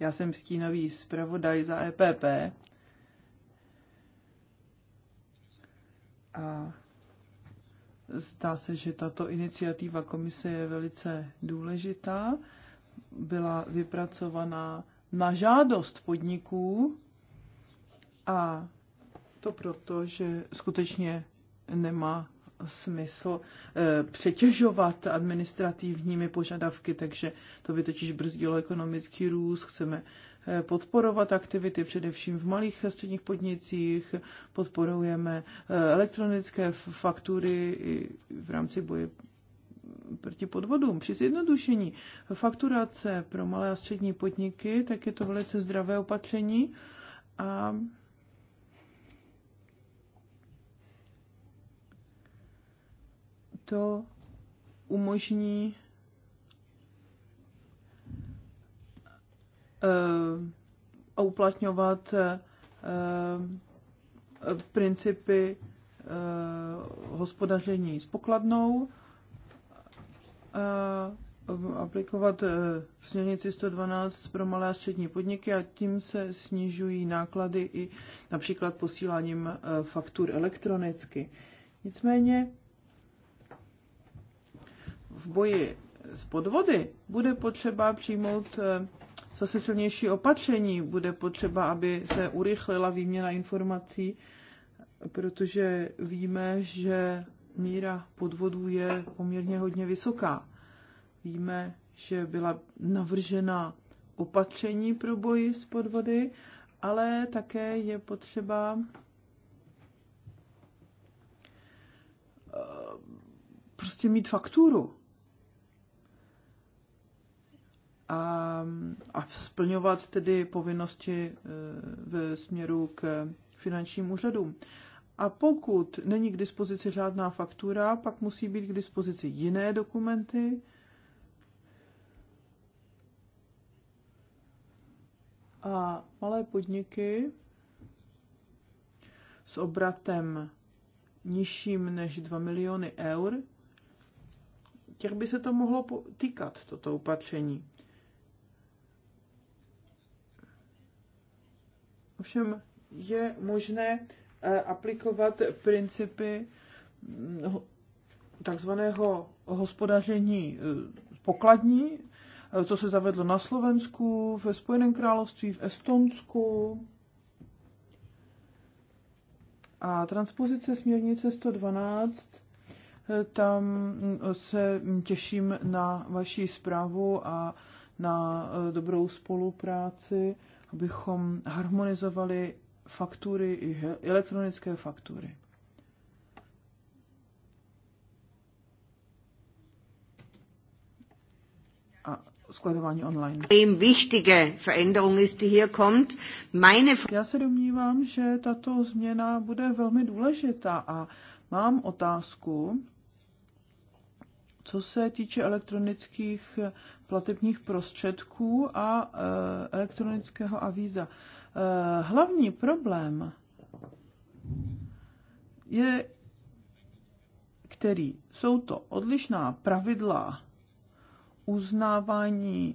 Já jsem skínový zpravodaj za EPP. A zdá se, že tato iniciativa komise je velice důležitá. Byla vypracovaná na žádost podniků a to proto, že skutečně nemá smysl eh, přetěžovat administrativními požadavky, takže to by totiž brzdilo ekonomický růst. Chceme eh, podporovat aktivity především v malých a středních podnicích, podporujeme eh, elektronické faktury i v rámci boje proti podvodům. Při zjednodušení fakturace pro malé a střední podniky, tak je to velice zdravé opatření a to umožní a eh, uplatňovat eh, eh, principy hospodaření s pokladnou, a aplikovat směrnici 112 pro malé a střední podniky a tím se snižují náklady i například posíláním faktur elektronicky. Nicméně v boji s podvody bude potřeba přijmout eh, zase silnější opatření, bude potřeba, aby se urychlila výměna informací, protože víme, že míra podvodů je poměrně hodně vysoká. Víme, že byla navržena opatření pro boji s podvody, ale také je potřeba eh, prostě mít fakturu a, a splňovat tedy povinnosti e, ve směru k finančním úřadům. A pokud není k dispozici žádná faktura, pak musí být k dispozici jiné dokumenty. A malé podniky s obratem nižším než 2 miliony eur, těch by se to mohlo týkat, toto opatření. Ovšem je možné eh, aplikovat principy mm, takzvaného hospodaření eh, pokladní, eh, co se zavedlo na Slovensku, ve Spojeném království, v Estonsku. A transpozice směrnice 112, tam mm, se mm, těším na vaši zprávu a na dobrou spolupráci abychom harmonizovali faktury i elektronické faktury. A skladování online. wichtige Veränderung ist, die hier kommt. Meine... Já se domnívám, že tato změna bude velmi důležitá a mám otázku, co se týče elektronických platebních prostředků a eh, elektronického avíza. Eh, hlavní problém je, který jsou to odlišná pravidla uznávání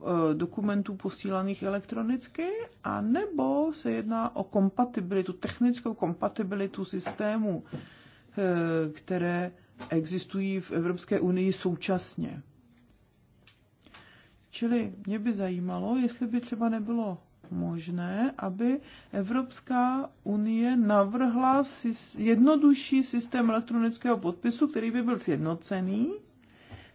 eh, dokumentů posílaných elektronicky, a nebo se jedná o kompatibilitu, technickou kompatibilitu systému, které existují v Evropské unii současně. Čili mě by zajímalo, jestli by třeba nebylo možné, aby Evropská unie navrhla jednodušší systém elektronického podpisu, který by byl sjednocený,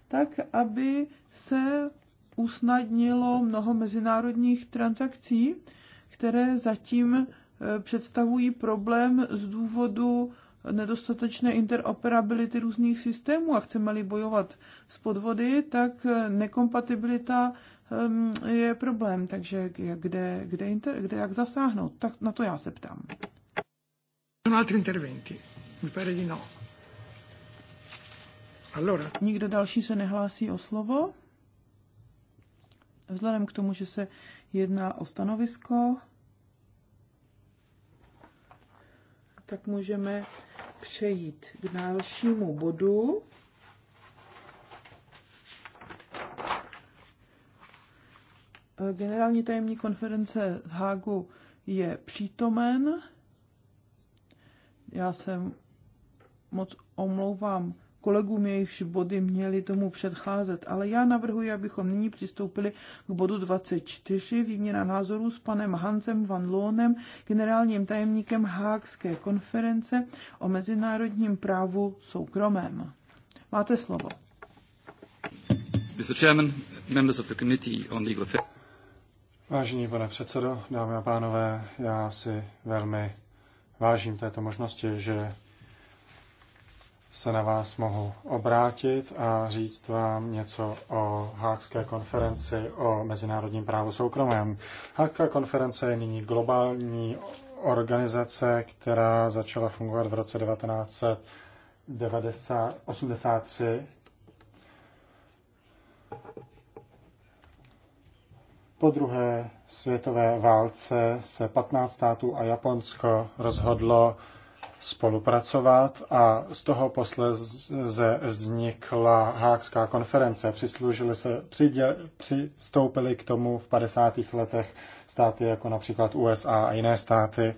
tak aby se usnadnilo mnoho mezinárodních transakcí, které zatím eh, představují problém z důvodu nedostatečné interoperability různých systémů a chceme-li bojovat s podvody, tak eh, nekompatibilita ehm, je problém. Takže kde, kde, inter, kde jak zasáhnout? Tak na to já se ptám. Altri interventi? Mi pare di no. Allora. Nikdo další se nehlásí o slovo? Vzhledem k tomu, že se jedná o stanovisko, tak můžeme přejít k dalšímu bodu. Generální tajemní konference v Hágu je přítomen. Já se moc omlouvám kolegům, jejichž body měly tomu předcházet. Ale já navrhuji, abychom nyní přistoupili k bodu 24, výměna názorů s panem Hansem Van Loonem, generálním tajemníkem Hákské konference o mezinárodním právu soukromém. Máte slovo. Mr. Chairman, members of the Committee on Legal Affairs. Vážený pane předsedo, dámy a pánové, já si velmi vážím této možnosti, že se na vás mohu obrátit a říct vám něco o Hákské konferenci o mezinárodním právu soukromém. Hákská konference je nyní globální organizace, která začala fungovat v roce 1983. Po druhé světové válce se 15 států a Japonsko rozhodlo, spolupracovat a z toho posléze vznikla Hákská konference. Přislužili se, přiděl, přistoupili k tomu v 50. letech státy jako například USA a jiné státy.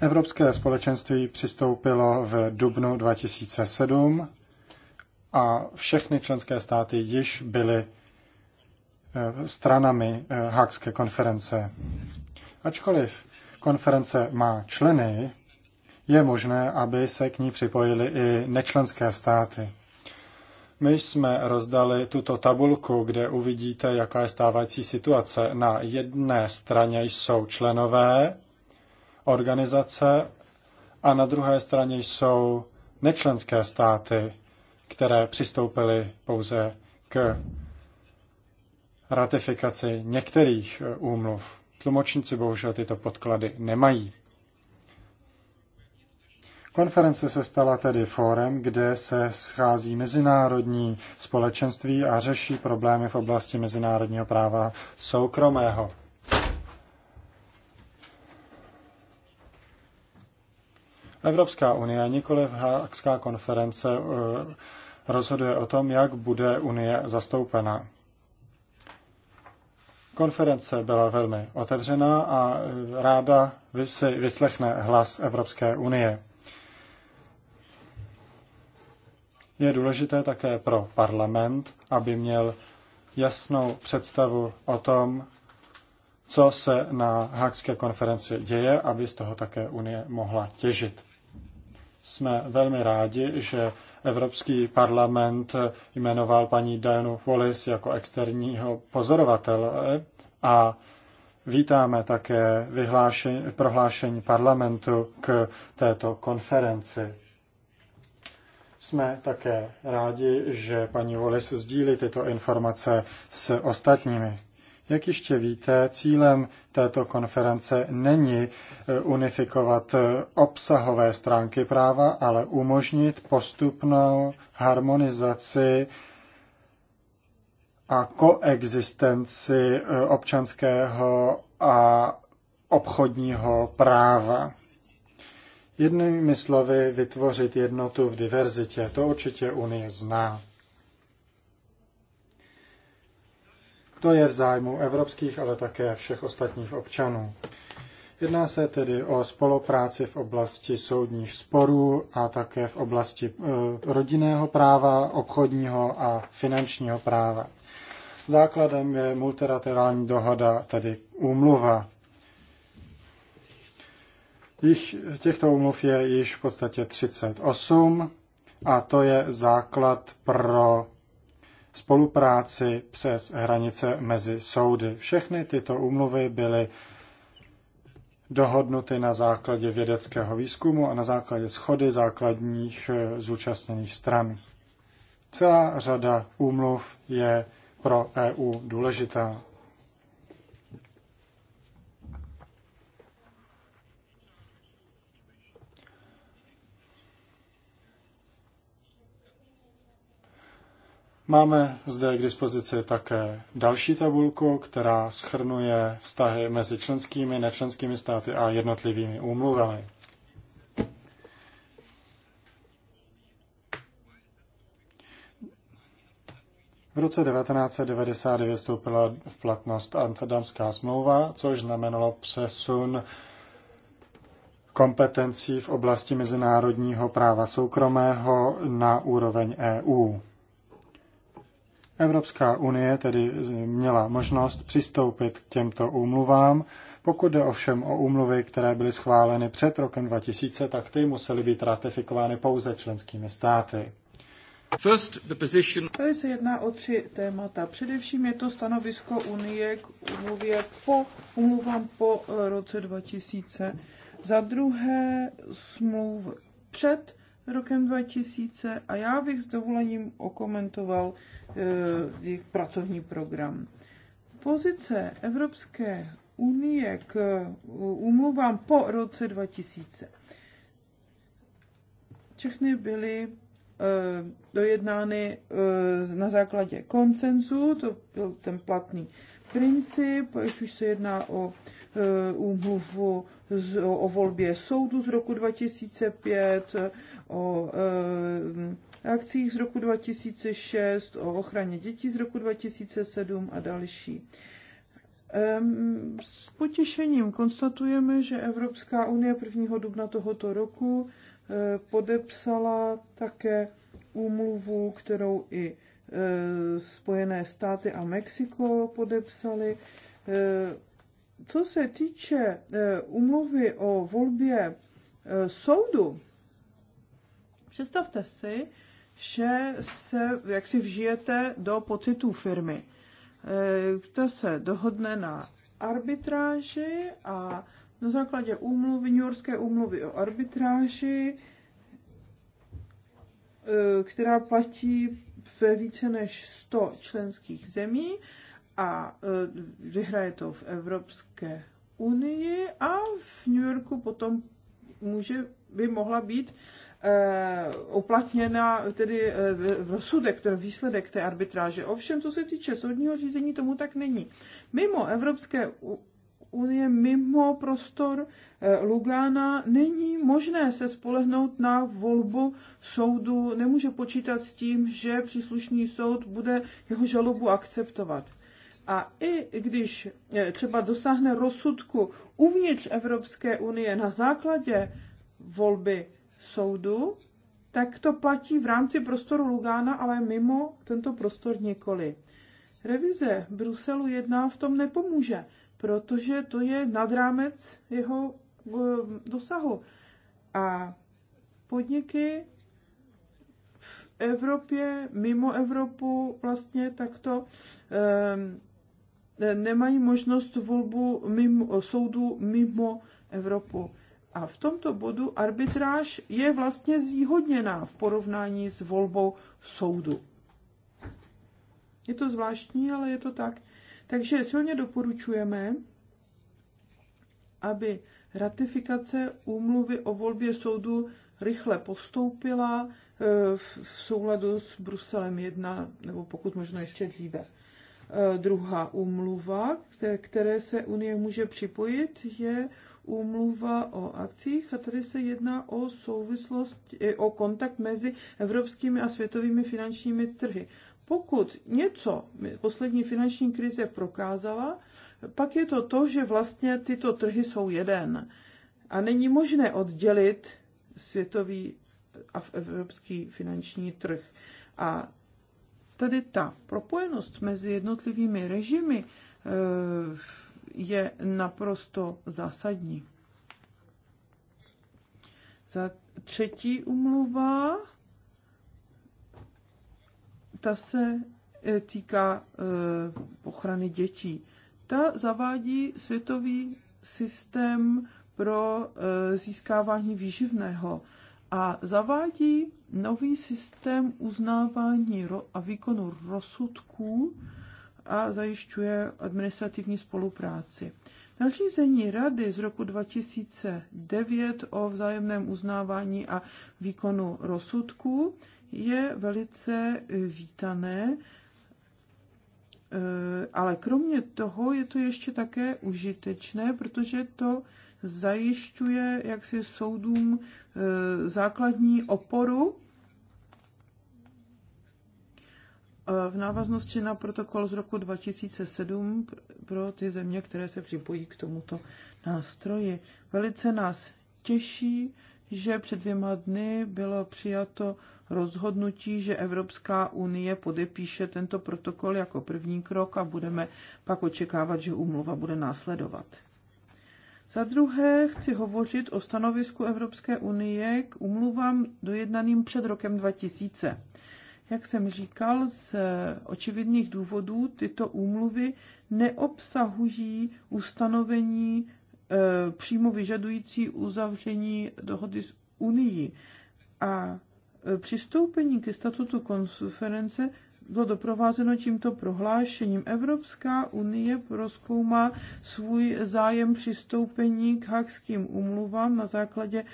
Evropské společenství přistoupilo v dubnu 2007 a všechny členské státy již byly eh, stranami Hákské eh, konference. Ačkoliv konference má členy, je možné, aby se k ní připojili i nečlenské státy. My jsme rozdali tuto tabulku, kde uvidíte, jaká je stávající situace. Na jedné straně jsou členové organizace a na druhé straně jsou nečlenské státy, které přistoupily pouze k ratifikaci některých eh, úmluv. Tlumočníci bohužel tyto podklady nemají. Konference se stala tedy fórem, kde se schází mezinárodní společenství a řeší problémy v oblasti mezinárodního práva soukromého. Evropská unie, nikoli Hákská konference, eh, rozhoduje o tom, jak bude unie zastoupena. Konference byla velmi otevřená a eh, ráda si vyslechne hlas Evropské unie. Je důležité také pro parlament, aby měl jasnou představu o tom, co se na Hákské konferenci děje, aby z toho také Unie mohla těžit. Jsme velmi rádi, že Evropský parlament jmenoval paní Dianu Wallis jako externího pozorovatele a vítáme také vyhlášení, prohlášení parlamentu k této konferenci. Jsme také rádi, že paní Wallis sdílí tyto informace s ostatními. Jak ještě víte, cílem této konference není eh, unifikovat eh, obsahové stránky práva, ale umožnit postupnou harmonizaci a koexistenci eh, občanského a obchodního práva. Jednými slovy vytvořit jednotu v diverzitě, to určitě Unie zná. To je v zájmu evropských, ale také všech ostatních občanů. Jedná se tedy o spolupráci v oblasti soudních sporů a také v oblasti eh, rodinného práva, obchodního a finančního práva. Základem je multilaterální dohoda, tedy úmluva. Jich těchto umluv je již v podstatě 38 a to je základ pro spolupráci přes hranice mezi soudy. Všechny tyto umluvy byly dohodnuty na základě vědeckého výzkumu a na základě schody základních eh, zúčastněných stran. Celá řada úmluv je pro EU důležitá. Máme zde k dispozici také další tabulku, která schrnuje vztahy mezi členskými, nečlenskými státy a jednotlivými úmluvami. V roce 1999 vstoupila v platnost Amsterdamská smlouva, což znamenalo přesun kompetencí v oblasti mezinárodního práva soukromého na úroveň EU. Evropská unie tedy měla možnost přistoupit k těmto úmluvám. Pokud jde ovšem o úmluvy, které byly schváleny před rokem 2000, tak ty musely být ratifikovány pouze členskými státy. First, the position... Tady se jedná o tři témata. Především je to stanovisko Unie k umluvě po, umluvám po roce 2000. Za druhé smluv před rokem 2000 a já bych s dovolením okomentoval eh, jejich pracovní program. Pozice Evropské unie k eh, úmluvám po roce 2000. Všechny byly eh, dojednány na základě koncenzu, to byl ten platný princip, ať už se jedná o úmluvu o volbě soudu z roku 2005, o eh, akcích z roku 2006, o ochraně dětí z roku 2007 a další. S potěšením konstatujeme, že Evropská unie 1. dubna tohoto roku eh, podepsala také úmluvu, kterou i eh, Spojené státy a Mexiko podepsali. Co se týče umluvy o volbě soudu, Představte si, že se jak si vžijete do pocitů firmy. To eh, se dohodne na arbitráži a na základě úmluvy, New Yorkské úmluvy o arbitráži, eh, která platí ve více než 100 členských zemí a eh, vyhraje to v Evropské unii a v New Yorku potom může, by mohla být Eh, uplatněna tedy eh, rozsudek, ten výsledek té arbitráže. Ovšem, co se týče soudního řízení, tomu tak není. Mimo Evropské unie, mimo prostor eh, Lugana není možné se spolehnout na volbu soudu, nemůže počítat s tím, že příslušný soud bude jeho žalobu akceptovat. A i když třeba dosáhne rozsudku uvnitř Evropské unie na základě volby soudu, tak to platí v rámci prostoru Lugána, ale mimo tento prostor nikoli. Revize Bruselu 1 v tom nepomůže, protože to je nad rámec jeho eh, dosahu. A podniky v Evropě, mimo Evropu vlastně takto ehm, nemají možnost volbu mimo, soudu mimo Evropu. A v tomto bodu arbitráž je vlastně zvýhodněná v porovnání s volbou soudu. Je to zvláštní, ale je to tak. Takže silně doporučujeme, aby ratifikace úmluvy o volbě soudu rychle postoupila e, v souladu s Bruselem 1, nebo pokud možno ještě dříve. E, druhá úmluva, které se Unie může připojit, je úmluva o akcích a tady se jedná o souvislost, eh, o kontakt mezi evropskými a světovými finančními trhy. Pokud něco poslední finanční krize prokázala, pak je to to, že vlastně tyto trhy jsou jeden. A není možné oddělit světový a evropský finanční trh. A tady ta propojenost mezi jednotlivými režimy eh, je naprosto zásadní. Za třetí umluva, ta se eh, týká eh, ochrany dětí. Ta zavádí světový systém pro eh, získávání výživného a zavádí nový systém uznávání a výkonu rozsudků a zajišťuje administrativní spolupráci. Nařízení Rady z roku 2009 o vzájemném uznávání a výkonu rozsudků je velice eh, vítané, eh, ale kromě toho je to ještě také užitečné, protože to zajišťuje jaksi soudům eh, základní oporu v návaznosti na protokol z roku 2007 pro ty země, které se připojí k tomuto nástroji. Velice nás těší, že před dvěma dny bylo přijato rozhodnutí, že Evropská unie podepíše tento protokol jako první krok a budeme pak očekávat, že úmluva bude následovat. Za druhé chci hovořit o stanovisku Evropské unie k umluvám dojednaným před rokem 2000. Jak jsem říkal, z očividných důvodů tyto úmluvy neobsahují ustanovení e, přímo vyžadující uzavření dohody s Unii. A e, přistoupení ke statutu konference bylo doprovázeno tímto prohlášením. Evropská unie proskoumá svůj zájem přistoupení k hakským umluvám na základě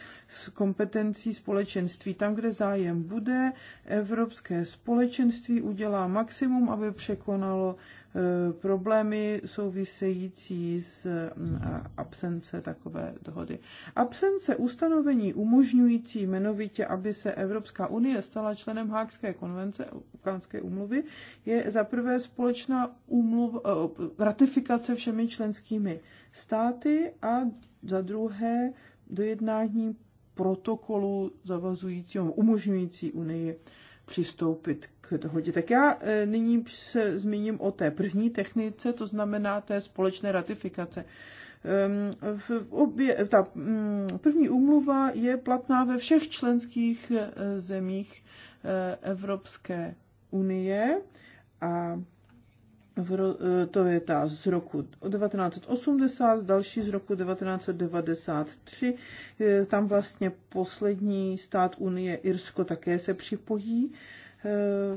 kompetencí společenství. Tam, kde zájem bude, Evropské společenství udělá maximum, aby překonalo Eh, problémy související s mm, absence takové dohody. Absence ustanovení umožňující jmenovitě, aby se Evropská unie stala členem Hákské konvence, Hákské umluvy, je zaprvé společná umluv, eh, ratifikace všemi členskými státy a za druhé dojednání protokolu zavazujícího, umožňující Unii přistoupit k dohodě. Tak já e, nyní se zmíním o té první technice, to znamená té společné ratifikace. Ehm, v obě, ta mm, první úmluva je platná ve všech členských e, zemích e, Evropské unie a v, e, to je ta z roku 1980, další z roku 1993. E, tam vlastně poslední stát Unie, Irsko, také se připojí.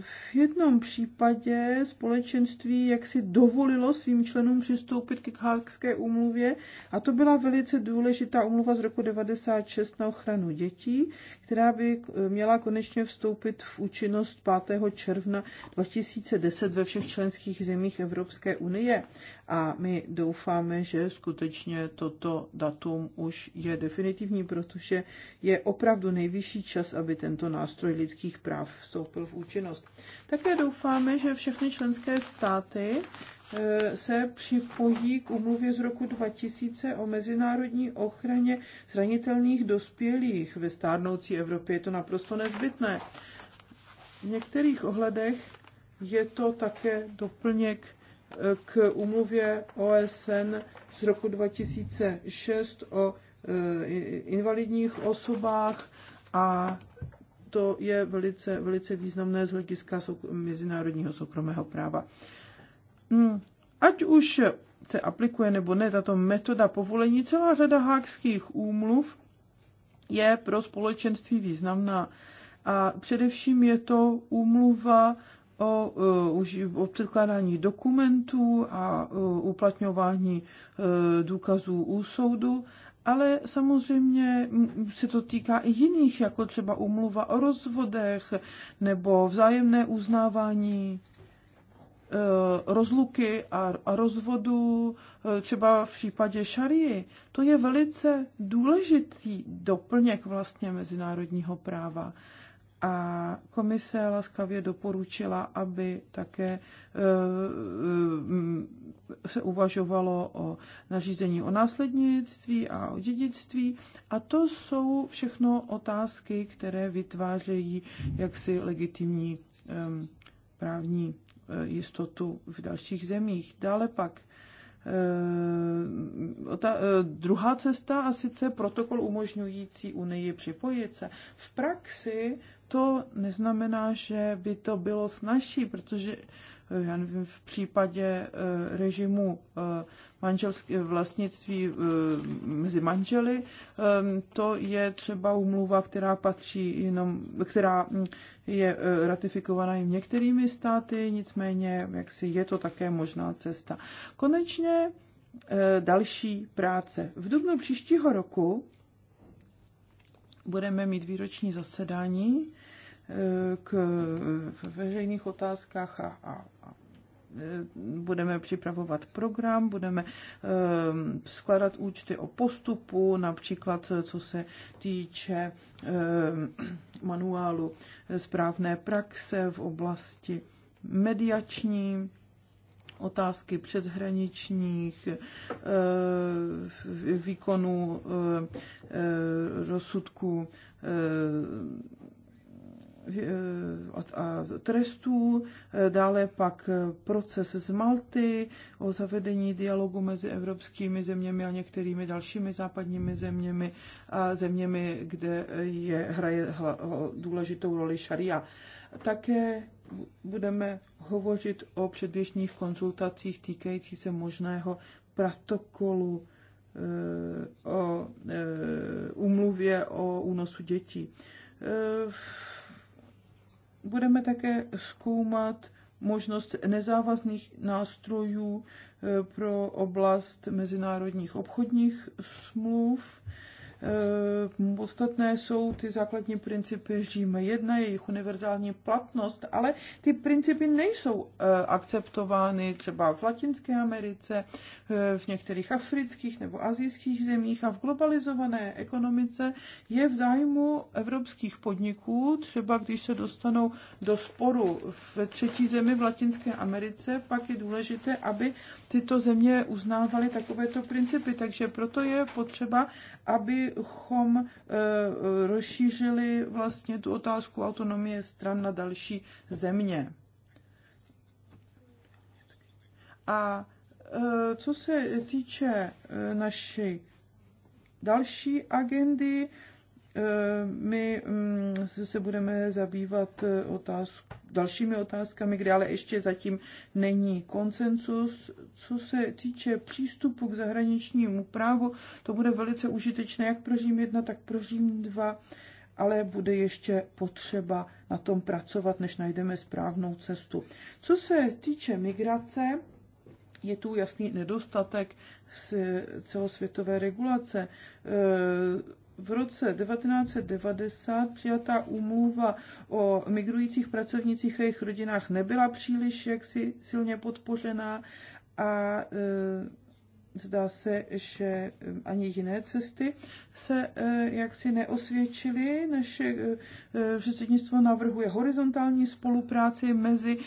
V jednom případě společenství jaksi dovolilo svým členům přistoupit k Hákské úmluvě a to byla velice důležitá úmluva z roku 96 na ochranu dětí, která by měla konečně vstoupit v účinnost 5. června 2010 ve všech členských zemích Evropské unie a my doufáme, že skutečně toto datum už je definitivní, protože je opravdu nejvyšší čas, aby tento nástroj lidských práv vstoupil v účinnost. Také doufáme, že všechny členské státy e, se připojí k umluvě z roku 2000 o mezinárodní ochraně zranitelných dospělých. Ve stárnoucí Evropě je to naprosto nezbytné. V některých ohledech je to také doplněk k umluvě OSN z roku 2006 o eh, invalidních osobách a to je velice, velice významné z hlediska mezinárodního soukromého práva. Hmm, ať už se aplikuje nebo ne tato metoda povolení, celá řada hákských úmluv je pro společenství významná. A především je to úmluva o, eh, o předkládání dokumentů a eh, uplatňování eh, důkazů u soudu, ale samozřejmě mm, mm, se to týká i jiných, jako třeba umluva o rozvodech nebo vzájemné uznávání rozluky a, a rozvodu, třeba v případě šarii. To je velice důležitý doplněk vlastně mezinárodního práva a komise laskavě doporučila, aby také e, e, se uvažovalo o nařízení o následnictví a o dědictví. A to jsou všechno otázky, které vytvářejí jaksi legitimní právní e, jistotu v dalších zemích. Dále pak ta, druhá cesta a sice protokol umožňující Unii připojit se. V praxi to neznamená, že by to bylo snažší, protože eh, já nevím, v případě eh, režimu eh, manželské vlastnictví mezi manželi, to je třeba umluva, která patří jenom, která hm, je ratifikovaná i některými státy, nicméně jaksi je to také možná cesta. Konečně další práce. V dubnu příštího roku budeme mít výroční zasedání eh, k veřejných otázkách a, a, a eh, budeme připravovat program, budeme eh, skládat účty o postupu, například co se týče manuálu správné praxe v oblasti mediační, otázky přeshraničních eh, výkonů eh, rozsudků eh, a trestů, dále pak proces z Malty o zavedení dialogu mezi evropskými zeměmi a některými dalšími západními zeměmi a zeměmi, kde je, hraje důležitou roli šaria. Také budeme hovořit o předběžných konzultacích týkající se možného protokolu e, o umluvě e, o únosu dětí. E, budeme také zkoumat možnost nezávazných nástrojů pro oblast mezinárodních obchodních smluv Podstatné eh, jsou ty základní principy Říma jedna, jejich univerzální platnost, ale ty principy nejsou eh, akceptovány třeba v Latinské Americe, eh, v některých afrických nebo azijských zemích a v globalizované ekonomice je v zájmu evropských podniků, třeba když se dostanou do sporu v třetí zemi v Latinské Americe, pak je důležité, aby tyto země uznávaly takovéto principy. Takže proto je potřeba, abychom eh, rozšířili vlastně tu otázku autonomie stran na další země. A eh, co se týče eh, naší další agendy, Eh, my mm, se budeme zabývat eh, otázku, dalšími otázkami, kde ale ještě zatím není koncensus. Co se týče přístupu k zahraničnímu právu, to bude velice užitečné jak pro Řím 1, tak pro Řím 2, ale bude ještě potřeba na tom pracovat, než najdeme správnou cestu. Co se týče migrace, je tu jasný nedostatek z celosvětové regulace eh, v roce 1990 přijatá úmluva o migrujících pracovnicích a jejich rodinách nebyla příliš jaksi silně podpořená a e, zdá se, že eh, ani jiné cesty se eh, jaksi neosvědčily. Naše eh, předsednictvo navrhuje horizontální spolupráci mezi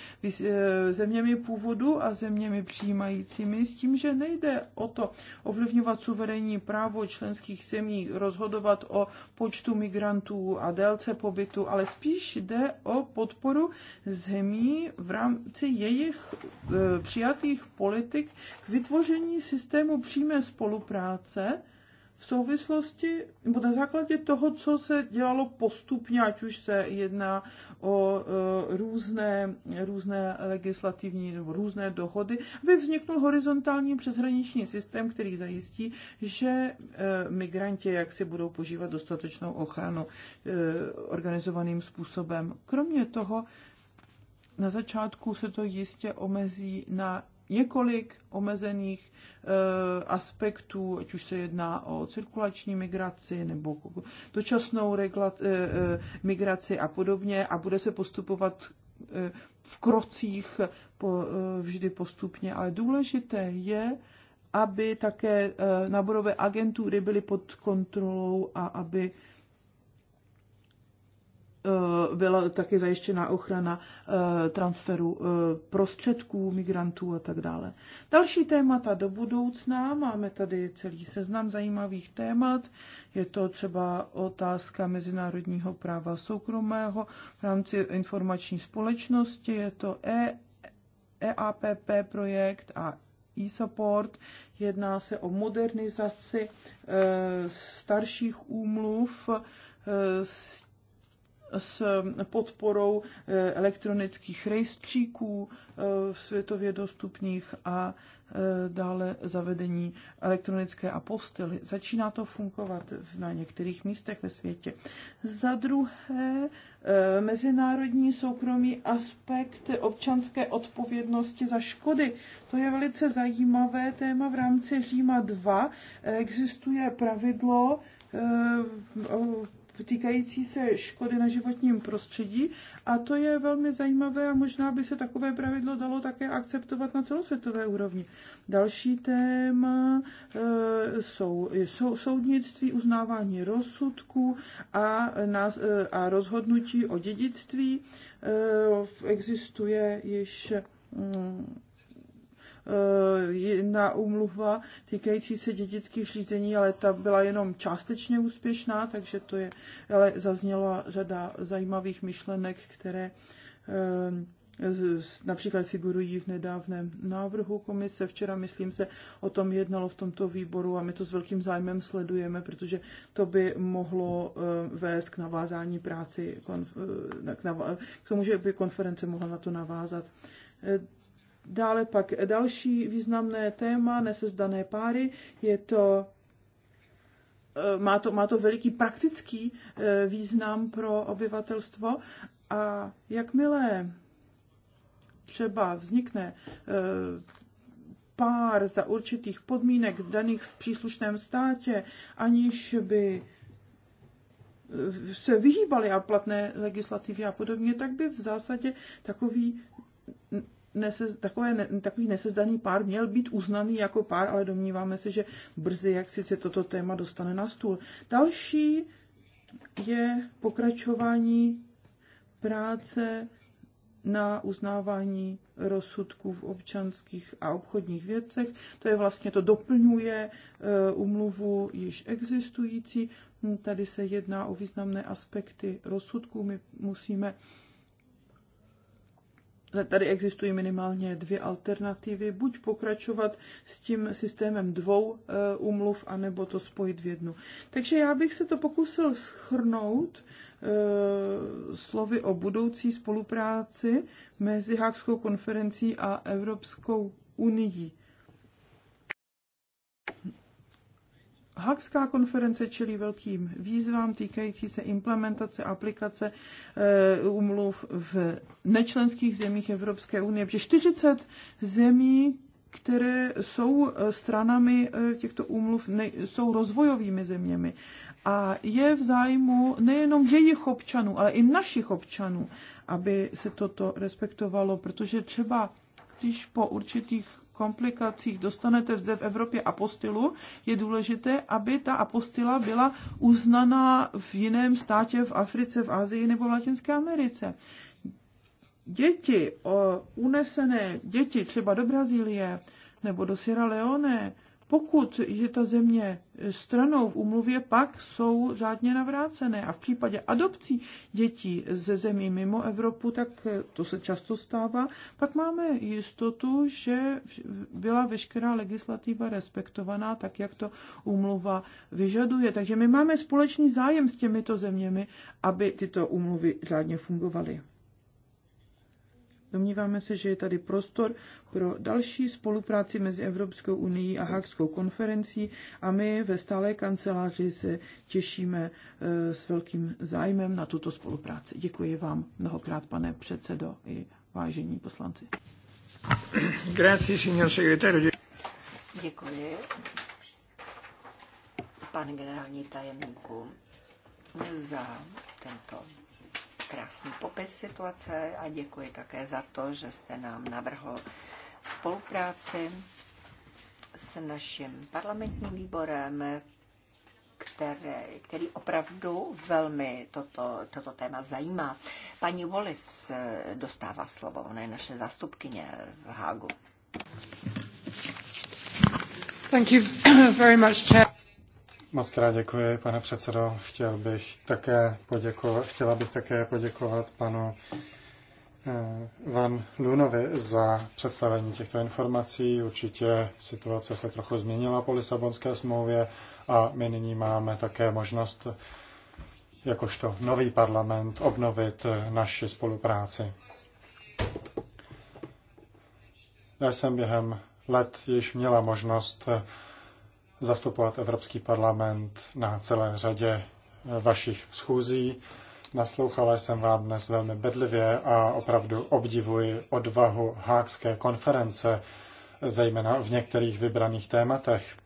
zeměmi původu a zeměmi přijímajícími s tím, že nejde o to ovlivňovat suverénní právo členských zemí rozhodovat o počtu migrantů a délce pobytu, ale spíš jde o podporu zemí v rámci jejich přijatých politik k vytvoření systému systému přímé spolupráce v souvislosti, nebo na základě toho, co se dělalo postupně, ať už se jedná o e, různé, různé legislativní nebo různé dohody, aby vznikl horizontální přeshraniční systém, který zajistí, že e, migranti jak si budou požívat dostatečnou ochranu e, organizovaným způsobem. Kromě toho, na začátku se to jistě omezí na několik omezených eh, aspektů, ať už se jedná o cirkulační migraci nebo dočasnou eh, eh, migraci a podobně a bude se postupovat v krocích vždy postupně, ale důležité je, aby také náborové agentury byly pod kontrolou a aby Eh, byla taky zajištěna ochrana eh, transferu eh, prostředků migrantů a tak dále. Další témata do budoucna. Máme tady celý seznam zajímavých témat. Je to třeba otázka mezinárodního práva soukromého v rámci informační společnosti. Je to e, EAPP projekt a e-support. Jedná se o modernizaci starších úmluv s s eh, podporou eh, elektronických rejstříků eh, světově dostupných a dále zavedení elektronické apostily. Začíná to fungovat na některých místech ve světě. Za druhé, mezinárodní soukromý aspekt občanské odpovědnosti za škody. To je velice zajímavé téma v rámci Říma 2. Existuje pravidlo týkající se škody na životním prostředí a to je velmi zajímavé a možná by se takové pravidlo dalo také akceptovat na celosvětové úrovni. Další téma eh, jsou, jsou soudnictví, uznávání rozsudků a, eh, a rozhodnutí o dědictví. Eh, existuje již mm, Eh, jedna umluva týkající se dědických řízení, ale ta byla jenom částečně úspěšná, takže to je, ale zazněla řada zajímavých myšlenek, které eh, například figurují v nedávném návrhu komise. Včera, myslím se, o tom jednalo v tomto výboru a my to s velkým zájmem sledujeme, protože to by mohlo eh, vést k navázání práci, k tomu, že by konference mohla na to navázat. Dále pak další významné téma nesezdané páry je to eh, má to, má to veliký praktický eh, význam pro obyvatelstvo a jakmile třeba vznikne eh, pár za určitých podmínek daných v příslušném státě, aniž by se vyhýbali a platné legislativy a podobně, tak by v zásadě takový nese, takové, ne, takový nesezdaný pár měl být uznaný jako pár, ale domníváme se, že brzy, jak sice toto téma dostane na stůl. Další je pokračování práce na uznávání rozsudků v občanských a obchodních věcech. To je vlastně, to doplňuje e, umluvu již existující. Tady se jedná o významné aspekty rozsudků. My musíme tady existují minimálně dvě alternativy. Buď pokračovat s tím systémem dvou umluv, eh, anebo to spojit v jednu. Takže já bych se to pokusil schrnout eh, slovy o budoucí spolupráci mezi Hákskou konferencí a Evropskou unii. Hakská konference čelí velkým výzvám týkající se implementace aplikace umluv eh, v nečlenských zemích Evropské unie, protože 40 zemí které jsou eh, stranami eh, těchto úmluv, ne, jsou rozvojovými zeměmi. A je v zájmu nejenom jejich občanů, ale i našich občanů, aby se toto respektovalo, protože třeba když po určitých komplikacích dostanete zde v Evropě apostilu, je důležité, aby ta apostila byla uznaná v jiném státě, v Africe, v Asii nebo v Latinské Americe. Děti, unesené děti třeba do Brazílie nebo do Sierra Leone, pokud je ta země stranou v umluvě, pak jsou řádně navrácené. A v případě adopcí dětí ze zemí mimo Evropu, tak eh, to se často stává, pak máme jistotu, že byla veškerá legislativa respektovaná tak, jak to umluva vyžaduje. Takže my máme společný zájem s těmito zeměmi, aby tyto umluvy řádně fungovaly. Domníváme se, že je tady prostor pro další spolupráci mezi Evropskou unii a Hákskou konferencí a my ve stále kanceláři se těšíme eh, s velkým zájmem na tuto spolupráci. Děkuji vám mnohokrát, pane předsedo i vážení poslanci. Grazie, signor segretario. Děkuji, pane generální tajemníku, za tento krásný popis situace a děkuji také za to, že jste nám navrhl spolupráci s naším parlamentním výborem, které, který opravdu velmi toto, toto téma zajímá. Paní Wallis eh, dostává slovo, ona je naše zástupkyně v Hágu. Thank you very much, Chair. Moc krát děkuji, pane předsedo. Chtěl bych také poděkovat, chtěla bych také poděkovat panu eh, Van Lunovi za představení těchto informací. Určitě situace se trochu změnila po Lisabonské smlouvě a my nyní máme také možnost jakožto nový parlament obnovit eh, naši spolupráci. Já jsem během let již měla možnost eh, zastupovat Evropský parlament na celé řadě eh, vašich schůzí. Naslouchala jsem vám dnes velmi bedlivě a opravdu obdivuji odvahu Hákské konference, zejména v některých vybraných tématech.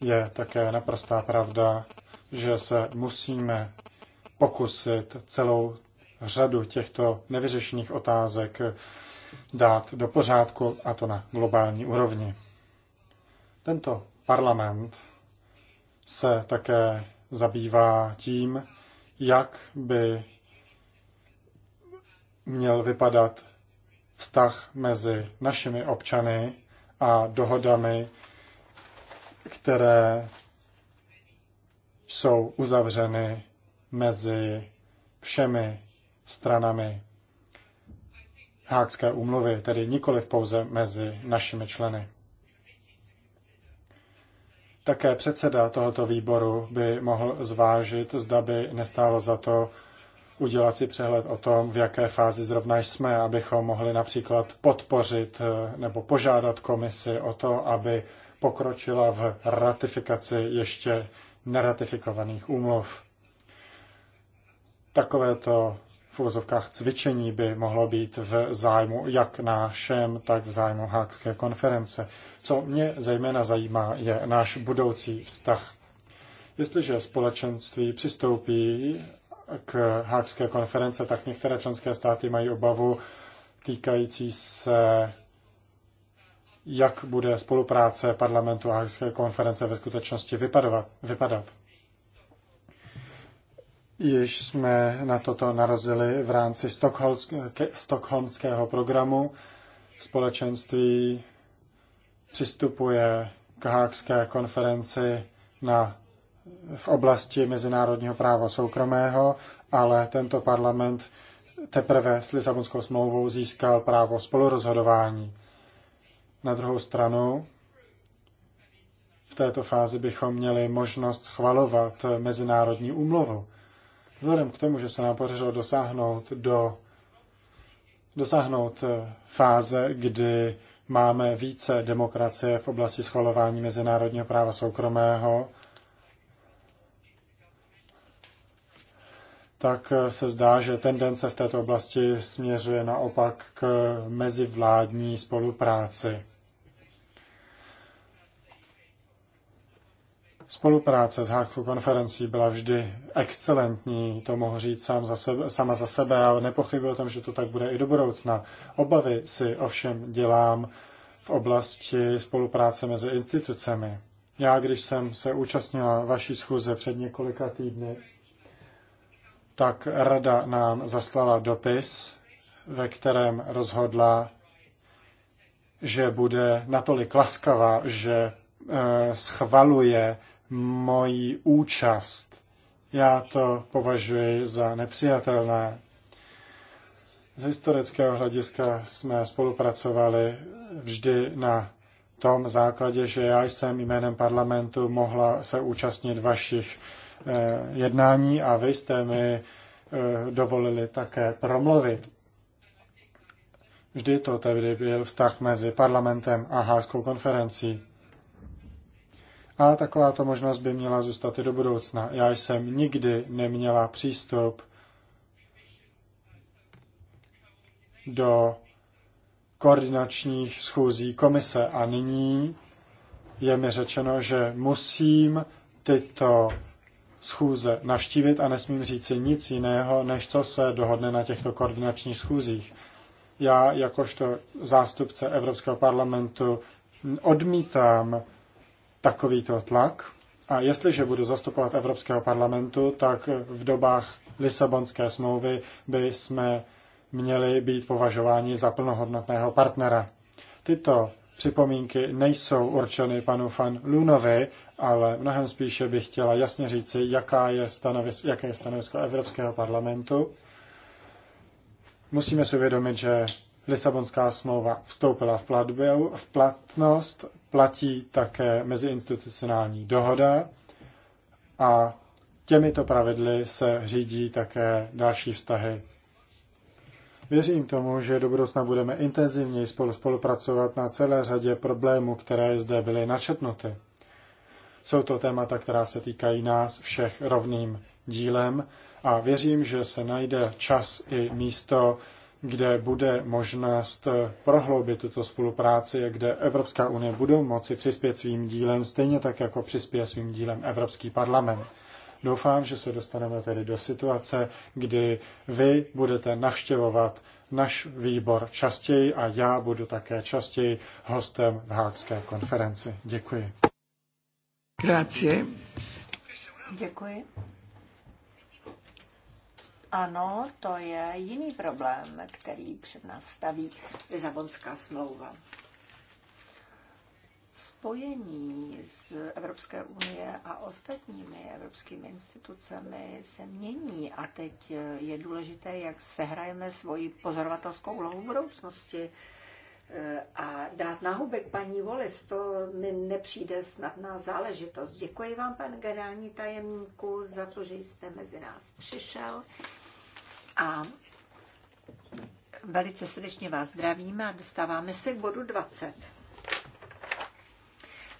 Je také naprostá pravda, že se musíme pokusit celou řadu těchto nevyřešených otázek dát do pořádku, a to na globální úrovni. Tento parlament se také zabývá tím, jak by měl vypadat vztah mezi našimi občany a dohodami, které jsou uzavřeny mezi všemi stranami Hákské úmluvy, tedy nikoli pouze mezi našimi členy. Také předseda tohoto výboru by mohl zvážit, zda by nestálo za to udělat si přehled o tom, v jaké fázi zrovna jsme, abychom mohli například podpořit eh, nebo požádat komisi o to, aby pokročila v ratifikaci ještě neratifikovaných úmluv. Takovéto uvozovkách cvičení by mohlo být v zájmu jak nášem, tak v zájmu Hákské konference. Co mě zejména zajímá, je náš budoucí vztah. Jestliže společenství přistoupí k Hákské konference, tak některé členské státy mají obavu týkající se jak bude spolupráce parlamentu a Hákské konference ve skutečnosti vypadat. Již jsme na toto narazili v rámci stokholmského programu. Společenství přistupuje k Hákské konferenci na, v oblasti mezinárodního práva soukromého, ale tento parlament teprve s Lisabonskou smlouvou získal právo spolurozhodování. Na druhou stranu, v této fázi bychom měli možnost schvalovat mezinárodní úmluvu. Vzhledem k tomu, že se nám podařilo dosáhnout do dosáhnout eh, fáze, kdy máme více demokracie v oblasti schvalování mezinárodního práva soukromého, tak eh, se zdá, že tendence v této oblasti směřuje naopak k mezivládní spolupráci. Spolupráce s Hákou konferencí byla vždy excelentní, to mohu říct sám za sebe, sama za sebe a nepochybuji o tom, že to tak bude i do budoucna. Obavy si ovšem dělám v oblasti spolupráce mezi institucemi. Já, když jsem se účastnila vaší schůze před několika týdny, tak rada nám zaslala dopis, ve kterém rozhodla, že bude natolik laskavá, že eh, schvaluje moji účast. Já to považuji za nepřijatelné. Z historického hlediska jsme spolupracovali vždy na tom základě, že já jsem jménem parlamentu mohla se účastnit vašich eh, jednání a vy jste mi eh, dovolili také promluvit. Vždy to tedy byl vztah mezi parlamentem a Hářskou konferencí a takováto možnost by měla zůstat i do budoucna. Já jsem nikdy neměla přístup do koordinačních schůzí komise a nyní je mi řečeno, že musím tyto schůze navštívit a nesmím říci nic jiného, než co se dohodne na těchto koordinačních schůzích. Já jakožto zástupce Evropského parlamentu odmítám takovýto tlak. A jestliže budu zastupovat Evropského parlamentu, tak v dobách Lisabonské smlouvy by jsme měli být považováni za plnohodnotného partnera. Tyto připomínky nejsou určeny panu Fan Lunovi, ale mnohem spíše bych chtěla jasně říci, jaká je stanovis, jaké je stanovisko Evropského parlamentu. Musíme si uvědomit, že Lisabonská smlouva vstoupila v, platbu, v platnost, platí také meziinstitucionální dohoda a těmito pravidly se řídí také další vztahy. Věřím tomu, že do budoucna budeme intenzivněji spolu spolupracovat na celé řadě problémů, které zde byly načetnuty. Jsou to témata, která se týkají nás všech rovným dílem a věřím, že se najde čas i místo kde bude možnost prohloubit tuto spolupráci, kde Evropská unie budou moci přispět svým dílem, stejně tak, jako přispěje svým dílem Evropský parlament. Doufám, že se dostaneme tedy do situace, kdy vy budete navštěvovat náš výbor častěji a já budu také častěji hostem v Hákské konferenci. Děkuji. Grazie. Děkuji. Ano, to je jiný problém, který před nás staví Lizabonská smlouva. Spojení s Evropské unie a ostatními evropskými institucemi se mění a teď je důležité, jak sehrajeme svoji pozorovatelskou úlohu v budoucnosti. Eh, a dát nahubek paní Volis, to mi nepřijde snadná záležitost. Děkuji vám, pan generální tajemníku, za to, že jste mezi nás přišel. A velice srdečně vás zdravíme a dostáváme se k bodu 20.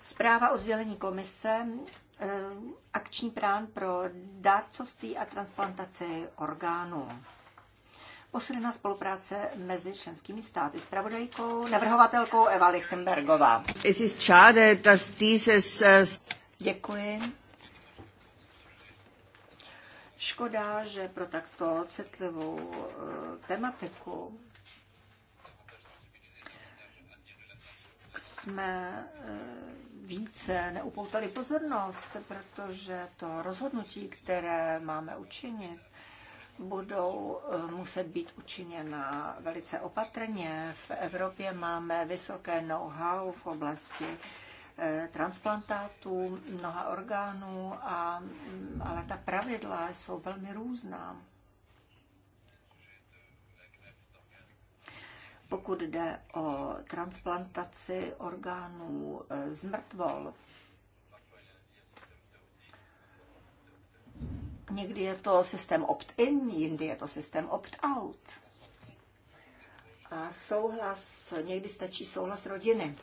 Zpráva o sdělení komise eh, akční plán pro dárcovství a transplantaci orgánů. Posílená spolupráce mezi členskými státy. Spravodajkou, navrhovatelkou Eva Lichtenbergová. Es ist schade, dass dieses... Äh, Děkuji. Škoda, že pro takto citlivou eh, tematiku jsme eh, více neupoutali pozornost, protože to rozhodnutí, které máme učinit, budou eh, muset být učiněna velice opatrně. V Evropě máme vysoké know-how v oblasti Eh, transplantátů mnoha orgánů, a, mm, ale ta pravidla jsou velmi různá. Pokud jde o transplantaci orgánů eh, z mrtvol, někdy je to systém opt-in, jindy je to systém opt-out. A souhlas, někdy stačí souhlas rodiny.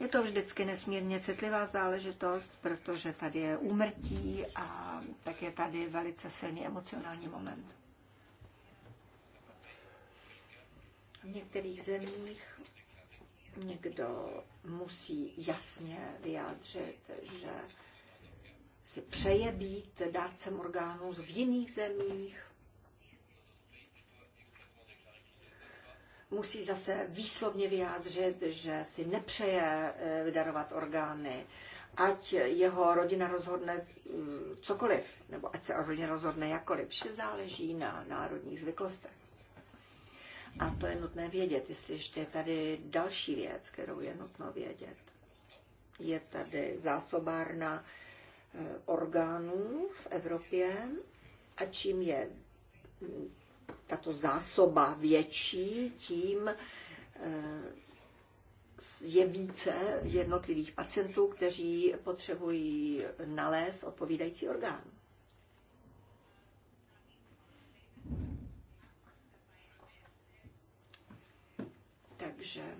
Je to vždycky nesmírně citlivá záležitost, protože tady je úmrtí a tak je tady velice silný emocionální moment. V některých zemích někdo musí jasně vyjádřit, že si přeje být dárcem orgánů v jiných zemích, musí zase výslovně vyjádřit, že si nepřeje eh, vydarovat orgány, ať jeho rodina rozhodne mm, cokoliv, nebo ať se rodina rozhodne jakoliv. Vše záleží na národních zvyklostech. A to je nutné vědět, jestli ještě je tady další věc, kterou je nutno vědět. Je tady zásobárna eh, orgánů v Evropě a čím je mm, tato zásoba větší, tím eh, je více jednotlivých pacientů, kteří potřebují nalézt odpovídající orgán. Takže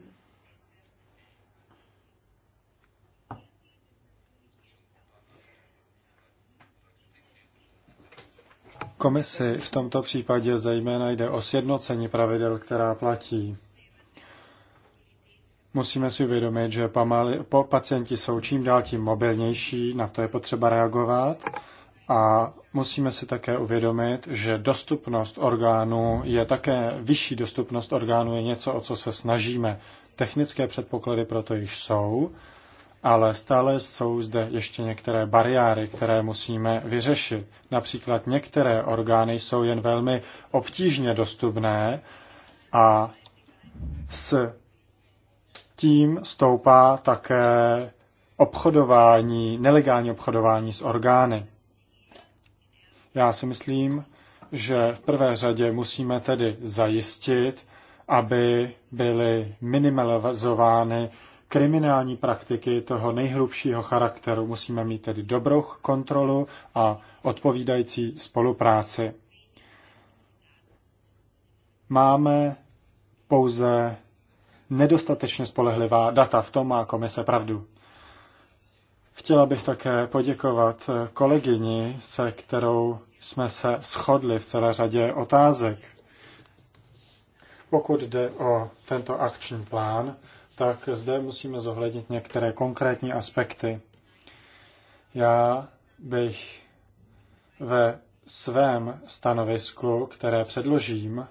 Komisi v tomto případě zejména jde o sjednocení pravidel, která platí. Musíme si uvědomit, že pomaly, po pacienti jsou čím dál tím mobilnější, na to je potřeba reagovat a musíme si také uvědomit, že dostupnost orgánů je také vyšší dostupnost orgánů je něco, o co se snažíme. Technické předpoklady proto již jsou ale stále jsou zde ještě některé bariéry, které musíme vyřešit. Například některé orgány jsou jen velmi obtížně dostupné a s tím stoupá také obchodování, nelegální obchodování s orgány. Já si myslím, že v prvé řadě musíme tedy zajistit, aby byly minimalizovány kriminální praktiky toho nejhrubšího charakteru. Musíme mít tedy dobrou kontrolu a odpovídající spolupráci. Máme pouze nedostatečně spolehlivá data. V tom má komise pravdu. Chtěla bych také poděkovat kolegyni, se kterou jsme se shodli v celé řadě otázek. Pokud jde o tento akční plán, tak zde musíme zohlednit některé konkrétní aspekty. Já bych ve svém stanovisku, které předložím,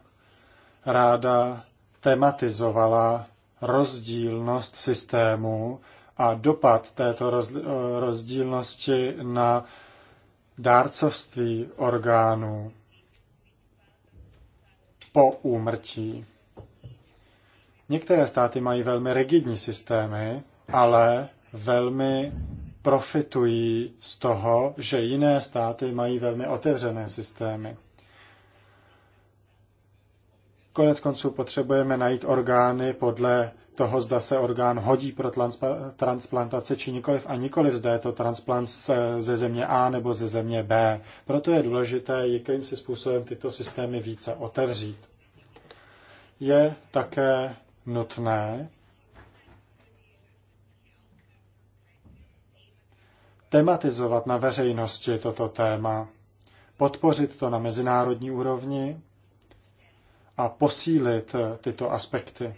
ráda tematizovala rozdílnost systému a dopad této rozdílnosti na dárcovství orgánů po úmrtí. Některé státy mají velmi rigidní systémy, ale velmi profitují z toho, že jiné státy mají velmi otevřené systémy. Konec konců potřebujeme najít orgány podle toho, zda se orgán hodí pro transplantaci či nikoliv a nikoliv zda je to transplant eh, ze země A nebo ze země B. Proto je důležité, jakým si způsobem tyto systémy více otevřít. Je také nutné. Tematizovat na veřejnosti toto téma, podpořit to na mezinárodní úrovni a posílit eh, tyto aspekty.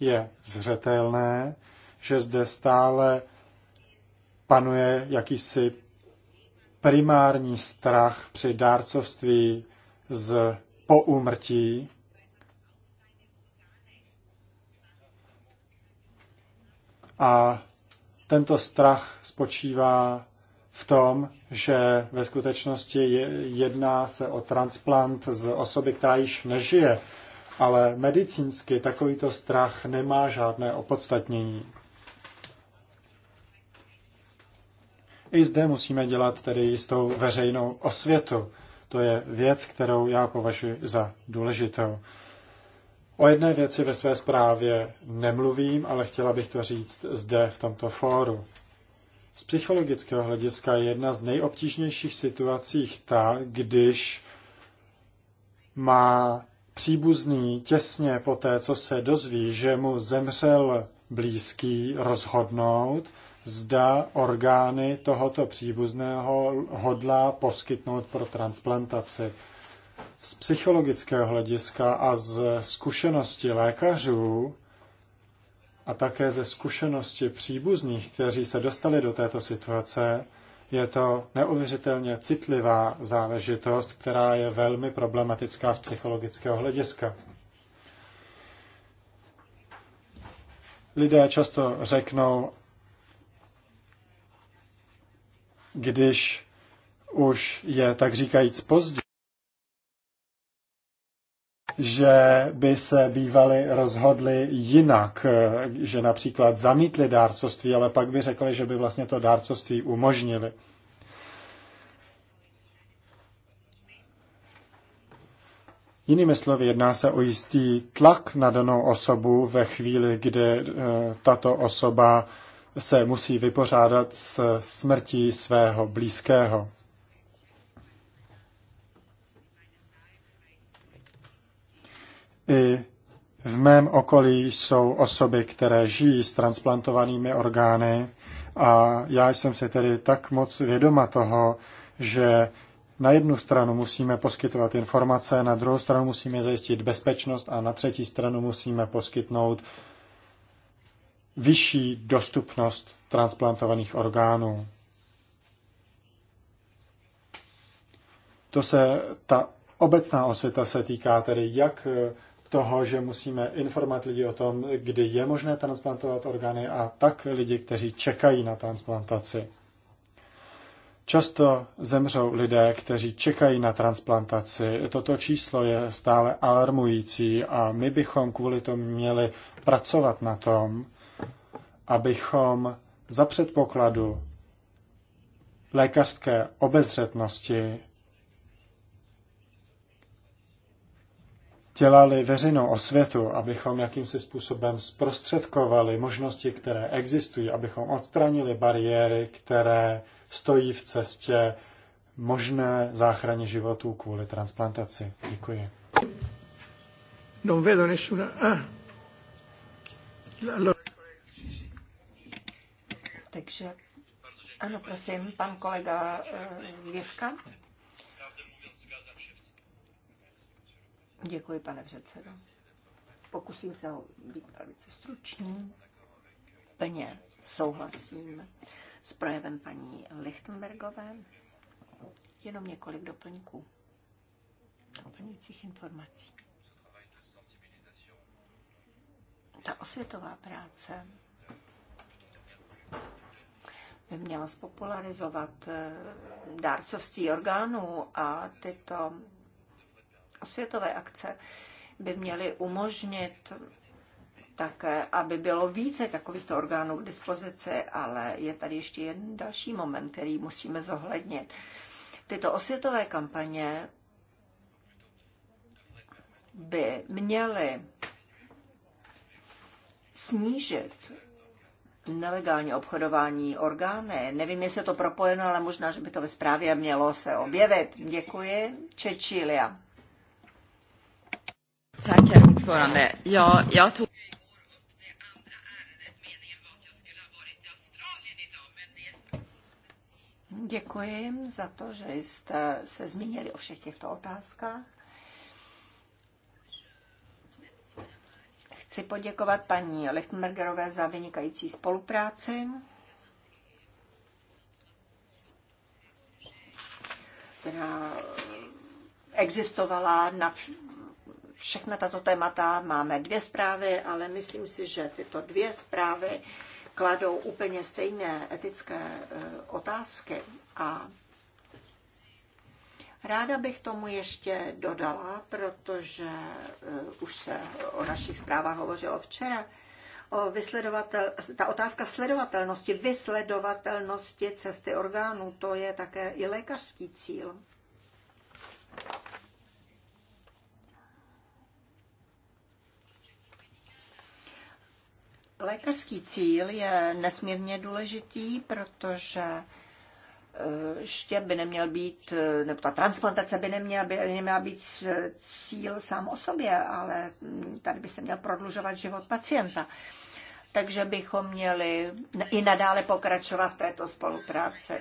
Je zřetelné, že zde stále panuje jakýsi primární strach při dárcovství z poúmrtí A tento strach spočívá v tom, že ve skutečnosti jedná se o transplant z osoby, která již nežije, ale medicínsky takovýto strach nemá žádné opodstatnění. I zde musíme dělat tedy jistou veřejnou osvětu. To je věc, kterou já považuji za důležitou. O jedné věci ve své zprávě nemluvím, ale chtěla bych to říct zde v tomto fóru. Z psychologického hlediska je jedna z nejobtížnějších situací ta, když má příbuzný těsně po té, co se dozví, že mu zemřel blízký, rozhodnout, zda orgány tohoto příbuzného hodlá poskytnout pro transplantaci z psychologického hlediska a z zkušenosti lékařů a také ze zkušenosti příbuzných, kteří se dostali do této situace, je to neuvěřitelně citlivá záležitost, která je velmi problematická z psychologického hlediska. Lidé často řeknou, když už je tak říkajíc pozdě, že by se bývali rozhodli jinak, eh, že například zamítli dárcovství, ale pak by řekli, že by vlastně to dárcovství umožnili. Jinými slovy, jedná se o jistý tlak na danou osobu ve chvíli, kdy eh, tato osoba se musí vypořádat s smrtí svého blízkého. I v mém okolí jsou osoby, které žijí s transplantovanými orgány a já jsem si tedy tak moc vědoma toho, že na jednu stranu musíme poskytovat informace, na druhou stranu musíme zajistit bezpečnost a na třetí stranu musíme poskytnout vyšší dostupnost transplantovaných orgánů. To se, ta obecná osvěta se týká tedy jak toho, že musíme informovat lidi o tom, kdy je možné transplantovat orgány a tak lidi, kteří čekají na transplantaci. Často zemřou lidé, kteří čekají na transplantaci. Toto číslo je stále alarmující a my bychom kvůli tomu měli pracovat na tom, abychom za předpokladu lékařské obezřetnosti dělali veřejnou osvětu, abychom jakýmsi způsobem zprostředkovali možnosti, které existují, abychom odstranili bariéry, které stojí v cestě možné záchraně životů kvůli transplantaci. Děkuji. Non vedo nessuna... Ah. Takže, ano, prosím, pan kolega eh, Zvěvka. Děkuji, pane předsedo. Pokusím se ho být velice stručný. Plně souhlasím s projevem paní Lichtenbergové. Jenom několik doplňků, doplňujících informací. Ta osvětová práce by měla spopularizovat eh, dárcovství orgánů a tyto osvětové akce by měly umožnit také, aby bylo více takovýchto orgánů k dispozici, ale je tady ještě jeden další moment, který musíme zohlednit. Tyto osvětové kampaně by měly snížit nelegální obchodování orgány. Nevím, jestli je to propojeno, ale možná, že by to ve zprávě mělo se objevit. Děkuji. Čečília. Tack, herr ordförande. Ja, jag tog... Děkuji za to, že jste se zmínili o všech těchto otázkách. Chci poděkovat paní Lechtenbergerové za vynikající spolupráci. která existovala na všechna tato témata. Máme dvě zprávy, ale myslím si, že tyto dvě zprávy kladou úplně stejné etické eh, otázky. A ráda bych tomu ještě dodala, protože eh, už se o našich zprávách hovořilo včera, o vysledovatel, ta otázka sledovatelnosti, vysledovatelnosti cesty orgánů, to je také i lékařský cíl. Lékařský cíl je nesmírně důležitý, protože eh, štěp by neměl být, eh, nebo ta transplantace by neměla, by neměla být cíl sám o sobě, ale mm, tady by se měl prodlužovat život pacienta. Takže bychom měli i nadále pokračovat v této spolupráci.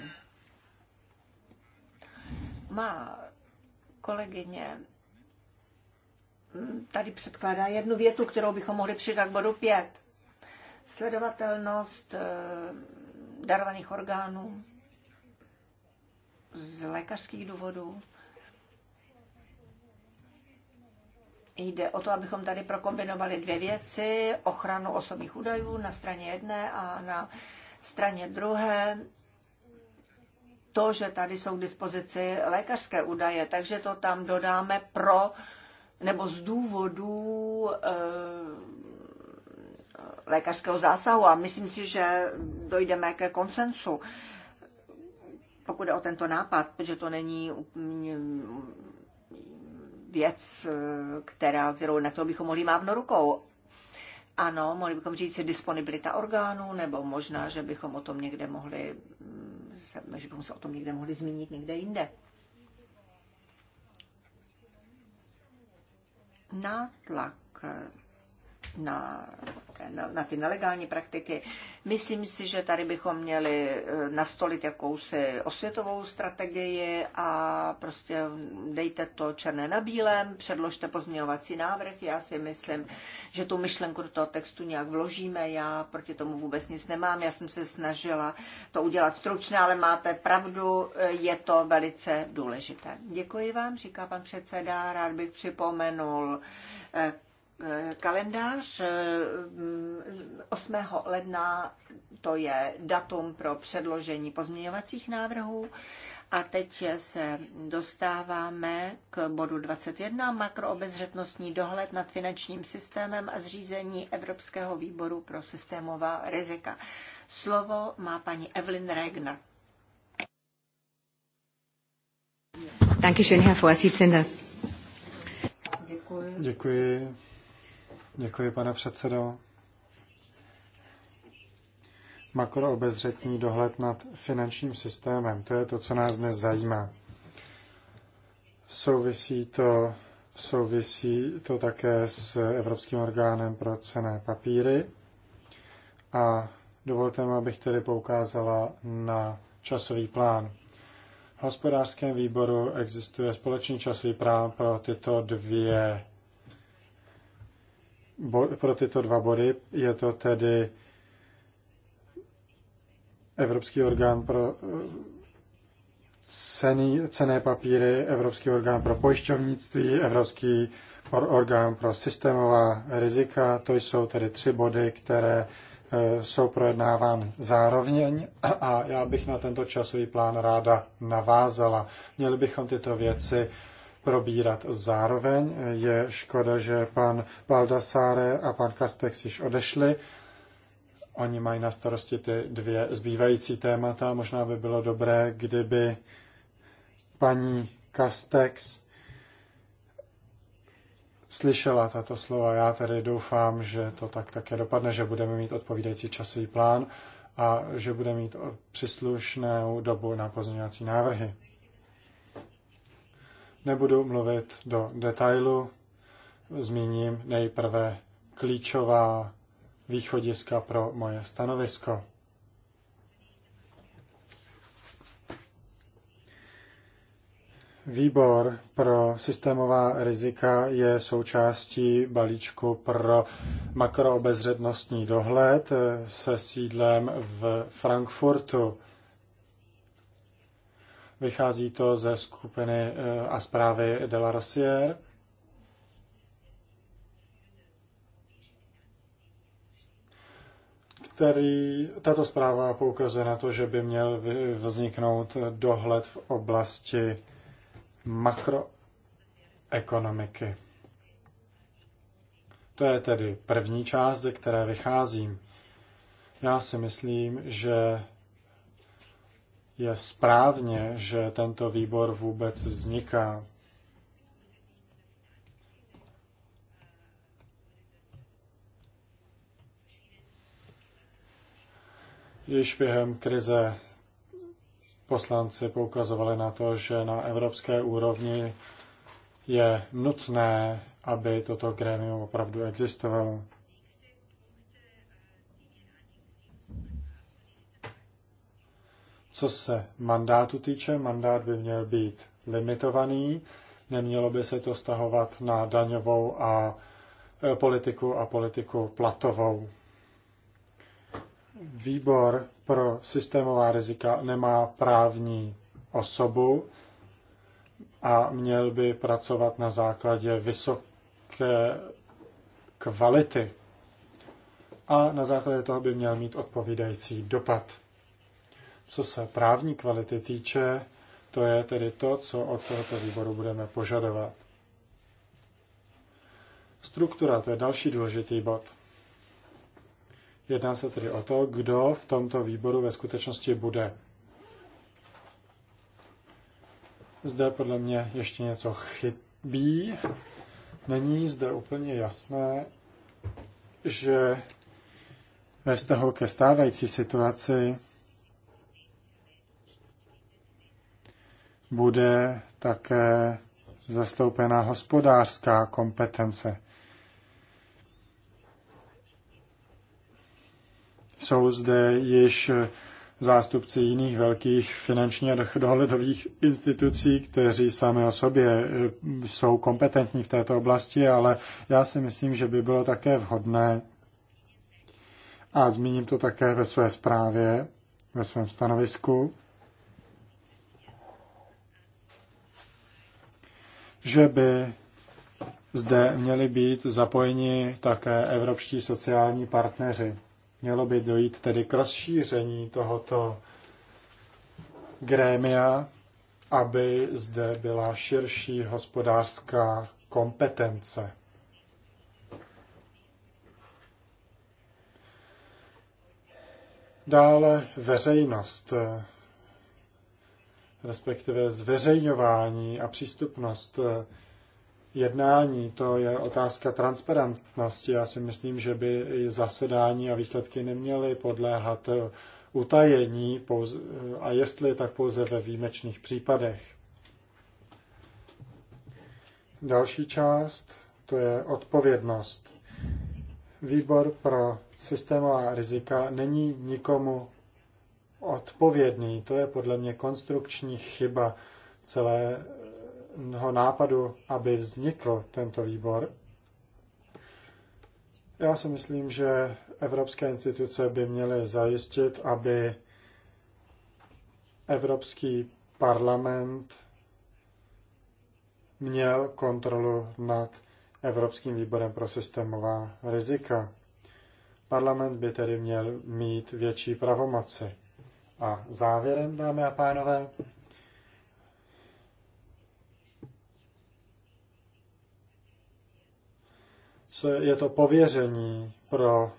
Má kolegyně mm, tady předkládá jednu větu, kterou bychom mohli přidat k bodu 5. Sledovatelnost eh, darovaných orgánů z lékařských důvodů. Jde o to, abychom tady prokombinovali dvě věci, ochranu osobních údajů na straně jedné a na straně druhé to, že tady jsou k dispozici lékařské údaje, takže to tam dodáme pro nebo z důvodů e, lékařského zásahu a myslím si, že dojdeme ke konsensu, pokud je o tento nápad, protože to není věc, která, kterou na to bychom mohli mávnout rukou. Ano, mohli bychom říct disponibilita orgánů, nebo možná, že bychom o tom někde mohli, že bychom se o tom někde mohli zmínit někde jinde. Nátlak na, na, na ty nelegální praktiky. Myslím si, že tady bychom měli eh, nastolit jakousi osvětovou strategii a prostě dejte to černé na bílém, předložte pozměňovací návrh. Já si myslím, že tu myšlenku do toho textu nějak vložíme. Já proti tomu vůbec nic nemám. Já jsem se snažila to udělat stručně, ale máte pravdu, eh, je to velice důležité. Děkuji vám, říká pan předseda. Rád bych připomenul eh, Eh, kalendář. 8. Eh, mm, ledna to je datum pro předložení pozměňovacích návrhů. A teď se dostáváme k bodu 21, makroobezřetnostní dohled nad finančním systémem a zřízení Evropského výboru pro systémová rizika. Slovo má paní Evelyn Regner. Dankeschön, Herr Vorsitzender. Děkuji. Děkuji, Děkuji, pane předsedo. Makroobezřetní dohled nad finančním systémem, to je to, co nás dnes zajímá. Souvisí to, souvisí to také s Evropským orgánem pro cené papíry a dovolte mi, abych tedy poukázala na časový plán. V hospodářském výboru existuje společný časový plán pro tyto dvě pro tyto dva body. Je to tedy Evropský orgán pro eh, ceny, cené papíry, Evropský orgán pro pojišťovnictví, Evropský orgán pro systémová rizika. To jsou tedy tři body, které eh, jsou projednávány zároveň a já bych na tento časový plán ráda navázala. Měli bychom tyto věci probírat zároveň. Je škoda, že pan Baldassare a pan Kastex již odešli. Oni mají na starosti ty dvě zbývající témata. Možná by bylo dobré, kdyby paní Kastex slyšela tato slova. Já tedy doufám, že to tak také dopadne, že budeme mít odpovídající časový plán a že bude mít příslušnou dobu na pozměňovací návrhy. Nebudu mluvit do detailu, zmíním nejprve klíčová východiska pro moje stanovisko. Výbor pro systémová rizika je součástí balíčku pro makroobezřetnostní dohled se sídlem v Frankfurtu. Vychází to ze skupiny eh, a zprávy de la Rossière. který, tato zpráva poukazuje na to, že by měl vzniknout dohled v oblasti makroekonomiky. To je tedy první část, ze které vycházím. Já si myslím, že je správně, že tento výbor vůbec vzniká. Již během krize poslanci poukazovali na to, že na evropské úrovni je nutné, aby toto grémium opravdu existovalo. Co se mandátu týče, mandát by měl být limitovaný, nemělo by se to stahovat na daňovou a e, politiku a politiku platovou. Výbor pro systémová rizika nemá právní osobu a měl by pracovat na základě vysoké kvality. A na základě toho by měl mít odpovídající dopad. Co se právní kvality týče, to je tedy to, co od tohoto výboru budeme požadovat. Struktura, to je další důležitý bod. Jedná se tedy o to, kdo v tomto výboru ve skutečnosti bude. Zde podle mě ještě něco chybí. Není zde úplně jasné, že ve vztahu ke stávající situaci bude také zastoupena hospodářská kompetence. Jsou zde již zástupci jiných velkých finančních a dohledových institucí, kteří sami o sobě eh, jsou kompetentní v této oblasti, ale já si myslím, že by bylo také vhodné, a zmíním to také ve své zprávě, ve svém stanovisku, že by zde měli být zapojeni také evropští sociální partneři. Mělo by dojít tedy k rozšíření tohoto grémia, aby zde byla širší hospodářská kompetence. Dále veřejnost respektive zveřejňování a přístupnost eh, jednání, to je otázka transparentnosti. Já si myslím, že by zasedání a výsledky neměly podléhat eh, utajení pouze, eh, a jestli tak pouze ve výjimečných případech. Další část, to je odpovědnost. Výbor pro systémová rizika není nikomu odpovědný. To je podle mě konstrukční chyba celého nápadu, aby vznikl tento výbor. Já si myslím, že evropské instituce by měly zajistit, aby Evropský parlament měl kontrolu nad Evropským výborem pro systémová rizika. Parlament by tedy měl mít větší pravomoci. A závěrem, dámy a pánové, je to pověření pro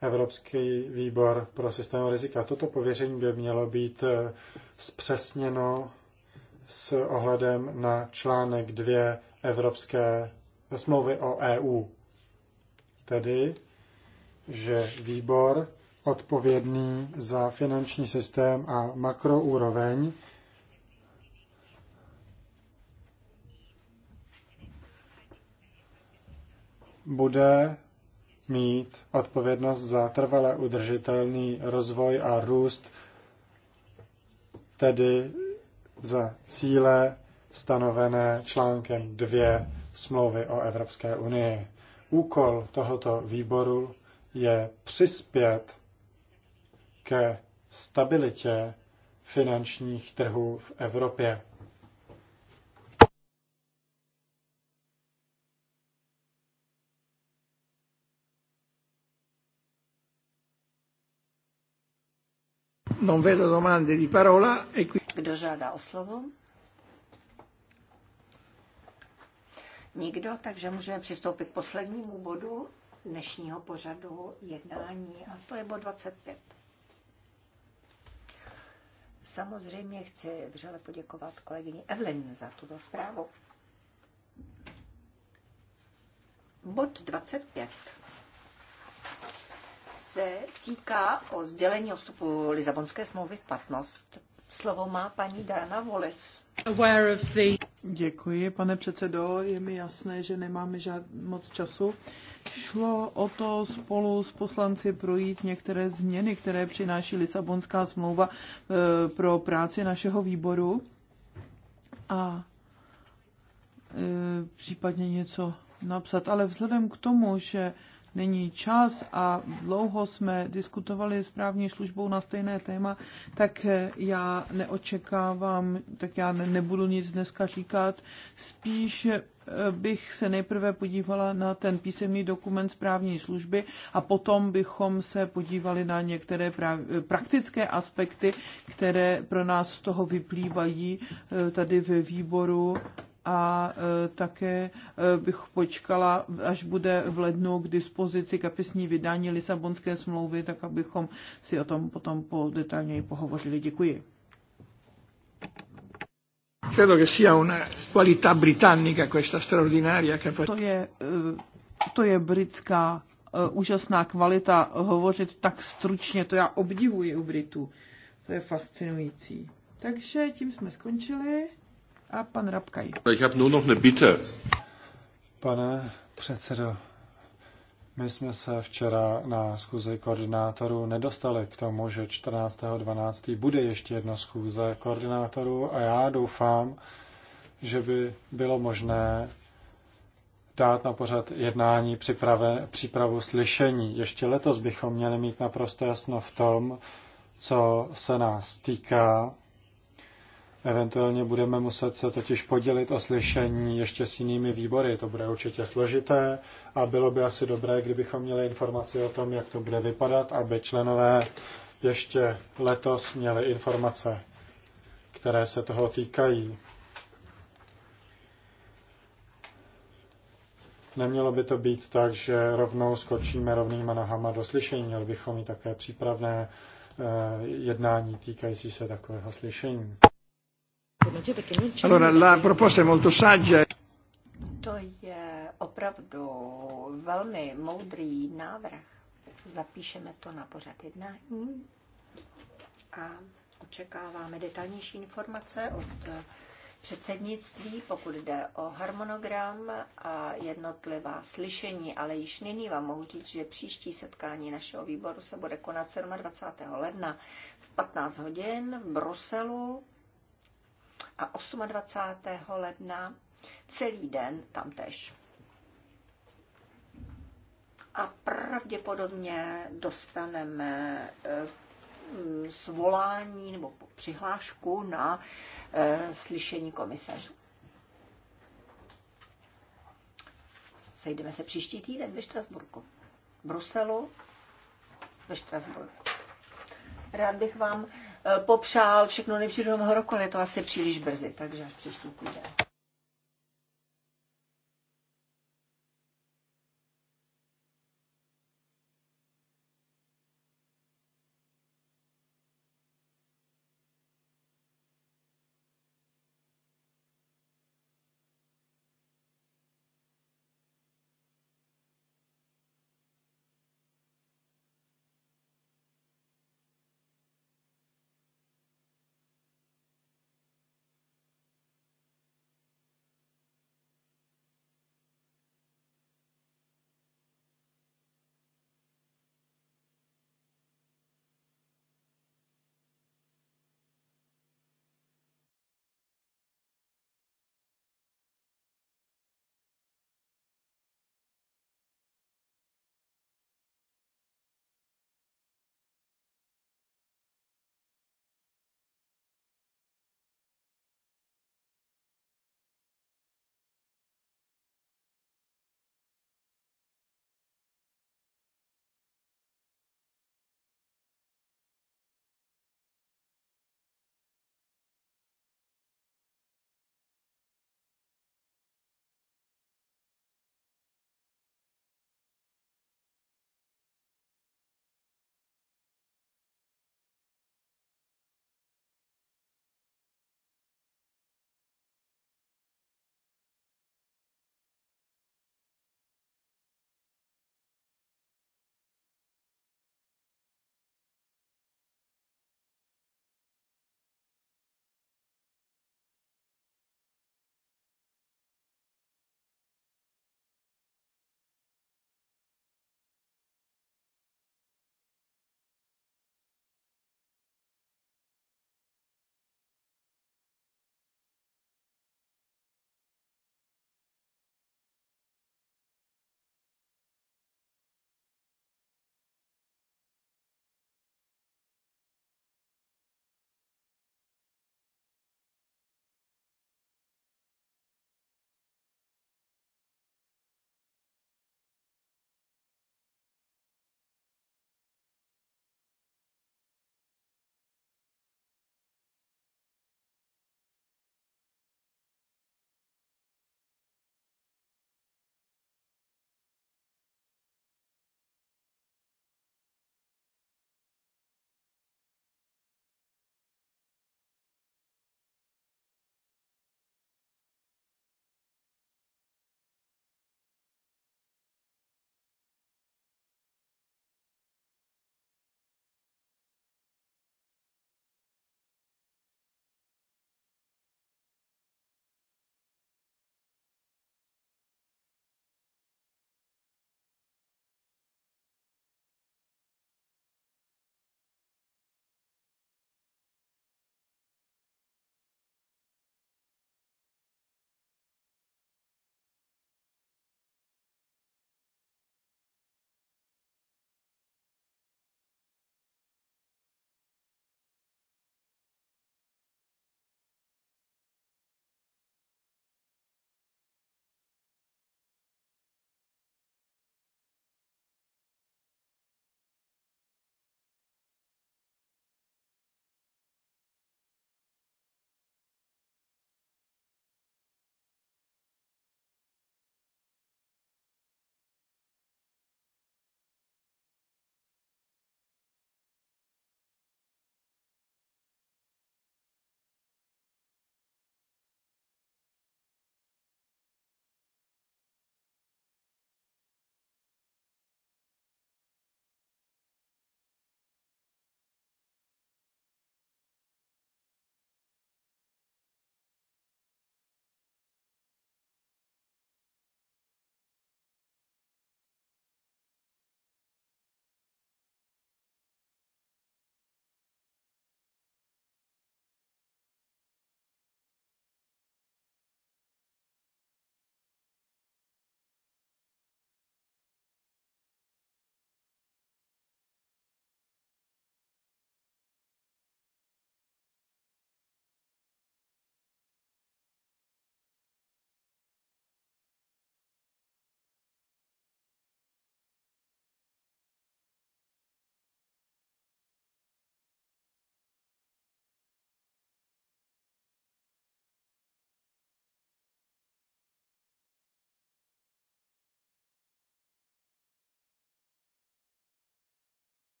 Evropský výbor pro systém rizika. Toto pověření by mělo být eh, zpřesněno s ohledem na článek 2 Evropské smlouvy o EU. Tedy, že výbor odpovědný za finanční systém a makroúroveň. bude mít odpovědnost za trvale udržitelný rozvoj a růst, tedy za cíle stanovené článkem 2 smlouvy o Evropské unii. Úkol tohoto výboru je přispět ke stabilitě finančních trhů v Evropě. Non vedo domande di parola e qui... Kdo žádá o slovo? Nikdo, takže můžeme přistoupit k poslednímu bodu dnešního pořadu jednání a to je bod 25. Samozřejmě chci vřele poděkovat kolegyni Evelyn za tuto zprávu. Bod 25 se týká o sdělení o vstupu Lisabonské smlouvy v platnost. Slovo má paní Dana Wallis. Děkuji, pane předsedo. Je mi jasné, že nemáme žád moc času šlo o to spolu s poslanci projít některé změny, které přináší Lisabonská smlouva e, pro práci našeho výboru a e, případně něco napsat. Ale vzhledem k tomu, že není čas a dlouho jsme diskutovali s právní službou na stejné téma, tak e, já neočekávám, tak já ne, nebudu nic dneska říkat. Spíš bych se nejprve podívala na ten písemný dokument správní služby a potom bychom se podívali na některé praktické aspekty, které pro nás z toho vyplývají eh, tady ve výboru a eh, také eh, bych počkala, až bude v lednu k dispozici kapisní vydání Lisabonské smlouvy, tak abychom si o tom potom po detailněji pohovořili. Děkuji. Credo che sia una qualità britannica questa straordinaria capacità. Eh, to je, britská uh, úžasná kvalita hovořit tak stručně, to já obdivuji u Britů. To je fascinující. Takže tím jsme skončili a pan Rabkaj. nur noch eine Bitte. Pane předsedo, my jsme se včera na schůzi koordinátorů nedostali k tomu, že 14.12. bude ještě jedna schůze koordinátorů a já doufám, že by bylo možné dát na pořad jednání připrave, přípravu slyšení. Ještě letos bychom měli mít naprosto jasno v tom, co se nás týká Eventuálně budeme muset se totiž podělit o slyšení ještě s jinými výbory. To bude určitě složité a bylo by asi dobré, kdybychom měli informaci o tom, jak to bude vypadat, aby členové ještě letos měli informace, které se toho týkají. Nemělo by to být tak, že rovnou skočíme rovnýma nohama do slyšení, měli bychom i také přípravné eh, jednání týkající se takového slyšení informace, perché non c'è... Allora, la proposta è molto saggia. To je opravdu velmi moudrý návrh. Zapíšeme to na pořad jednání a očekáváme detailnější informace od předsednictví, pokud jde o harmonogram a jednotlivá slyšení, ale již nyní vám mohu říct, že příští setkání našeho výboru se bude konat 27. ledna v 15 hodin v Bruselu a 28. ledna celý den tamtež. A pravděpodobně dostaneme zvolání eh, mm, nebo přihlášku na eh, slyšení komisařů. Sejdeme se příští týden ve Štrasburku. V Bruselu, ve Štrasburku. Rád bych vám popřál všechno nejlepší do nového roku, ale je to asi příliš brzy, takže až příští týden.